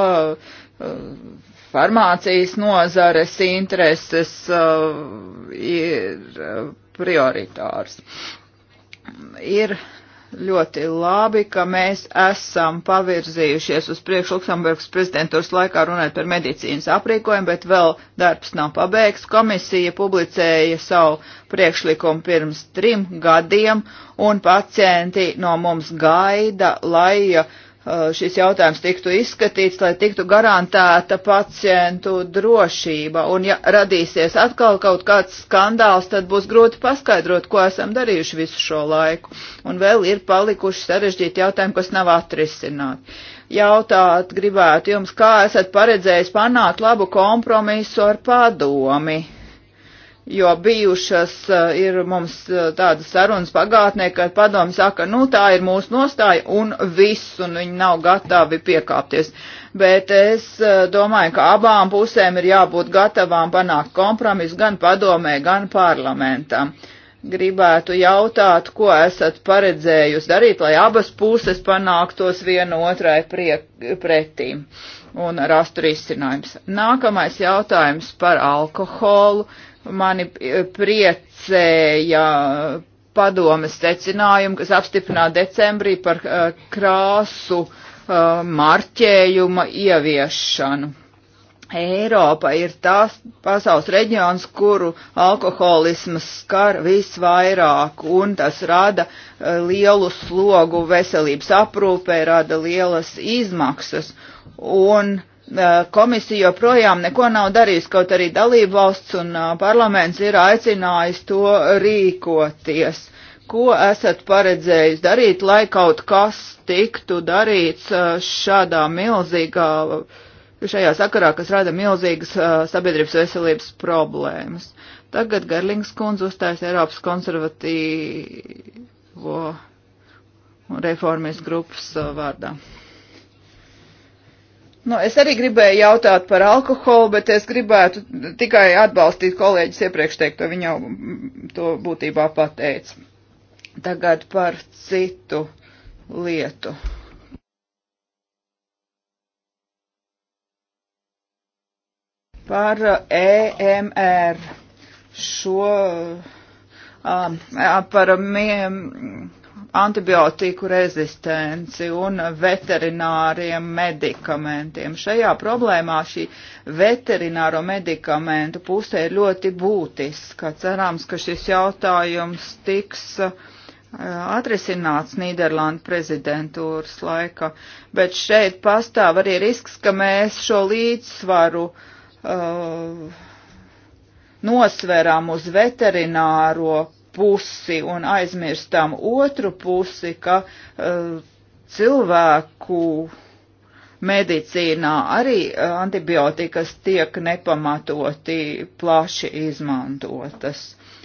farmācijas nozares intereses ir prioritārs ir ļoti labi, ka mēs esam pavirzījušies uz priekšu Luksemburgas prezidentūras laikā runājot par medicīnas aprīkojumu, bet vēl darbs nav pabeigts. Komisija publicēja savu priekšlikumu pirms trim gadiem, un pacienti no mums gaida, lai Uh, šis jautājums tiktu izskatīts, lai tiktu garantēta pacientu drošība. Un ja radīsies atkal kaut kāds skandāls, tad būs grūti paskaidrot, ko esam darījuši visu šo laiku. Un vēl ir palikuši sarežģīti jautājumi, kas nav atrisināti. Jautāt gribētu jums, kā esat paredzējis panākt labu kompromisu ar padomi? jo bijušas eh, ir mums eh, tādas sarunas pagātnē, kad padomi saka, nu tā ir mūsu nostāja un viss, un viņi nav gatavi piekāpties. Bet es eh, domāju, ka abām pusēm ir jābūt gatavām panākt kompromisu gan padomē, gan parlamentam. Gribētu jautāt, ko esat paredzējusi darīt, lai abas puses panāktos viena otrai priek, pretīm un rastu risinājums. Nākamais jautājums par alkoholu. Uh, mani e, priecēja padomes secinājumu, kas apstiprināja decembrī par e, krāsu e, marķējuma ieviešanu. Eiropa ir tās pasaules reģions, kuru alkoholisms skar visvairāk, un tas rada lielu slogu veselības aprūpē, rada lielas izmaksas, un Eh, komisija joprojām neko nav darījusi, kaut arī dalību valsts un eh, parlaments ir aicinājis to rīkoties. Ko esat paredzējis darīt, lai kaut kas tiktu darīts eh, šādā milzīgā, šajā sakarā, kas rada milzīgas sabiedrības veselības problēmas? Tagad Gerlings kundze uzstājas Eiropas konservatīvo reformijas grupas vārdā. Nu, es arī gribēju jautāt par alkoholu, bet es gribētu tikai atbalstīt kolēģis iepriekš teikto, viņa jau to būtībā pateica. Tagad par citu lietu. Par uh, EMR šo, a, uh, um, a, par miem um, antibiotiku rezistenci un veterināriem medikamentiem. Šajā problēmā šī veterināro medikamentu pusē ir ļoti būtiska. Cerams, ka šis jautājums tiks uh, atrisināts Nīderlanda prezidentūras laika, bet šeit pastāv arī risks, ka mēs šo līdzsvaru uh, nosveram uz veterināro pusi un aizmirstam otru pusi, ka uh, cilvēku medicīnā arī eh, antibiotikas tiek nepamatoti plaši izmantotas.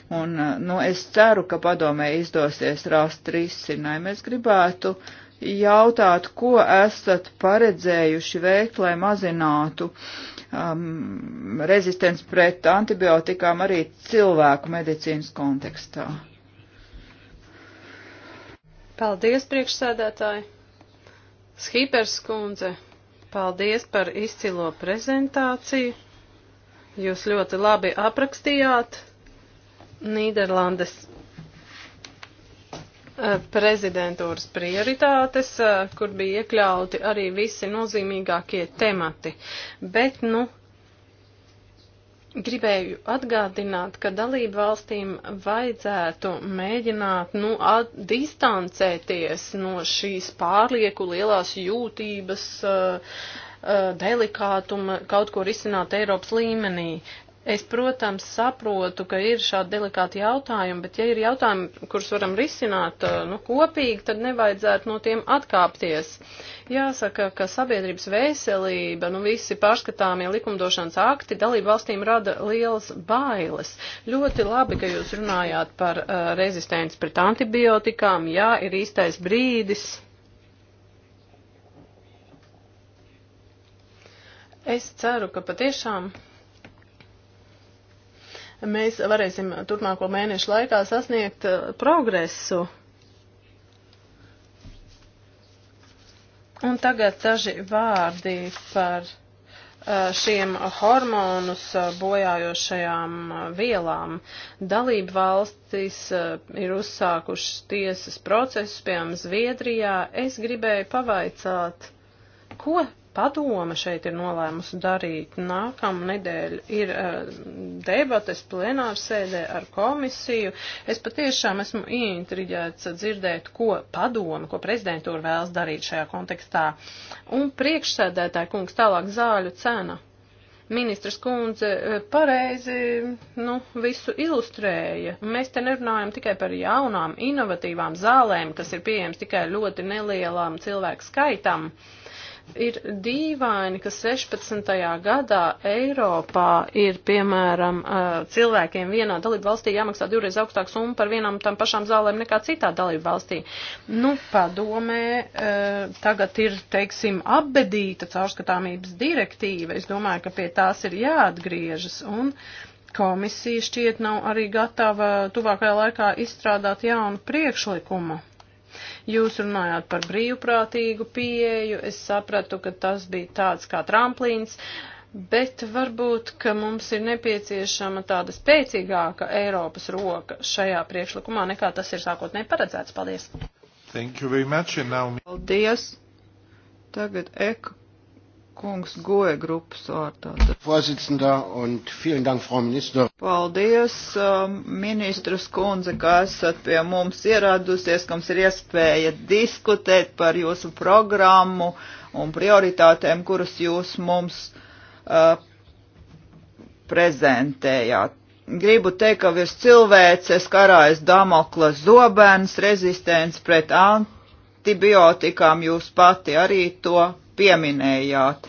Un, eh, nu, es ceru, ka padomē izdosies rast risinājumu. Es gribētu jautāt, ko esat paredzējuši veikt, lai mazinātu uh, um, rezistents pret antibiotikām arī cilvēku medicīnas kontekstā. Paldies, priekšsēdētāji! Schipers kundze, paldies par izcilo prezentāciju. Jūs ļoti labi aprakstījāt Nīderlandes Eh, prezidentūras prioritātes, eh, kur bija iekļauti arī visi nozīmīgākie temati. Bet, nu, gribēju atgādināt, ka dalību valstīm vajadzētu mēģināt, nu, at, distancēties no šīs pārlieku lielās jūtības, uh, delikātuma kaut ko risināt Eiropas līmenī. Es, protams, saprotu, ka ir šādi delikāti jautājumi, bet ja ir jautājumi, kurus varam risināt eh, nu, kopīgi, tad nevajadzētu no tiem atkāpties. Jāsaka, ka sabiedrības veselība, nu visi pārskatāmie likumdošanas akti dalību valstīm rada lielas bailes. Ļoti labi, ka jūs runājāt par uh, rezistenci pret antibiotikām. Jā, ir īstais brīdis. Es ceru, ka patiešām mēs varēsim turpmāko mēnešu laikā sasniegt uh, progresu. Un tagad daži vārdi par uh, šiem hormonus bojājošajām uh, vielām. Dalība valstis ir uzsākušas tiesas procesus, piemēram, Zviedrijā. Es gribēju pavaicāt, ko padoma šeit ir nolēmusi darīt. Nākamā nedēļa ir uh, debates plenārsēdē ar komisiju. Es patiešām esmu ieintriģēts dzirdēt, ko padoma, ko prezidentūra vēlas darīt šajā kontekstā. Un priekšsēdētāja kungs tālāk zāļu cena. Ministras kundze eh, pareizi nu, visu ilustrēja. Mēs te nerunājam tikai par jaunām, inovatīvām zālēm, kas ir pieejams tikai ļoti nelielām cilvēku skaitam. Uh, Ir dīvaini, ka 16. gadā Eiropā ir, piemēram, cilvēkiem vienā dalību valstī jāmaksā divreiz augstāka summa par vienām tam pašām zālēm nekā citā dalību valstī. Nu, padomē, tagad ir, teiksim, apbedīta caurskatāmības direktīva. Es domāju, ka pie tās ir jāatgriežas. Un, Komisija šķiet nav arī gatava tuvākajā laikā izstrādāt jaunu priekšlikumu. Jūs runājāt par brīvprātīgu pieeju, es sapratu, ka tas bija tāds kā tramplīns. Bet varbūt, ka mums ir nepieciešama tāda spēcīgāka Eiropas roka šajā priekšlikumā, nekā tas ir sākotnēji paredzēts. Paldies! Thank you very much. And now... Paldies! Tagad Eka kungs Goe grupas vārtā. Paldies, um, ministrs kundze, ka esat pie mums ieradusies, ka mums ir iespēja diskutēt par jūsu programmu un prioritātēm, kuras jūs mums uh, prezentējāt gribu teikt, ka virs cilvēces karājas Damokla zobens, rezistents pret antibiotikām, jūs pati arī to pieminējāt.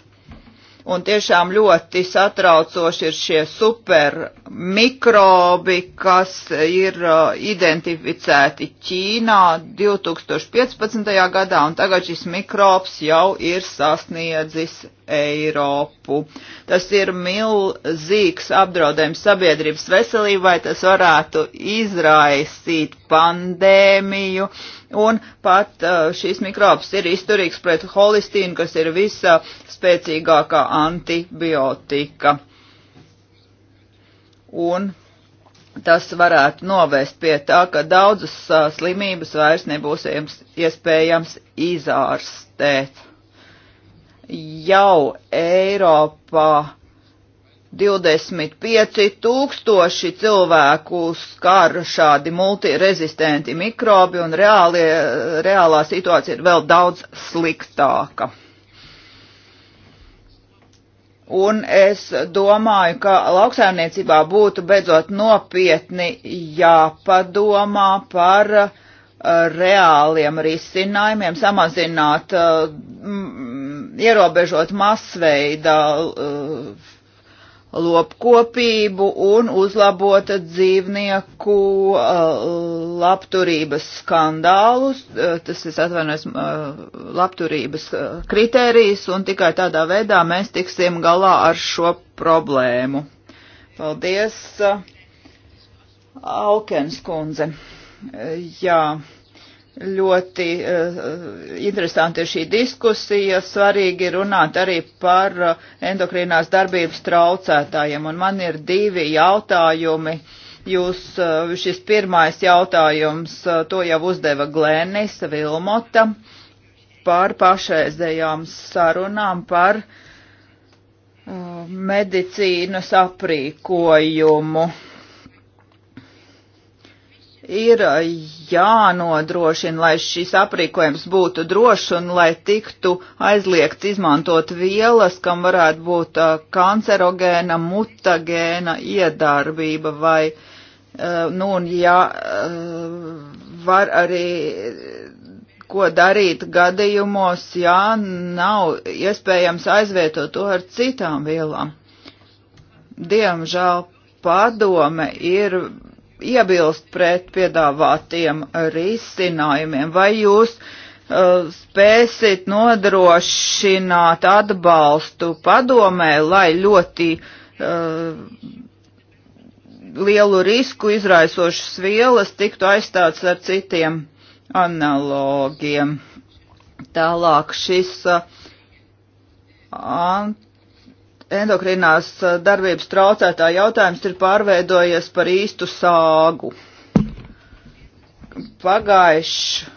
Un tiešām ļoti satraucoši ir šie supermikrobi, kas ir uh, identificēti Ķīnā 2015. gadā, un tagad šis mikrobs jau ir sasniedzis Eiropu. Tas ir milzīgs apdraudējums sabiedrības veselībai, tas varētu izraisīt pandēmiju, un pat uh, šīs mikrobs ir izturīgs pret holistīnu, kas ir visa spēcīgākā antibiotika. Un tas varētu novest pie tā, ka daudzas uh, slimības vairs nebūs iespējams izārstēt jau Eiropā 25 tūkstoši cilvēku skar šādi multirezistenti mikrobi un reāli, reālā situācija ir vēl daudz sliktāka. Un es domāju, ka lauksaimniecībā būtu beidzot nopietni jāpadomā par uh, reāliem risinājumiem, samazināt mm, ierobežot masveida uh, lopkopību un uzlabot dzīvnieku uh, labturības skandālus, uh, tas es atvainojos, uh, labturības kritērijas, un tikai tādā veidā mēs tiksim galā ar šo problēmu. Paldies, Aukens kundze. Jā. Ļoti uh, interesanti ir šī diskusija. Svarīgi runāt arī par uh, endokrīnās darbības traucētājiem. Un man ir divi jautājumi. Jūs, uh, šis pirmais jautājums, uh, to jau uzdeva Glēnis Vilmota par pašreizējām sarunām par uh, medicīnas aprīkojumu ir jānodrošina, lai šis aprīkojums būtu drošs un lai tiktu aizliegts izmantot vielas, kam varētu būt kancerogēna, mutagēna iedarbība vai, nu, un jā, var arī, ko darīt gadījumos, jā, nav iespējams aizvietot to ar citām vielām. Diemžēl padome ir iebilst pret piedāvātiem risinājumiem. Vai jūs uh, spēsit nodrošināt atbalstu padomē, lai ļoti uh, lielu risku izraisošas vielas tiktu aizstāts ar citiem analogiem? Tālāk šis uh, ant endokrinās eh, darbības traucētā jautājums ir pārveidojies par īstu sāgu. Pagājuši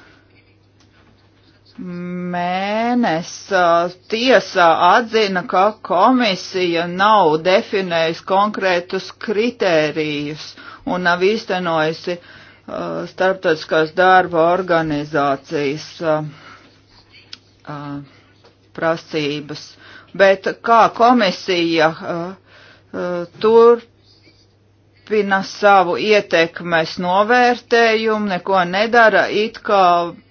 mēnesis eh, tiesā atzina, ka komisija nav definējusi konkrētus kritērijus un nav īstenojusi uh, starptautiskās darba organizācijas uh, uh, prasības bet kā komisija uh, uh, turpina savu ietekmes novērtējumu, neko nedara, it kā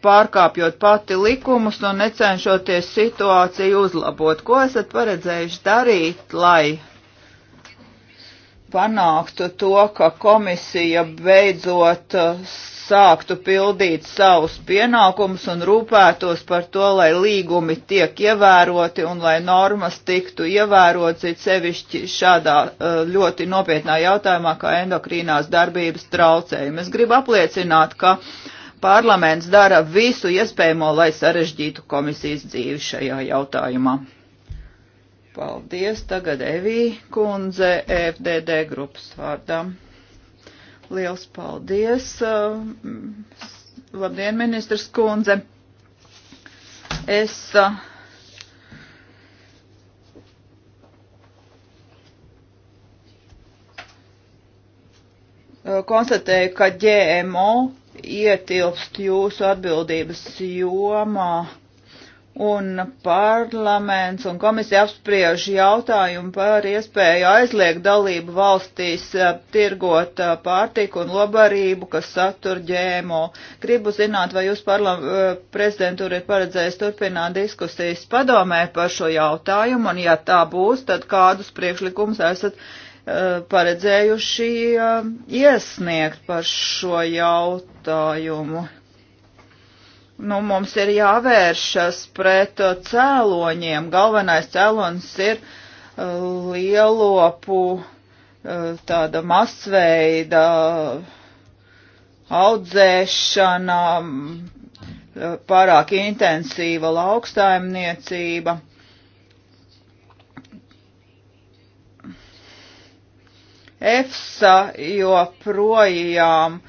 pārkāpjot pati likumus un necenšoties situāciju uzlabot. Ko esat paredzējuši darīt, lai panāktu to, ka komisija beidzot sāktu pildīt savus pienākumus un rūpētos par to, lai līgumi tiek ievēroti un lai normas tiktu ievērotas, it sevišķi šādā uh, ļoti nopietnā jautājumā, kā endokrīnās darbības traucējumi. Es gribu apliecināt, ka parlaments dara visu iespējamo, lai sarežģītu komisijas dzīvi šajā jautājumā. Paldies, tagad Evī kundze, FDD grupas vārdām. Liels paldies! Uh, labdien, ministrs kundze! Es uh, konstatēju, ka GMO ietilpst jūsu atbildības jomā un parlaments un komisija apspriež jautājumu par iespēju aizliegt dalību valstīs eh, tirgot eh, pārtiku un lobarību, kas satur ģēmo. Gribu zināt, vai jūs eh, prezidentūra ir paredzējis turpināt diskusijas padomē par šo jautājumu, un ja tā būs, tad kādus priekšlikumus esat uh, paredzējuši uh, iesniegt par šo jautājumu nu, mums ir jāvēršas pret uh, cēloņiem. Galvenais cēlonis ir uh, lielopu uh, tāda masveida audzēšana, pārāk intensīva lauksaimniecība. EFSA joprojām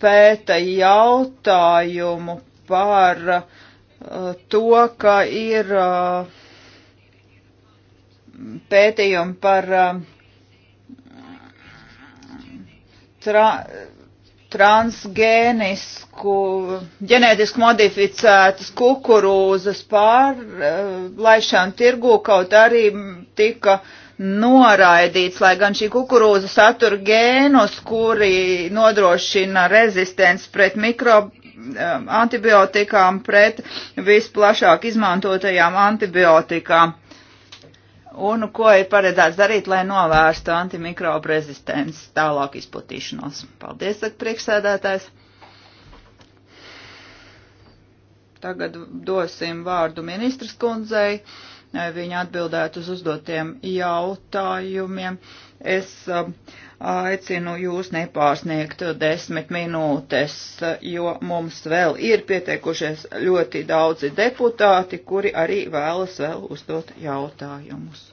pēta jautājumu par uh, to, ka ir uh, pētījumi par uh, tra transgēnisku, ģenētiski modificētas kukurūzas pārlaišanu uh, tirgu, kaut arī tika noraidīts, lai gan šī kukurūza satura gēnus, kuri nodrošina rezistents pret mikrobu Um, antibiotikām pret visplašāk izmantotajām antibiotikām. Un ko ir paredzēts darīt, lai novērstu antimikrobu rezistences tālāk izplatīšanos? Paldies, saka priekšsēdētājs. Tagad dosim vārdu ministras kundzei viņi atbildētu uz uzdotiem jautājumiem. Es um, aicinu jūs nepārsniegt desmit minūtes, jo mums vēl ir pietiekušies ļoti daudzi deputāti, kuri arī vēlas vēl uzdot jautājumus.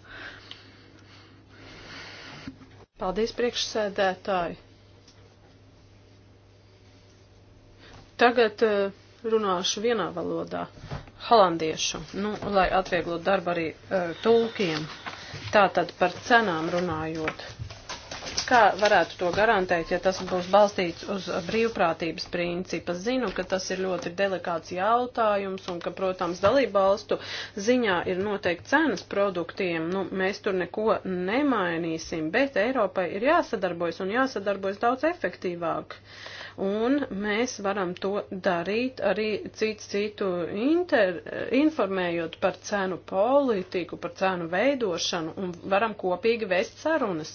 Paldies, priekšsēdētāji! Tagad uh, runāšu vienā valodā, holandiešu, nu, lai atvieglotu darbu arī uh, tulkiem. Tātad par cenām runājot. Kā varētu to garantēt, ja tas būs balstīts uz brīvprātības principa? Zinu, ka tas ir ļoti delikāts jautājums un ka, protams, dalībvalstu ziņā ir noteikti cenas produktiem. Nu, mēs tur neko nemainīsim, bet Eiropai ir jāsadarbojas un jāsadarbojas daudz efektīvāk. Uh, un mēs varam to darīt arī cits citu inter, informējot par cenu politiku, par cenu veidošanu un varam kopīgi vēst sarunas.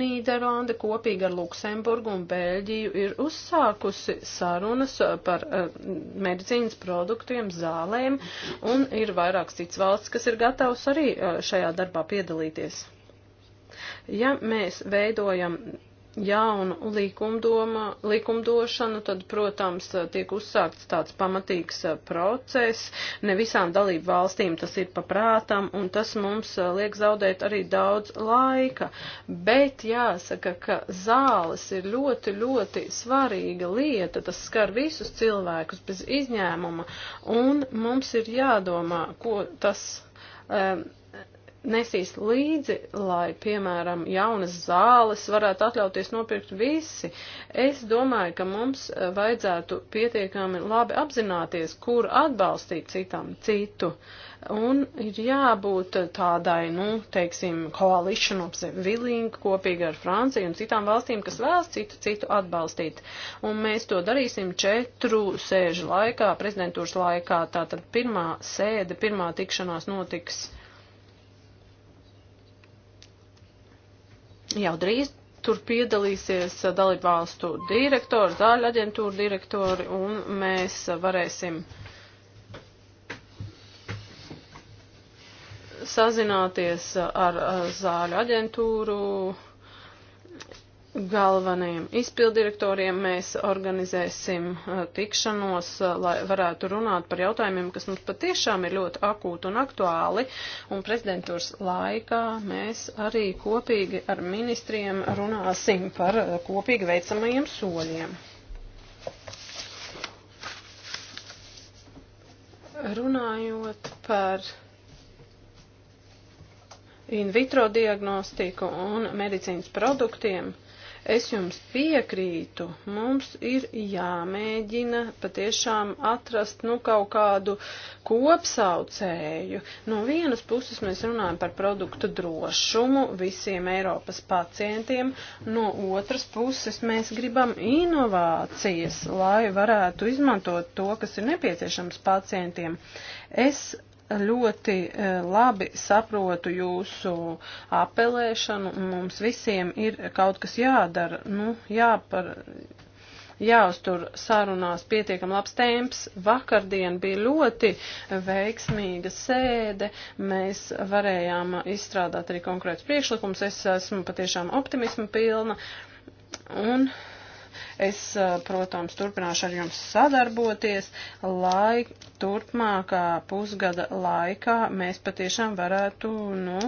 Nīderlanda kopīgi ar Luksemburgu un Bēļģiju ir uzsākusi sarunas par uh, medicīnas produktiem, zālēm un ir vairākas cits valsts, kas ir gatavs arī uh, šajā darbā piedalīties. Ja mēs veidojam jaunu likumdošanu, tad, protams, tiek uzsākts tāds pamatīgs process. Ne visām dalību valstīm tas ir paprātam, un tas mums liek zaudēt arī daudz laika. Bet jāsaka, ka zāles ir ļoti, ļoti svarīga lieta. Tas skar visus cilvēkus bez izņēmuma, un mums ir jādomā, ko tas. Um, nesīs līdzi, lai, piemēram, jaunas zāles varētu atļauties nopirkt visi. Es domāju, ka mums eh, vajadzētu pietiekami labi apzināties, kur atbalstīt citam citu. Un ir jābūt tādai, nu, teiksim, coalition of the willing kopīgi ar Franciju un citām valstīm, kas vēlas citu citu atbalstīt. Un mēs to darīsim četru sēžu laikā, prezidentūras laikā. Tātad pirmā sēde, pirmā tikšanās notiks jau drīz tur piedalīsies dalībvalstu direktori, zāļu aģentūra direktori, un mēs varēsim sazināties ar zāļu aģentūru galvenajiem izpildirektoriem mēs organizēsim uh, tikšanos, uh, lai varētu runāt par jautājumiem, kas mums patiešām ir ļoti akūti un aktuāli. Un prezidentūras laikā mēs arī kopīgi ar ministriem runāsim par uh, kopīgi veicamajiem soļiem. Runājot par in vitro diagnostiku un medicīnas produktiem, uh, Es jums piekrītu, mums ir jāmēģina patiešām atrast, nu, kaut kādu kopsaucēju. No vienas puses mēs runājam par produktu drošumu visiem Eiropas pacientiem, no otras puses mēs gribam inovācijas, lai varētu izmantot to, kas ir nepieciešams pacientiem. Es ļoti e, labi saprotu jūsu apelēšanu. Mums visiem ir kaut kas jādara, nu, jāpar, jāuztur sarunās pietiekam labs temps. Vakardien bija ļoti veiksmīga sēde, mēs varējām izstrādāt arī konkrēts priekšlikums. Es esmu patiešām optimismu pilna. Un Es, protams, turpināšu ar jums sadarboties, lai turpmākā pusgada laikā mēs patiešām varētu, nu,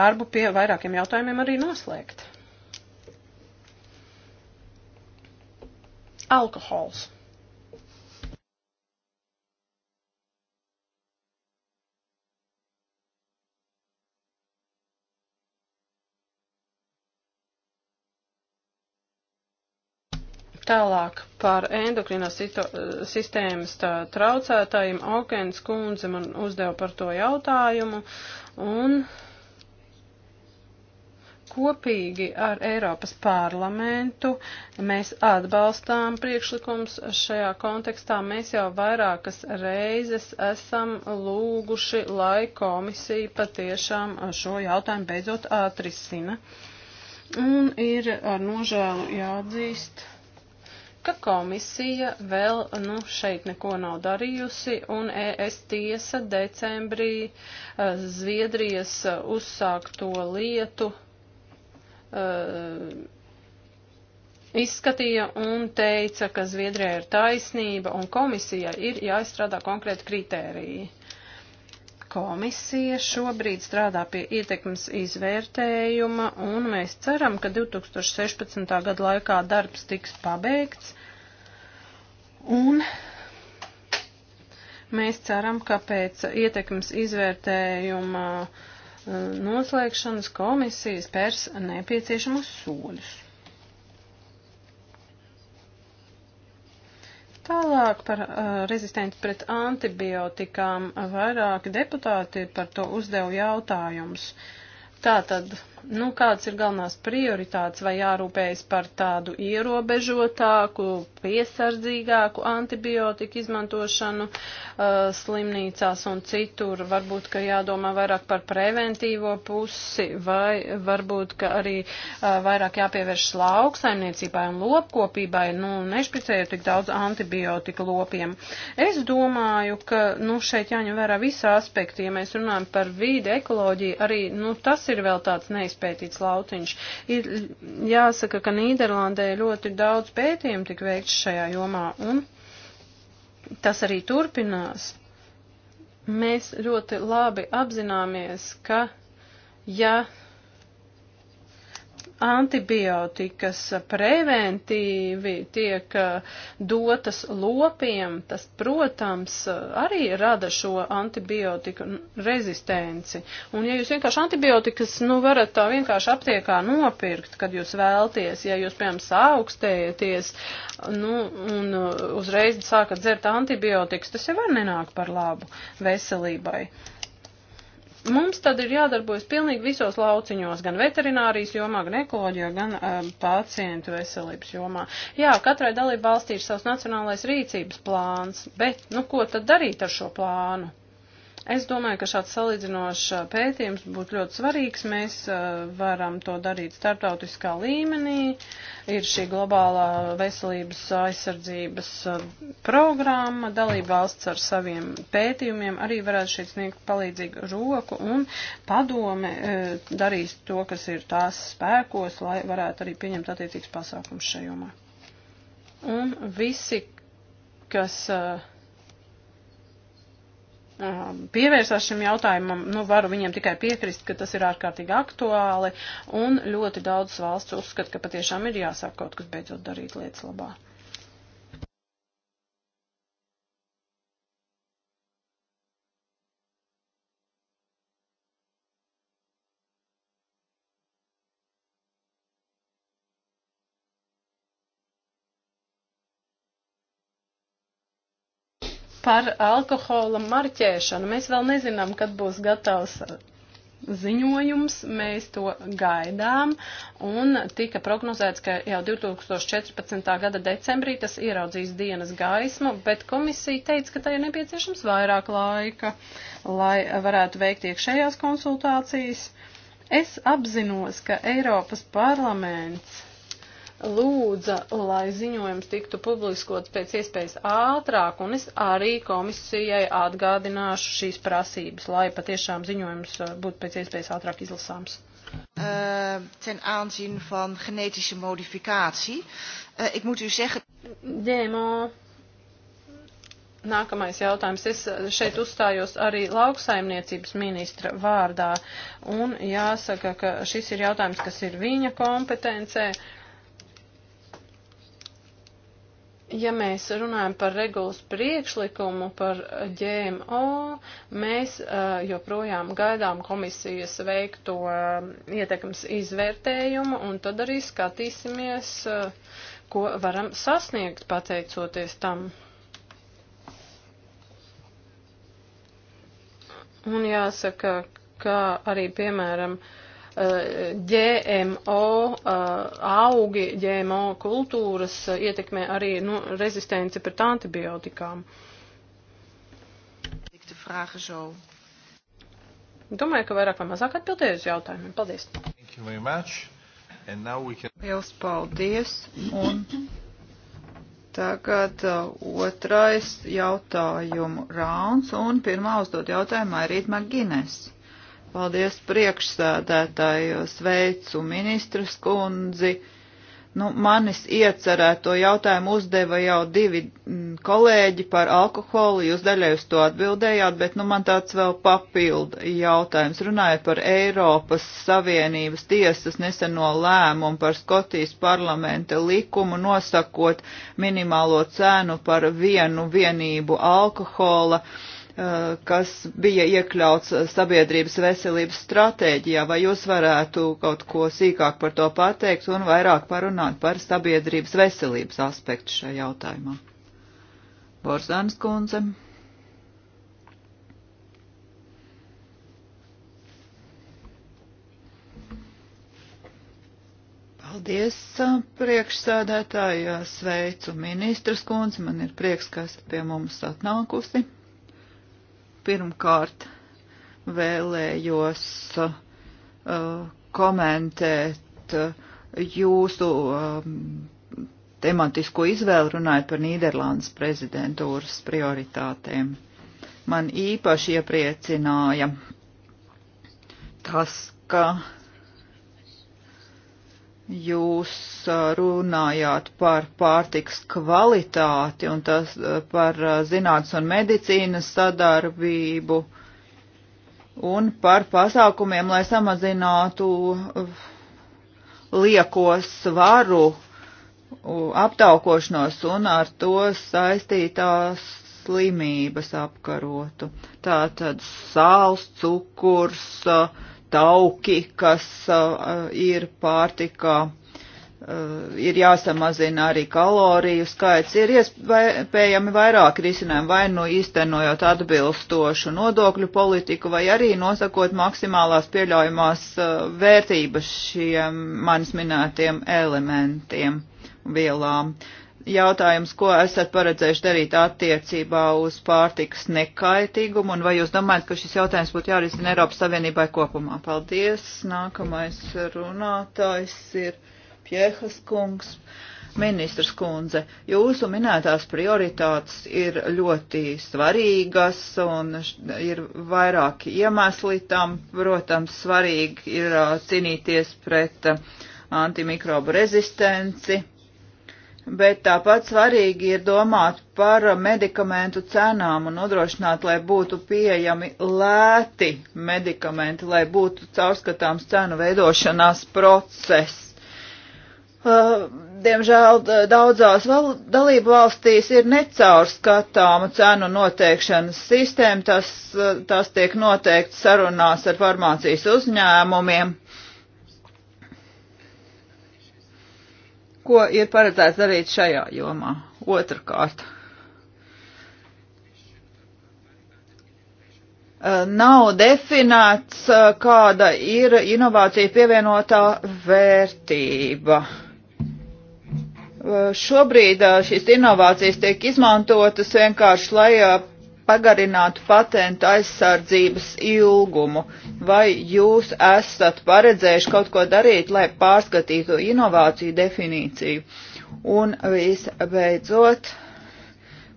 darbu pie vairākiem jautājumiem arī noslēgt. Alkohols. Tālāk par endokrinās sistēmas tā, traucētājiem Aukens kundze man uzdeva par to jautājumu un kopīgi ar Eiropas parlamentu mēs atbalstām priekšlikums šajā kontekstā. Mēs jau vairākas reizes esam lūguši, lai komisija patiešām šo jautājumu beidzot atrisina. Un ir ar nožēlu jāatzīst ka komisija vēl nu, šeit neko nav darījusi, un ES tiesa decembrī eh, Zviedrijas eh, uzsākto lietu uh, izskatīja un teica, ka Zviedrijai ir taisnība un komisijai ir jāizstrādā konkrēti kritēriji. Komisija šobrīd strādā pie ietekmes izvērtējuma, un mēs ceram, ka 2016. gada laikā darbs tiks pabeigts, Un mēs ceram, ka pēc ietekmes izvērtējuma uh, noslēgšanas komisijas pērs nepieciešamos soļus. Tālāk par uh, rezistenci pret antibiotikām vairāki deputāti par to uzdevu jautājumus. Tātad Nu, kādas ir galvenās prioritātes vai jārūpējas par tādu ierobežotāku, piesardzīgāku antibiotiku izmantošanu uh, slimnīcās un citur? Varbūt, ka jādomā vairāk par preventīvo pusi vai varbūt, ka arī uh, vairāk jāpievērš lauksaimniecībai un lopkopībai, nu, nešpicējot tik daudz antibiotika lopiem. Es domāju, ka, nu, šeit jāņem vērā visi aspekti, ja mēs runājam par vīdi, ekoloģiju, arī, nu, tas ir vēl tāds neizsākums neizpētīts lautiņš. Ir jāsaka, ka Nīderlandē ļoti daudz pētījumu tik veikts šajā jomā, un tas arī turpinās. Mēs ļoti labi apzināmies, ka ja antibiotikas preventīvi tiek eh, dotas lopiem, tas, protams, eh, arī rada šo antibiotiku rezistenci. Un ja jūs vienkārši antibiotikas, nu, varat tā vienkārši aptiekā nopirkt, kad jūs vēlties, ja jūs, piemēram, saaugstējaties, nu, un eh, uzreiz sākat dzert antibiotikas, tas jau var nenāk par labu veselībai mums tad ir jādarbojas pilnīgi visos lauciņos, gan veterinārijas jomā, gan ekoloģijā, gan uh, pacientu veselības jomā. Jā, katrai dalība valstī ir savs nacionālais rīcības plāns, bet, nu, ko tad darīt ar šo plānu? Es domāju, ka šāds salīdzinošs pētījums būtu ļoti svarīgs. Mēs varam to darīt startautiskā līmenī. Ir šī globālā veselības aizsardzības programma, dalība valsts ar saviem pētījumiem arī varētu šeit sniegt palīdzīgu roku un padome darīs to, kas ir tās spēkos, lai varētu arī pieņemt attiecīgs pasākums šajomā. Un visi, kas uh, Um, pievērsās šim jautājumam, nu varu viņiem tikai piekrist, ka tas ir ārkārtīgi aktuāli un ļoti daudz valsts uzskata, ka patiešām ir jāsāk kaut kas beidzot darīt lietas labā. par alkohola marķēšanu. Mēs vēl nezinām, kad būs gatavs ziņojums, mēs to gaidām, un tika prognozēts, ka jau 2014. gada decembrī tas ieraudzīs dienas gaismu, bet komisija teica, ka tai ir nepieciešams vairāk laika, lai varētu veikt iekšējās konsultācijas. Es apzinos, ka Eiropas parlaments lūdza, lai ziņojums tiktu publiskots pēc iespējas ātrāk, un es arī komisijai atgādināšu šīs prasības, lai patiešām ziņojums eh, būtu pēc iespējas ātrāk izlasāms. Uh, ten aanzien van genetische modificatie. Uh, ik moet u zeggen. Demo. Nākamais jautājums. Es šeit uzstājos arī lauksaimniecības ministra vārdā, un jāsaka, ka šis ir jautājums, kas ir viņa kompetencē. Uh, ja mēs runājam par regulas priekšlikumu par GMO, mēs uh, joprojām gaidām komisijas veikto uh, ietekmes izvērtējumu un tad arī skatīsimies, uh, ko varam sasniegt pateicoties tam. Un jāsaka, ka arī, piemēram, uh, GMO augi, GMO kultūras ietekmē arī nu, rezistenci pret antibiotikām. Domāju, ka vairāk vai mazāk atbildēju uz jautājumiem. Paldies! Can... Liels paldies! Un tagad uh, otrais jautājumu rauns, un pirmā uzdod jautājumu Airīt Magines. Paldies priekšsēdētāju, sveicu ministras kundzi. Nu, manis iecerēto jautājumu uzdeva jau divi mm, kolēģi par alkoholu, jūs daļai uz to atbildējāt, bet nu, man tāds vēl papildu jautājums. Runājot par Eiropas Savienības tiesas neseno lēmumu par Skotijas parlamenta likumu nosakot minimālo cēnu par vienu vienību alkohola. Uh, Uh, kas bija iekļauts sabiedrības veselības stratēģijā. Vai jūs varētu kaut ko sīkāk par to pateikt un vairāk parunāt par sabiedrības veselības aspektu šajā jautājumā? Borzāns kundze. Paldies, uh, priekšsēdētāji, uh, sveicu ministras kundzi, man ir prieks, ka esat pie mums atnākusi. Pirmkārt, vēlējos uh, komentēt uh, jūsu um, tematisko izvēlu runājot par Nīderlandes prezidentūras prioritātēm. Man īpaši iepriecināja tas, ka uh, Jūs uh, runājāt par pārtiks kvalitāti un tas uh, par uh, zinātnes un medicīnas sadarbību un par pasākumiem, lai samazinātu lieko svaru aptaukošanos un ar to saistītās slimības apkarotu. Tātad sāls, cukurs, uh, tauki, kas uh, ir pārtikā. Uh, ir jāsamazina arī kaloriju skaits, ir iespējami vairāk risinājumu, vai nu īstenojot atbilstošu nodokļu politiku, vai arī nosakot maksimālās pieļaujamās uh, vērtības šiem manis minētiem elementiem vielām. Uh, jautājums, ko esat paredzējuši darīt attiecībā uz pārtikas nekaitīgumu, un vai jūs domājat, ka šis jautājums būtu jārisina Eiropas Savienībai kopumā? Paldies. Nākamais runātājs ir Piehas kungs. Ministrs kundze, jūsu minētās prioritātes ir ļoti svarīgas un ir vairāki iemesli tam. Protams, svarīgi ir cīnīties pret antimikrobu rezistenci, bet tāpat svarīgi ir domāt par medikamentu cenām un nodrošināt, lai būtu pieejami lēti medikamenti, lai būtu caurskatāms cenu veidošanās process. Uh, diemžēl daudzās val dalību valstīs ir necaurskatāma cenu noteikšanas sistēma, tas, uh, tas tiek noteikts sarunās ar farmācijas uzņēmumiem ko ir paredzēts darīt šajā jomā? Otrakārt. Eh, nav definēts, eh, kāda ir inovācija pievienotā vērtība. Eh, šobrīd šīs inovācijas tiek izmantotas vienkārši, lai pagarinātu patentu aizsardzības ilgumu? Vai jūs esat paredzējuši kaut ko darīt, lai pārskatītu inovāciju definīciju? Un visbeidzot,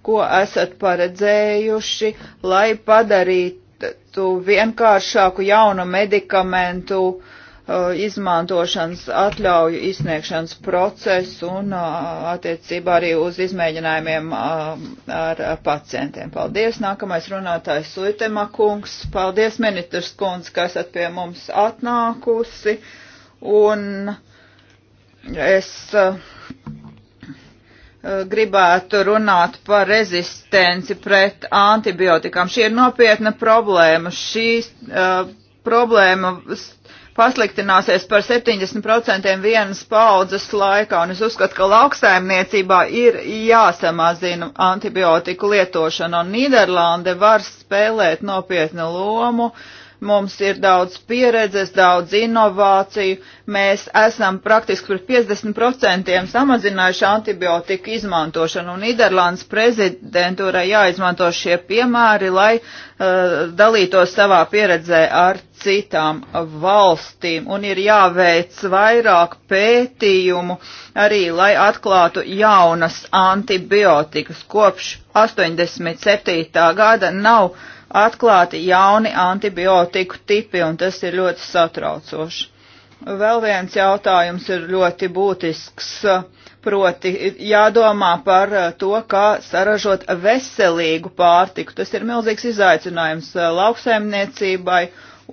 ko esat paredzējuši, lai padarītu vienkāršāku jaunu medikamentu uh, Uh, izmantošanas atļauju izsniegšanas procesu un uh, attiecībā arī uz izmēģinājumiem uh, ar pacientiem. Paldies. Nākamais runātājs Suitema kungs. Paldies, ministrs kundz, ka esat pie mums atnākusi. Un es gribētu runāt par rezistenci pret antibiotikām. Šī ir nopietna problēma. Šī uh, problēma pasliktināsies par 70% vienas paudzes laikā, un es uzskatu, ka lauksaimniecībā ir jāsamazina antibiotiku lietošana, un Nīderlande var spēlēt nopietnu lomu uh, Mums ir daudz pieredzes, daudz inovāciju. Mēs esam praktiski par 50% samazinājuši antibiotiku izmantošanu. Un Nīderlandes prezidentūrai jāizmanto šie piemēri, lai uh, dalītos savā pieredzē ar citām valstīm. Un ir jāveic vairāk pētījumu arī, lai atklātu jaunas antibiotikas. Kopš 87. gada nav atklāti jauni antibiotiku tipi, un tas ir ļoti satraucoši. Vēl viens jautājums ir ļoti būtisks, proti jādomā par to, kā saražot veselīgu pārtiku. Tas ir milzīgs izaicinājums lauksaimniecībai,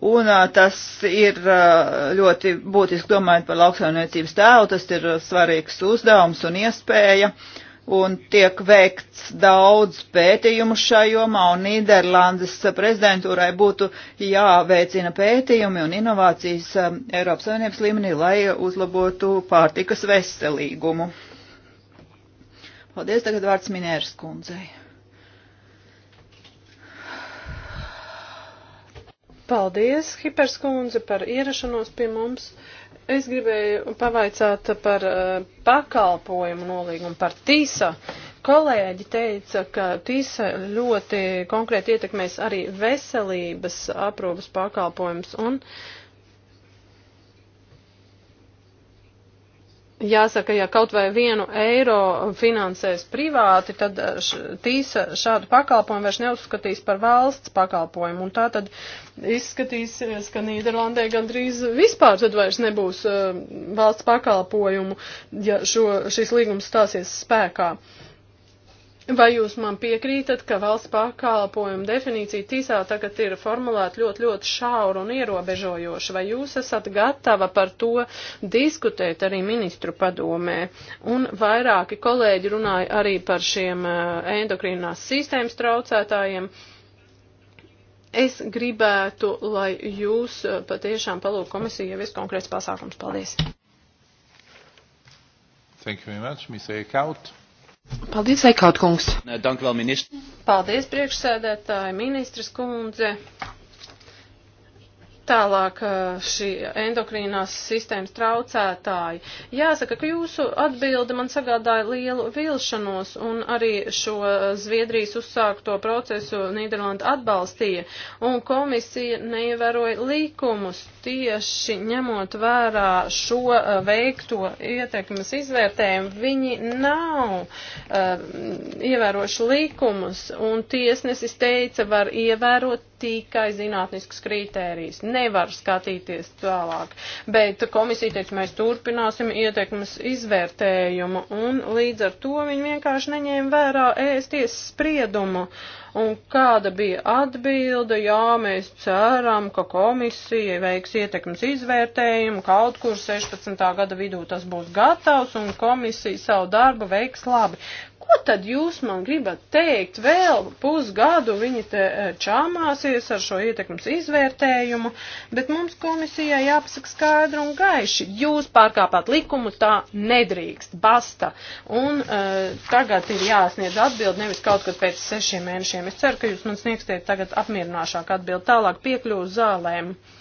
un uh, tas ir uh, ļoti būtiski domājot par lauksaimniecības tēlu, tas ir svarīgs uzdevums un iespēja. Uh, un tiek veikts daudz pētījumu šajomā, un Nīderlandes prezidentūrai būtu jāveicina pētījumi un inovācijas um, Eiropas Savienības līmenī, lai uzlabotu pārtikas veselīgumu. Paldies, tagad vārds Minēras kundzei. Paldies, Hiperskundze, par ierašanos pie mums. Es gribēju pavaicāt par uh, pakalpojumu nolīgumu, par TISA. Kolēģi teica, ka TISA ļoti konkrēti ietekmēs arī veselības aprūpas pakalpojums, un jāsaka, ja kaut vai vienu eiro finansēs privāti, tad eh, tīsa eh, šādu pakalpojumu vairs neuzskatīs par valsts pakalpojumu. Un tā tad izskatīsies, eh, ka Nīderlandē gandrīz vispār tad vairs nebūs uh, valsts pakalpojumu, ja šo, šis līgums stāsies spēkā. Uh, Vai jūs man piekrītat, ka valsts pakalpojumu definīcija tīsā tagad ir formulēta ļoti, ļoti šauru un ierobežojoša? Vai jūs esat gatava par to diskutēt arī ministru padomē? Un vairāki kolēģi runāja arī par šiem eh, endokrinās sistēmas traucētājiem. Es gribētu, lai jūs eh, patiešām palūk komisiju ievies konkrēts pasākums. Paldies! Thank you very much, Ms. Kaut. Paldies, Eikaut kungs. Paldies, priekšsēdētāji, ministras kundze. Tālāk šī endokrīnās sistēmas traucētāji. Jāsaka, ka jūsu atbilde man sagādāja lielu vilšanos un arī šo Zviedrijas uzsākto procesu Nīderlanda atbalstīja un komisija neievēroja likumus tieši ņemot vērā šo veikto ietekmes izvērtējumu. Viņi nav uh, ievērojuši likumus un tiesnesis teica, var ievērot tikai zinātnisks kritērijs. Nevar skatīties tālāk. Bet komisija teica, mēs turpināsim ietekmes izvērtējumu, un līdz ar to viņi vienkārši neņēma vērā ēsties spriedumu. Un kāda bija atbilde? Jā, mēs ceram, ka komisija veiks ietekmes izvērtējumu, kaut kur 16. gada vidū tas būs gatavs, un komisija savu darbu veiks labi. Ko tad jūs man gribat teikt? Vēl pusgadu viņi te e, čāmāsies ar šo ietekmes izvērtējumu, bet mums komisijai jāpasaka skaidri un gaiši. Jūs pārkāpāt likumu, tā nedrīkst, basta. Un uh, tagad ir jāsniedz atbild, nevis kaut kad pēc sešiem mēnešiem. Es ceru, ka jūs man sniegsiet tagad apmierināšāk atbild tālāk piekļūst zālēm. Uh,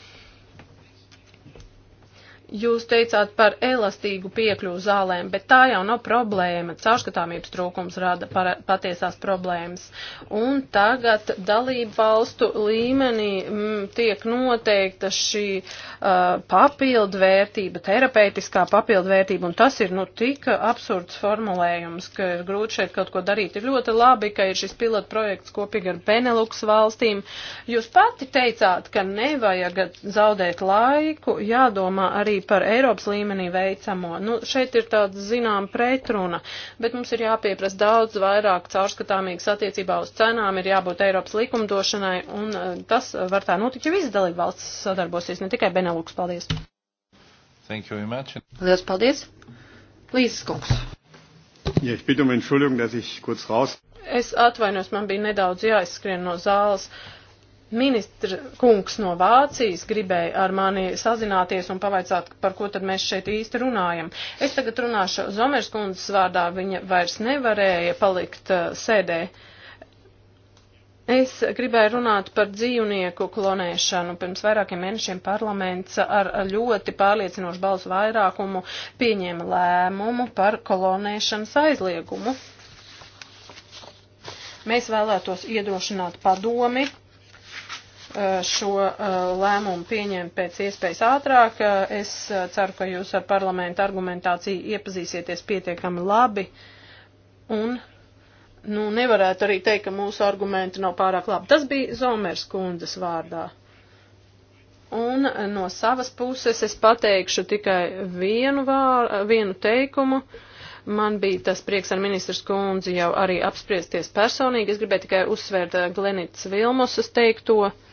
Jūs teicāt par elastīgu piekļuvu zālēm, bet tā jau nav problēma. Caurskatāmības trūkums rada para, patiesās problēmas. Un tagad dalību valstu līmenī m, mm, tiek noteikta šī uh, papildvērtība, terapeitiskā papildvērtība, un tas ir nu tik absurds formulējums, ka ir grūti šeit kaut ko darīt. Ir ļoti labi, ka ir šis pilota projekts kopīgi ar Benelux valstīm. Jūs pati teicāt, ka nevajag zaudēt laiku, jādomā arī arī par Eiropas līmenī veicamo. Nu, šeit ir tāda zinām pretruna, bet mums ir jāpieprasa daudz vairāk caurskatāmīgas attiecībā uz cenām, ir jābūt Eiropas likumdošanai, un e, tas e, var tā notikt, ja visas dalība valsts sadarbosies, ne tikai Benelūks. Paldies! Thank you very much. Lielas paldies! Līdzes kungs! Ja, ich bitte um Entschuldigung, dass ich kurz raus. Es atvainos, man bija nedaudz jāizskrien no zāles. Uh, Ministra kungs no Vācijas gribēja ar mani sazināties un pavaicāt, par ko tad mēs šeit īsti runājam. Es tagad runāšu Zomers kundzes vārdā, viņa vairs nevarēja palikt uh, sēdē. Es gribēju runāt par dzīvnieku klonēšanu. Pirms vairākiem mēnešiem parlaments ar ļoti pārliecinošu balsu vairākumu pieņēma lēmumu par klonēšanas aizliegumu. Mēs vēlētos iedrošināt padomi Uh, šo uh, lēmumu pieņemt pēc iespējas ātrāk. Uh, es ceru, ka jūs ar parlamentu argumentāciju iepazīsieties pietiekami labi un nu, nevarētu arī teikt, ka mūsu argumenti nav pārāk labi. Tas bija Zomers kundzes vārdā. Un no savas puses es pateikšu tikai vienu, vār, vienu teikumu. Man bija tas prieks ar ministrs kundzi jau arī apspriesties personīgi. Es gribēju tikai uzsvērt Glenits Vilmosas teikto. Uh,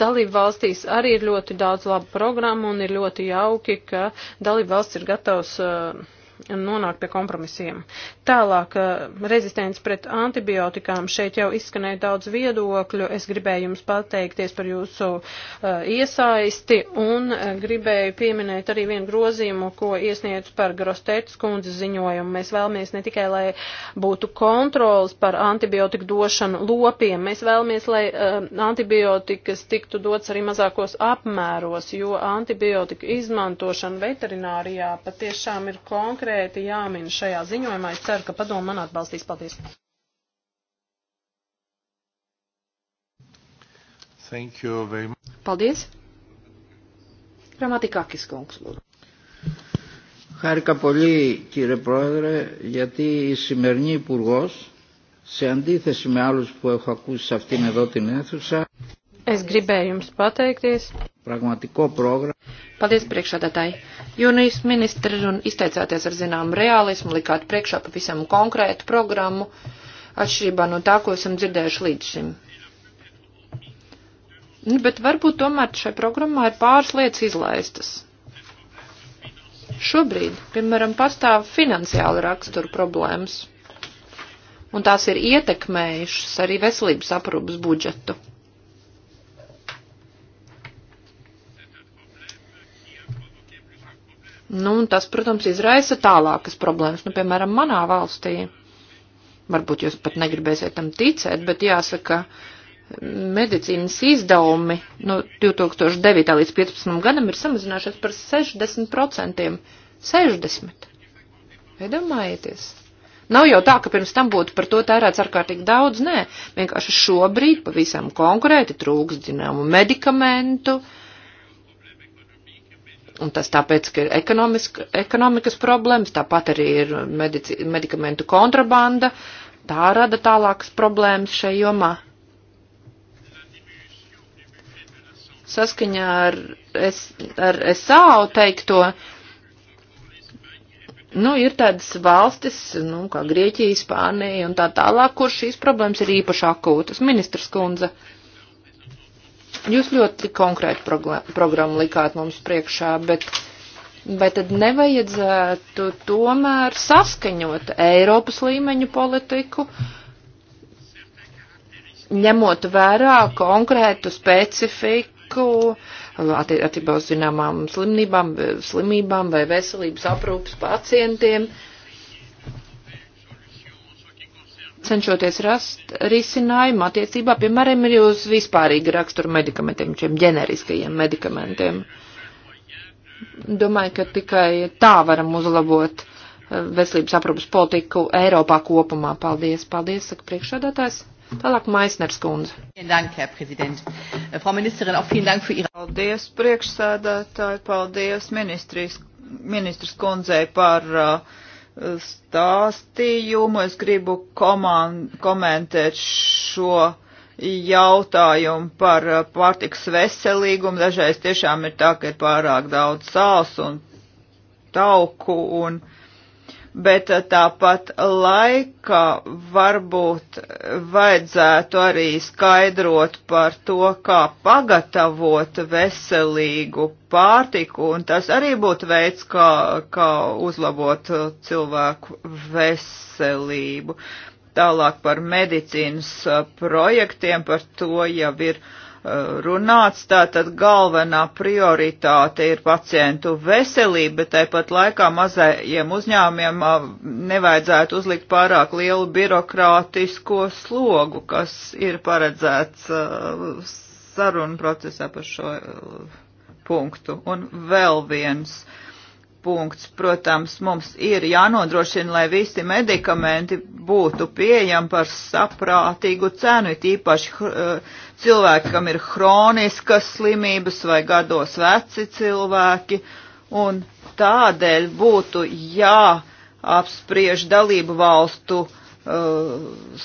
Dalību valstīs arī ir ļoti daudz labu programmu un ir ļoti jauki, ka dalību valsts ir gatavs uh, nonākt pie kompromisiem. Tālāk, eh, rezistents pret antibiotikām. Šeit jau izskanēja daudz viedokļu. Es gribēju jums pateikties par jūsu eh, iesaisti un eh, gribēju pieminēt arī vienu grozījumu, ko iesniedzu par Grostētas kundzes ziņojumu. Mēs vēlamies ne tikai, lai būtu kontrols par antibiotiku došanu lopiem, mēs vēlamies, lai antibiotikas tiktu dots arī mazākos apmēros, jo antibiotiku izmantošana veterinārijā patiešām ir konkrēta konkrēti jāmin šajā ziņojumā. Es ceru, ka padomu man atbalstīs. Paldies! Thank you very much. Paldies! Gramatikakis kungs, lūdzu. Χάρηκα πολύ κύριε Πρόεδρε γιατί η σημερινή Υπουργός σε αντίθεση με άλλους που έχω ακούσει σε αυτήν εδώ την αίθουσα Es gribēju jums pateikties. Pragmatiko programmu. Paldies priekšādātāji. Jūnijas ministri un izteicāties ar zināmu realismu, likāt priekšā pavisam konkrētu programmu, atšķirībā no tā, ko esam dzirdējuši līdz šim. Nu, bet varbūt tomēr šai programmā ir pāris lietas izlaistas. Šobrīd, piemēram, pastāv finansiāla rakstura problēmas, un tās ir ietekmējušas arī veselības aprūpas budžetu. Nu, un tas, protams, izraisa tālākas problēmas, nu, piemēram, manā valstī. Varbūt jūs pat negribēsiet tam ticēt, bet jāsaka, medicīnas izdevumi no nu, 2009. līdz 2015. gadam ir samazinājušies par 60%. 60! Iedomājieties! Nav jau tā, ka pirms tam būtu par to tērēts ārkārtīgi daudz, nē, vienkārši šobrīd pavisam konkrēti trūks, zināmu, medikamentu, uh, Un tas tāpēc, ka ir ekonomikas problēmas, tāpat arī ir medici, medikamentu kontrabanda, tā rada tālākas problēmas šai jomā. Saskaņā ar, es, ar SAO teikto, nu, ir tādas valstis, nu, kā Grieķija, Spānija un tā tālāk, kur šīs problēmas ir īpaši akūtas. Ministrs Kunze. Uh, Jūs ļoti konkrētu programmu likāt mums priekšā, bet vai tad nevajadzētu tomēr saskaņot Eiropas līmeņu politiku, ņemot vērā konkrētu specifiku attiecībā uz zināmām slimībām, slimībām vai veselības aprūpas pacientiem? Uh, cenšoties rast risinājumu attiecībā, piemēram, arī uz vispārīgi raksturu medikamentiem, šiem ģeneriskajiem medikamentiem. Domāju, ka tikai tā varam uzlabot eh, veselības aprūpas politiku Eiropā kopumā. Paldies, paldies, saka priekšādātājs. Tālāk Maisners kundze. Äh, paldies, priekšsēdētāji, paldies ministrijas, ministras kundzei par uh, stāstījumu. Es gribu komentēt šo jautājumu par uh, pārtiks veselīgumu. Dažreiz tiešām ir tā, ka ir pārāk daudz sāls un tauku un bet eh, tāpat laikā varbūt vajadzētu arī skaidrot par to, kā pagatavot veselīgu pārtiku, un tas arī būtu veids, kā, kā uzlabot cilvēku veselību. Tālāk par medicīnas eh, projektiem, par to jau ir runāts, tātad galvenā prioritāte ir pacientu veselība, bet tāpat laikā mazajiem uzņēmumiem nevajadzētu uzlikt pārāk lielu birokrātisko slogu, kas ir paredzēts sarunu procesā par šo punktu. Un vēl viens punkts, protams, mums ir jānodrošina, lai visi medikamenti būtu pieejami par saprātīgu cenu, it īpaši uh, cilvēki, kam ir hroniskas slimības vai gados veci cilvēki, un tādēļ būtu jāapspriež dalību valstu uh,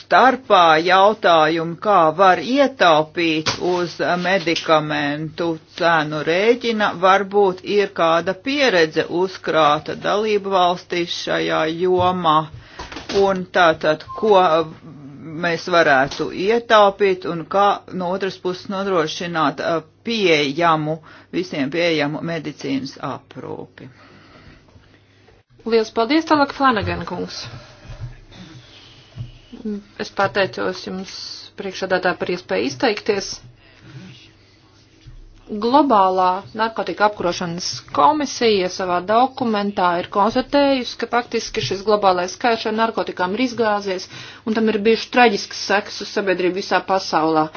starpā jautājumu, kā var ietaupīt uz medikamentu cenu rēķina, varbūt ir kāda pieredze uzkrāta dalību valstīs šajā jomā, un tātad, ko mēs varētu ietaupīt un kā no otras puses nodrošināt uh, pieejamu, visiem pieejamu medicīnas aprūpi. Lielas paldies, tālāk Flanagan kungs. Es pateicos jums priekšādātā par iespēju izteikties. Globālā narkotika apkurošanas komisija savā dokumentā ir konstatējusi, ka faktiski šis globālais karš ar narkotikām ir izgāzies un tam ir bijuši traģisks sekas uz sabiedrību visā pasaulā.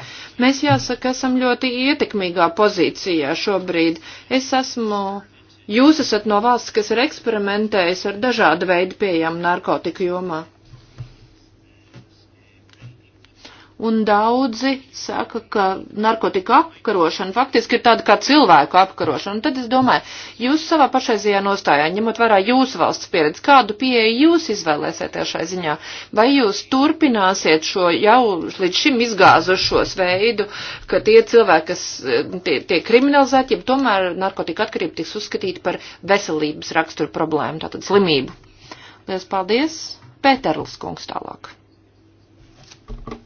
Mēs jāsaka, esam ļoti ietekmīgā pozīcijā šobrīd. Es esmu, jūs esat no valsts, kas ir eksperimentējis ar dažādu veidu pieejamu narkotiku jomā. un daudzi saka, ka narkotika apkarošana faktiski ir tāda kā cilvēku apkarošana. Un tad es domāju, jūs savā pašreizajā nostājā, ņemot vērā jūsu valsts pieredzi, kādu pieeju jūs izvēlēsieties šai ziņā? Vai jūs turpināsiet šo jau līdz šim izgāzušos veidu, ka tie cilvēki, kas eh, tie, tiek kriminalizēti, ja tomēr narkotika atkarība tiks uzskatīta par veselības raksturu problēmu, tātad slimību? Lielas paldies! Pēterlis kungs tālāk. Thank you.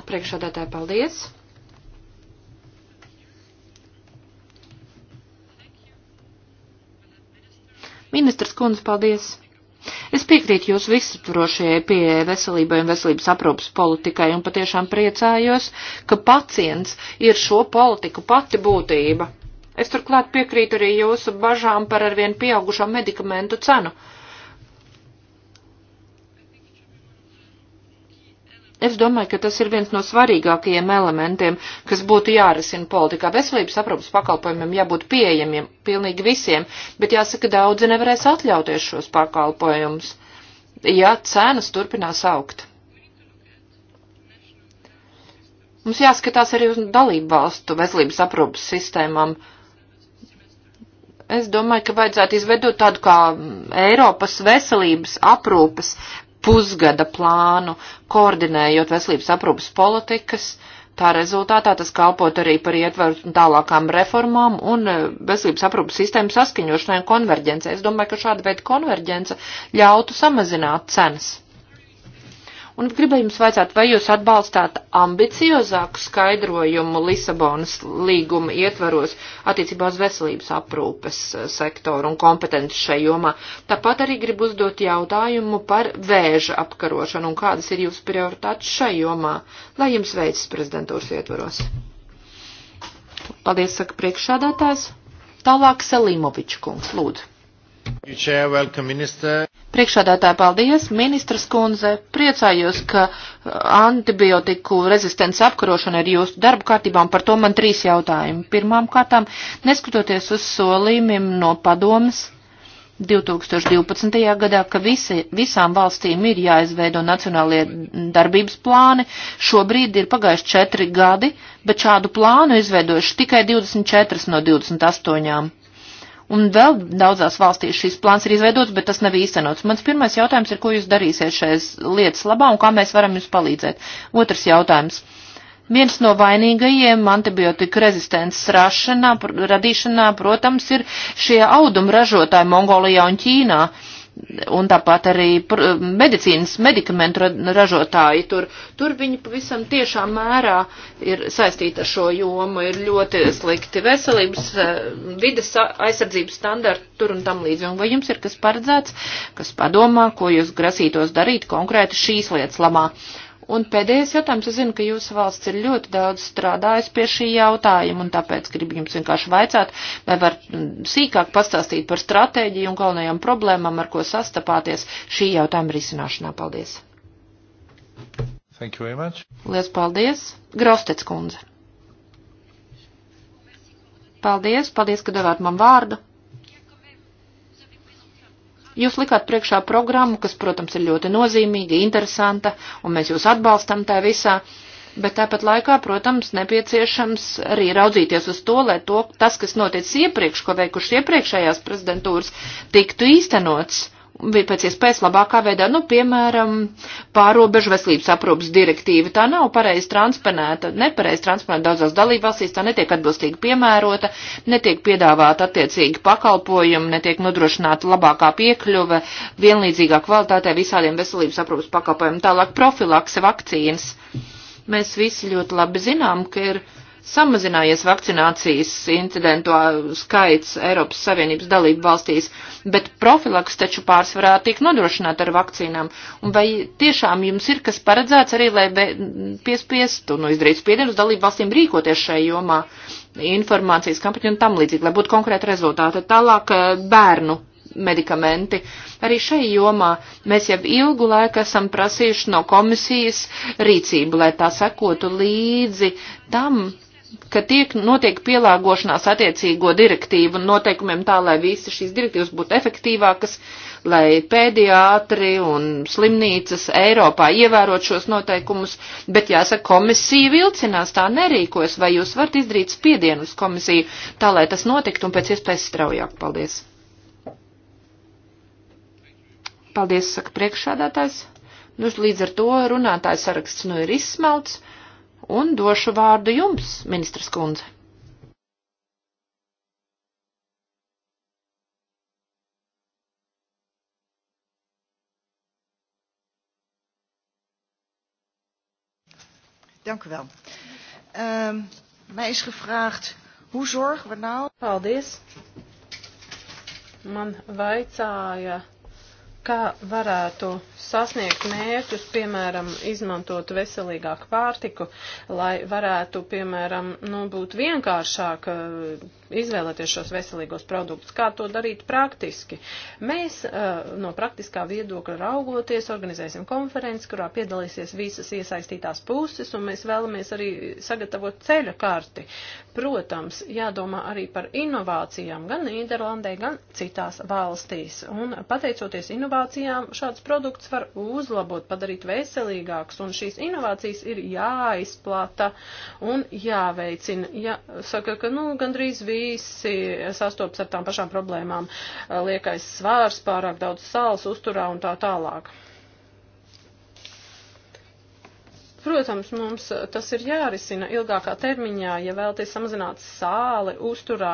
Priekšādātāji, paldies! Ministrs kundze, paldies! Es piekrītu jūsu visaptvarošajai pieeja veselībai un veselības aprūpas politikai un patiešām priecājos, ka pacients ir šo politiku pati būtība. Es turklāt piekrītu arī jūsu bažām par arvien pieaugušo medikamentu cenu. Uh, Es domāju, ka tas ir viens no svarīgākajiem elementiem, kas būtu jārisina politikā. Veselības aprūpas pakalpojumiem jābūt pieejamiem pilnīgi visiem, bet jāsaka, daudzi nevarēs atļauties šos pakalpojumus, ja cenas turpinās augt. Mums jāskatās arī uz dalību valstu veselības aprūpas sistēmām. Es domāju, ka vajadzētu izveidot tādu kā Eiropas veselības aprūpas pusgada plānu, koordinējot veselības aprūpas politikas. Tā rezultātā tas kalpot arī par ietvaru tālākām reformām un eh, veselības aprūpas sistēmu saskaņošanai un konverģencei. Es domāju, ka šāda veida konverģence ļautu samazināt cenas. Un gribēju jums vaicāt, vai jūs atbalstāt ambiciozāku skaidrojumu Lisabonas līguma ietvaros attiecībā uz veselības aprūpes eh, sektoru un kompetenci šai jomā. Tāpat arī gribu uzdot jautājumu par vēža apkarošanu un kādas ir jūsu prioritātes šai jomā, lai jums veicas prezidentūras ietvaros. Paldies, saka priekšādātājs. Tālāk Selimovičs kungs, lūdzu. Priekšādātāji, paldies, ministras kundze. Priecājos, ka uh, antibiotiku rezistents apkarošana ir jūsu darba kārtībā, un par to man trīs jautājumi. Pirmām kārtām, neskatoties uz solījumiem no padomas 2012. gadā, ka visi, visām valstīm ir jāizveido nacionālie darbības plāni, šobrīd ir pagājuši četri gadi, bet šādu plānu izveidojuši tikai 24 no 28. Un vēl daudzās valstīs šis plāns ir izveidots, bet tas nav īstenots. Mans pirmais jautājums ir, ko jūs darīsiet šais lietas labā un kā mēs varam jums palīdzēt. Otrs jautājums. Viens no vainīgajiem antibiotika rezistences rašanā, radīšanā, protams, ir šie audumu ražotāji Mongolijā un Ķīnā. Uh, un tāpat arī medicīnas medikamentu ražotāji tur, tur viņi pavisam tiešā mērā ir saistīti ar šo jomu, ir ļoti slikti veselības, eh, vides aizsardzības standarti tur un tam līdzi. Un vai jums ir kas paredzēts, kas padomā, ko jūs grasītos darīt konkrēti šīs lietas labā? Un pēdējais jautājums, es zinu, ka jūsu valsts ir ļoti daudz strādājusi pie šī jautājuma, un tāpēc gribu jums vienkārši vaicāt, vai var mm, sīkāk pastāstīt par stratēģiju un galvenajām problēmām, ar ko sastapāties šī jautājuma risināšanā. Paldies! Thank you very much. Lielas paldies! Graustec kundze! Paldies, paldies, ka devāt man vārdu! Jūs likāt priekšā programmu, kas, protams, ir ļoti nozīmīga, interesanta, un mēs jūs atbalstam tā visā, bet tāpat laikā, protams, nepieciešams arī raudzīties uz to, lai to, tas, kas notiek iepriekš, ko veikuši iepriekšējās prezidentūras, tiktu īstenots. Uh, pēc iespējas labākā veidā, nu, piemēram, pārobežu veselības aprūpas direktīva. Tā nav pareizi transponēta, nepareizi transponēta daudzās dalībvalstīs, tā netiek atbilstīgi piemērota, netiek piedāvāta attiecīgi pakalpojumi, netiek nodrošināta labākā piekļuve, vienlīdzīgā kvalitātē visādiem veselības aprūpas pakalpojumiem. Tālāk profilakse vakcīnas. Mēs visi ļoti labi zinām, ka ir samazinājies vakcinācijas incidentu skaits Eiropas Savienības dalību valstīs, bet profilaks taču pārsvarā tiek nodrošināta ar vakcīnām. Un vai tiešām jums ir kas paredzēts arī, lai piespiestu, nu, izdarīt spiedienus dalību valstīm rīkoties šai jomā, informācijas kampaņu un tam līdzīgi, lai būtu konkrēti rezultāti? Tālāk eh, bērnu medikamenti. Arī šai jomā mēs jau ilgu laiku esam prasījuši no komisijas rīcību, lai tā sekotu līdzi tam, ka tiek notiek pielāgošanās attiecīgo direktīvu un noteikumiem tā, lai visi šīs direktīvas būtu efektīvākas, lai pēdījātri un slimnīcas Eiropā ievērot šos noteikumus, bet jāsaka, komisija vilcinās, tā nerīkos, vai jūs varat izdarīt spiedienu uz komisiju tā, lai tas notiktu un pēc iespējas straujāk. Paldies. Paldies, saka priekšādātājs. Nu, līdz ar to runātājs saraksts nu ir izsmelts un došu vārdu jums, ministras kundze. Dank u wel. Um, mij is gevraagd, hoe zorgen we nou... Paldies. Man vaicāja, kā varētu sasniegt mērķus, piemēram, izmantot veselīgāku pārtiku, lai varētu, piemēram, nu, būt vienkāršāk eh, izvēlēties šos veselīgos produktus, kā to darīt praktiski. Mēs eh, no praktiskā viedokļa raugoties organizēsim konferenci, kurā piedalīsies visas iesaistītās puses, un mēs vēlamies arī sagatavot ceļa karti Protams, jādomā arī par inovācijām gan Nīderlandē, gan citās valstīs. Un pateicoties inovācijām, šāds produkts var uzlabot, padarīt veselīgāks, un šīs inovācijas ir jāizplata un jāveicina. Ja, saka, ka, nu, gandrīz visi sastopas ar tām pašām problēmām - liekais svārs, pārāk daudz sāls uzturā un tā tālāk. Protams, mums eh, tas ir jārisina ilgākā termiņā, ja vēlties samazināt sāli uzturā,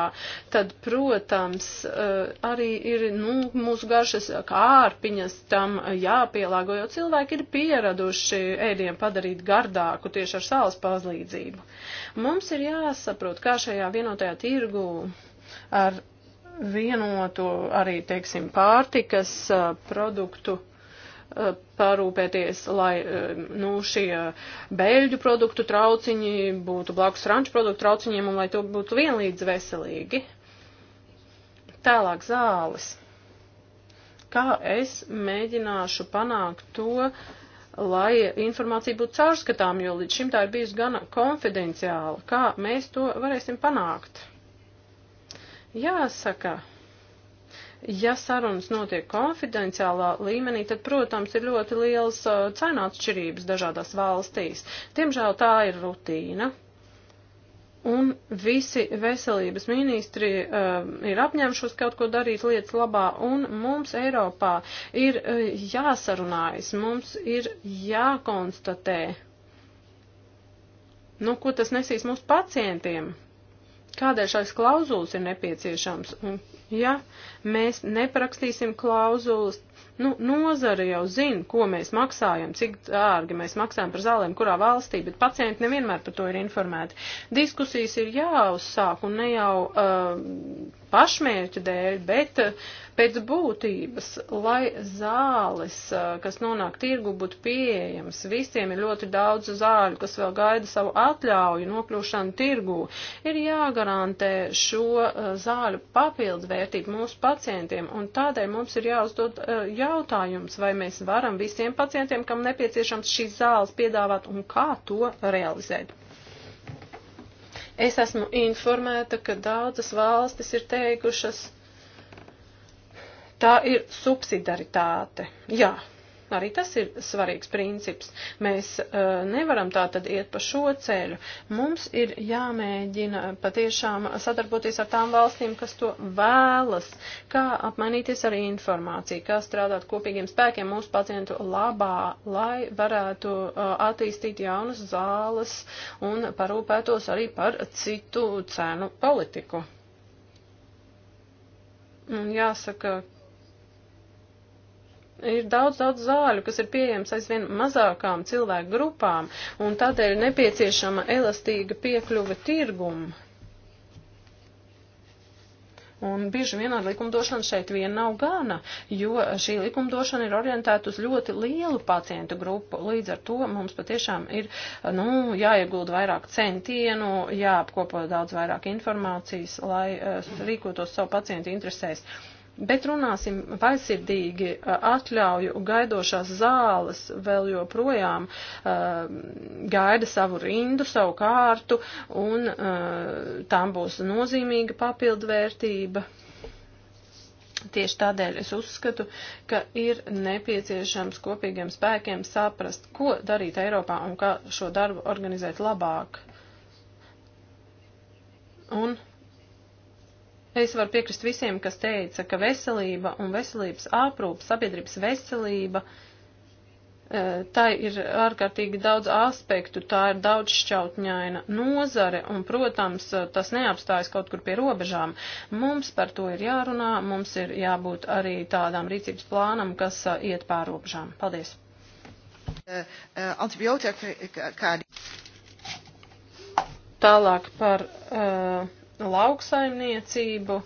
tad, protams, eh, arī ir nu, mūsu garšas kārpiņas tam jāpielāgo, jo cilvēki ir pieraduši ēdienu padarīt gardāku tieši ar sāles palīdzību. Mums ir jāsaprot, kā šajā vienotajā tirgu ar vienotu arī, teiksim, pārtikas eh, produktu parūpēties, lai eh, nu, šie beļģu produktu trauciņi būtu blakus franču produktu trauciņiem un lai to būtu vienlīdz veselīgi. Tālāk zāles. Kā es mēģināšu panākt to, lai informācija būtu caurskatām, jo līdz šim tā ir bijusi gana konfidenciāla. Kā mēs to varēsim panākt? Jāsaka. Ja sarunas notiek konfidenciālā līmenī, tad, protams, ir ļoti liels uh, cenu atšķirības dažādās valstīs. Tiemžēl tā ir rutīna. Un visi veselības ministri uh, ir apņēmušos kaut ko darīt lietas labā, un mums Eiropā ir uh, jāsarunājas, mums ir jākonstatē, nu, ko tas nesīs mūsu pacientiem, kādēļ šais klauzulas ir nepieciešams un ja mēs neparakstīsim klauzulas, nu, nozara jau zina, ko mēs maksājam, cik dārgi mēs maksājam par zālēm, kurā valstī, bet pacienti nevienmēr par to ir informēti. Diskusijas ir jāuzsāk un ne jau uh, pašmērķa dēļ, bet uh, pēc būtības, lai zāles, kas nonāk tirgu, būtu pieejamas. Visiem ir ļoti daudz zāļu, kas vēl gaida savu atļauju nokļūšanu tirgu. Ir jāgarantē šo zāļu papildvērtību mūsu pacientiem, un tādēļ mums ir jāuzdod jautājums, vai mēs varam visiem pacientiem, kam nepieciešams šīs zāles piedāvāt un kā to realizēt. Es esmu informēta, ka daudzas valstis ir teikušas, Tā ir subsidaritāte. Jā, arī tas ir svarīgs princips. Mēs uh, nevaram tā tad iet pa šo ceļu. Mums ir jāmēģina patiešām sadarboties ar tām valstīm, kas to vēlas, kā apmainīties ar informāciju, kā strādāt kopīgiem spēkiem mūsu pacientu labā, lai varētu uh, attīstīt jaunas zāles un parūpētos arī par citu cenu politiku. Un jāsaka, ir daudz, daudz zāļu, kas ir pieejams aizvien mazākām cilvēku grupām, un tādēļ ir nepieciešama elastīga piekļuve tirgumu. Un bieži vien ar likumdošanu šeit vien nav gana, jo šī likumdošana ir orientēta uz ļoti lielu pacientu grupu. Līdz ar to mums patiešām ir nu, jāiegulda vairāk centienu, jāapkopo daudz vairāk informācijas, lai eh, rīkotos savu pacientu interesēs. Uh, Bet runāsim vaisirdīgi, atļauju gaidošās zāles vēl joprojām gaida savu rindu, savu kārtu, un tām būs nozīmīga papildvērtība. Tieši tādēļ es uzskatu, ka ir nepieciešams kopīgiem spēkiem saprast, ko darīt Eiropā un kā šo darbu organizēt labāk. Un Es varu piekrist visiem, kas teica, ka veselība un veselības aprūpa, sabiedrības veselība, e, tā ir ārkārtīgi daudz aspektu, tā ir daudz šķautņaina nozare, un, protams, tas neapstājas kaut kur pie robežām. Mums par to ir jārunā, mums ir jābūt arī tādām rīcības plānam, kas e, iet pār robežām. Paldies! E, antibiotika kādi? Tālāk par. Uh, lauksaimniecību. Uh,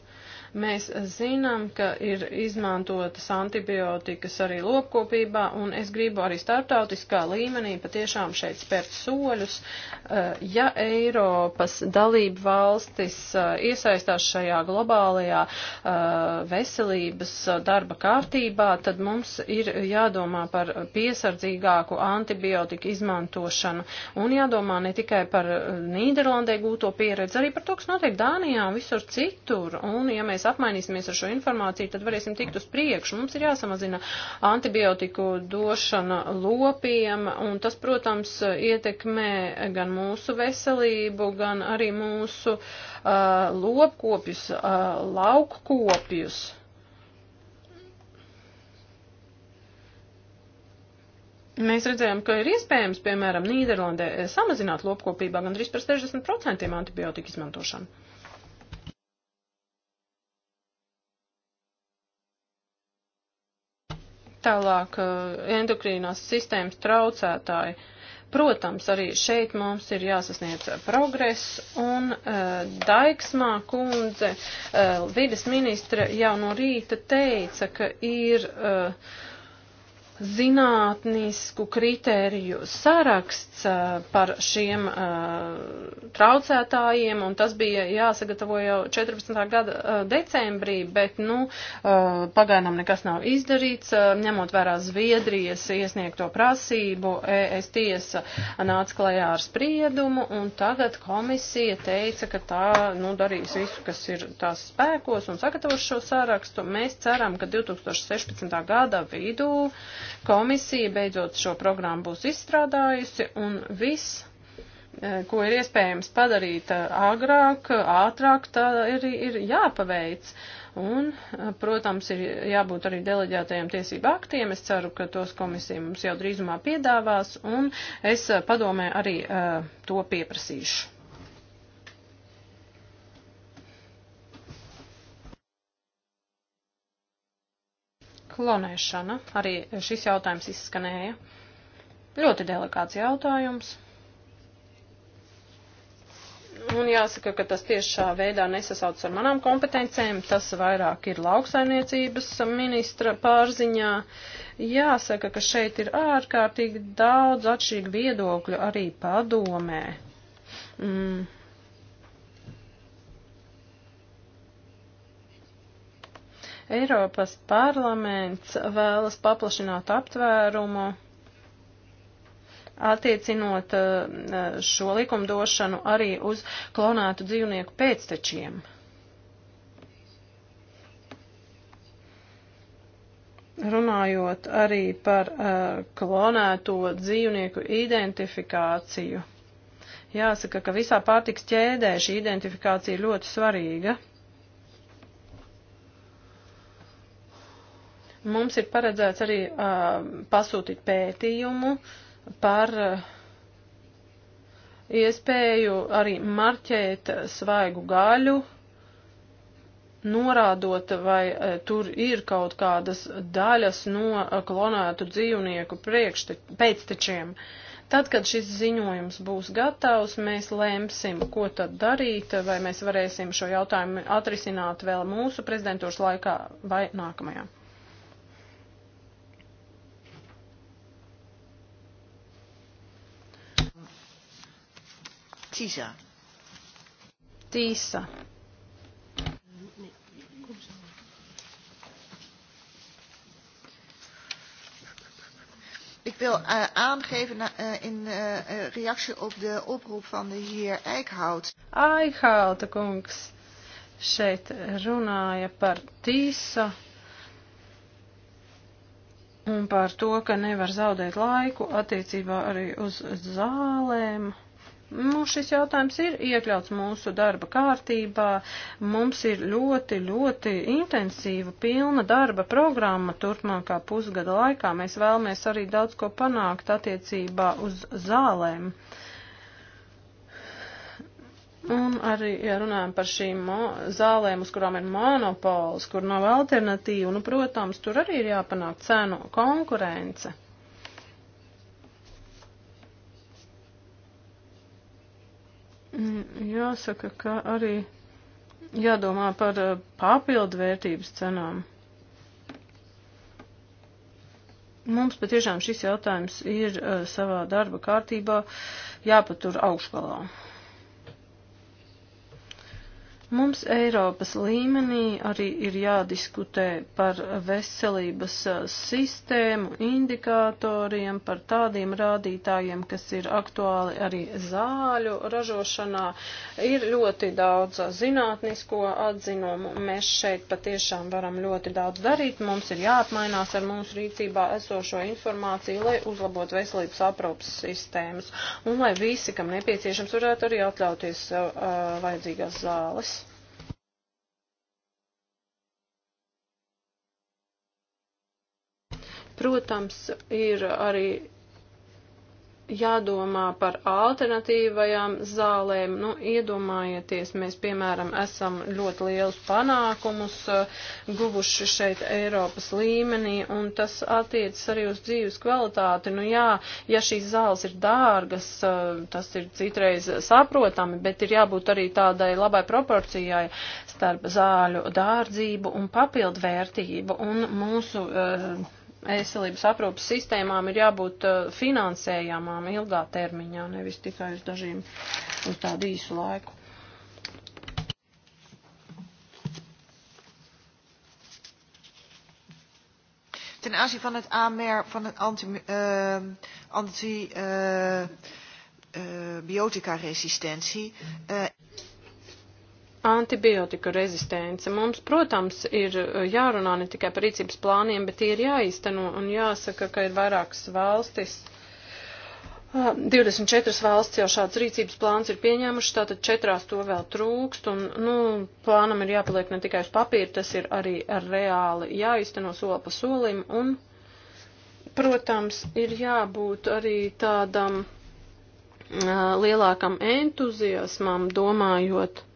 Mēs zinām, ka ir izmantotas antibiotikas arī lopkopībā, un es gribu arī starptautiskā līmenī patiešām šeit spērt soļus. Eh, ja Eiropas dalība valstis eh, iesaistās šajā globālajā eh, veselības darba kārtībā, tad mums ir jādomā par piesardzīgāku antibiotiku izmantošanu un jādomā ne tikai par Nīderlandē gūto pieredzi, arī par to, kas notiek Dānijā un visur citur. Un, ja mēs mēs apmainīsimies ar šo informāciju, tad varēsim tikt uz priekšu. Mums ir jāsamazina antibiotiku došana lopiem, un tas, protams, ietekmē gan mūsu veselību, gan arī mūsu uh, lopkopjus, uh, laukkopjus. Mēs redzējām, ka ir iespējams, piemēram, Nīderlandē samazināt lopkopībā gandrīz par 60% antibiotiku izmantošanu. Tālāk eh, endokrīnās sistēmas traucētāji. Protams, arī šeit mums ir jāsasniedz progress, un uh, Daiksmā kundze, uh, vides ministra jau no rīta teica, ka ir uh, zinātnisku kritēriju saraksts eh, par šiem eh, traucētājiem, un tas bija jāsagatavo jau 14. gada eh, decembrī, bet, nu, pagaidām nekas nav izdarīts, ņemot vērā Zviedrijas iesniegto prasību, es tiesa nāca klajā ar spriedumu, un tagad komisija teica, ka tā, nu, darīs visu, kas ir tās spēkos, un sagatavos šo sarakstu. Mēs ceram, ka 2016. gada vidū uh, Komisija beidzot šo programmu būs izstrādājusi un viss, e, ko ir iespējams padarīt e, agrāk, ātrāk, tā arī ir jāpaveic. Un, e, protams, ir jābūt arī deleģētajiem tiesību aktiem. Es ceru, ka tos komisija mums jau drīzumā piedāvās, un es padomē arī uh, to pieprasīšu. Klonēšana. Arī šis jautājums izskanēja. Ļoti delikāts jautājums. Un jāsaka, ka tas tiešā veidā nesasauc ar manām kompetencēm, tas vairāk ir lauksainiecības ministra pārziņā. Jāsaka, ka šeit ir ārkārtīgi daudz atšķirīgu viedokļu arī padomē. Mm Eiropas parlaments vēlas paplašināt aptvērumu attiecinot uh, uh, šo likumdošanu arī uz klonētu dzīvnieku pēctečiem. Runājot arī par uh, klonēto dzīvnieku identifikāciju. Jāsaka, ka visā pārtiks ķēdē šī identifikācija ļoti svarīga. Mums ir paredzēts arī uh, pasūtīt pētījumu par uh, iespēju arī marķēt svaigu gaļu, norādot, vai uh, tur ir kaut kādas daļas no klonētu dzīvnieku priekšte, pēctečiem. Tad, kad šis ziņojums būs gatavs, mēs lēmsim, ko tad darīt, vai mēs varēsim šo jautājumu atrisināt vēl mūsu prezidentūras laikā vai nākamajā. Tisa. Tisa. Ik wil uh, aangeven na, uh, eh, in uh, reactie op de oproep van de heer Eickhout. Eickhout, kungs, šeit runāja par tīsa un par to, ka nevar zaudēt laiku attiecībā arī uz zālēm. Nu, šis jautājums ir iekļauts mūsu darba kārtībā. Mums ir ļoti, ļoti intensīva, pilna darba programma turpmākā pusgada laikā. Mēs vēlamies arī daudz ko panākt attiecībā uz zālēm. Un arī, ja runājam par šīm zālēm, uz kurām ir monopols, kur nav alternatīvu, nu, protams, tur arī ir jāpanāk cenu konkurence. Mm, jāsaka, ka arī jādomā par eh, papildvērtības cenām. Mums patiešām šis jautājums ir eh, savā darba kārtībā jāpatur augšgalā. Mums Eiropas līmenī arī ir jādiskutē par veselības sistēmu, indikatoriem, par tādiem rādītājiem, kas ir aktuāli arī zāļu ražošanā. Ir ļoti daudz zinātnisko atzinumu. Mēs šeit patiešām varam ļoti daudz darīt. Mums ir jāapmainās ar mūsu rīcībā esošo informāciju, lai uzlabotu veselības aprūpas sistēmas un lai visi, kam nepieciešams, varētu arī atļauties sev uh, vajadzīgās zāles. Protams, ir arī jādomā par alternatīvajām zālēm. Nu, iedomājieties, mēs, piemēram, esam ļoti lielus panākumus uh, guvuši šeit Eiropas līmenī, un tas attiecas arī uz dzīves kvalitāti. Nu jā, ja šīs zāles ir dārgas, uh, tas ir citreiz saprotami, bet ir jābūt arī tādai labai proporcijai starp zāļu dārdzību un papildvērtību un mūsu uh, veselības aprūpas sistēmām ir jābūt uh, finansējamām ilgā termiņā, nevis tikai uz dažiem, uz tādu īsu laiku. Ten aanzien van het aanmer van het antibiotica-resistentie. Uh, anti, uh, uh, Antibiotiku rezistence. Mums, protams, ir e, jārunā ne tikai par rīcības plāniem, bet tie ir jāizteno un jāsaka, ka ir vairākas valstis. 24 valsts jau šāds rīcības plāns ir pieņēmuši, tātad četrās to vēl trūkst, un, nu, plānam ir jāpaliek ne tikai uz papīra, tas ir arī reāli jāizteno soli pa solim, un, protams, ir jābūt arī tādam uh, lielākam entuziasmam, domājot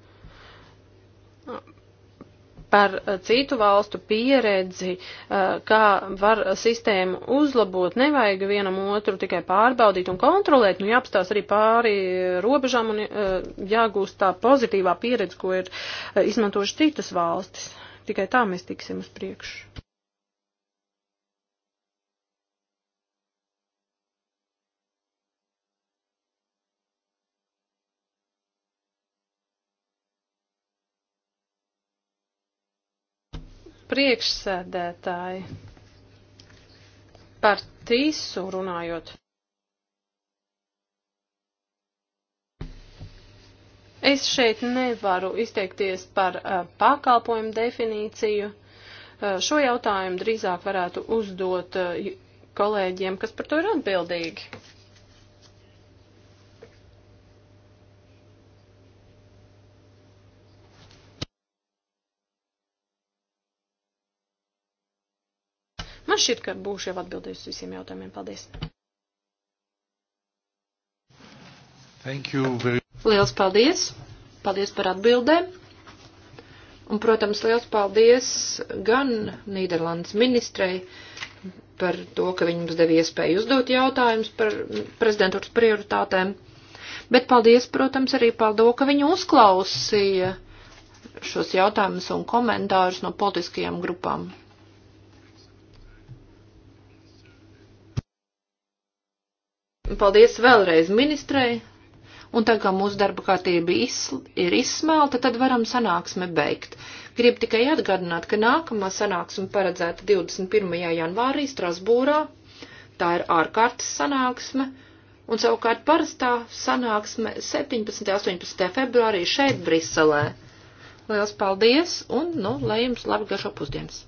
par eh, citu valstu pieredzi, eh, kā var sistēmu uzlabot. Nevajag vienam otru tikai pārbaudīt un kontrolēt, nu jāapstās arī pāri robežām un eh, jāgūst tā pozitīvā pieredze, ko ir izmantojuši citas valstis. Tikai tā mēs tiksim uz priekšu. priekšsēdētāji, par tīsu runājot. Es šeit nevaru izteikties par uh, pakalpojumu definīciju. Uh, šo jautājumu drīzāk varētu uzdot uh, kolēģiem, kas par to ir atbildīgi. Man šķiet, ka būšu jau atbildējusi visiem jautājumiem. Paldies! Thank you very... Liels paldies! Paldies par atbildēm! Un, protams, liels paldies gan Nīderlandes ministrei par to, ka viņi mums deva iespēju uzdot jautājumus par prezidentūras prioritātēm, bet paldies, protams, arī par to, ka viņi uzklausīja šos jautājumus un komentārus no politiskajām grupām. Paldies vēlreiz ministrei. Un tā kā mūsu darba kārtība ir izsmelta, tad varam sanāksmi beigt. Gribu tikai atgādināt, ka nākamā sanāksme paredzēta 21. janvārī Strasbūrā. Tā ir ārkārtas sanāksme. Un savukārt parastā sanāksme 17. un 18. februārī šeit Briselē. Liels paldies un, nu, lai jums labi garšo pusdienas!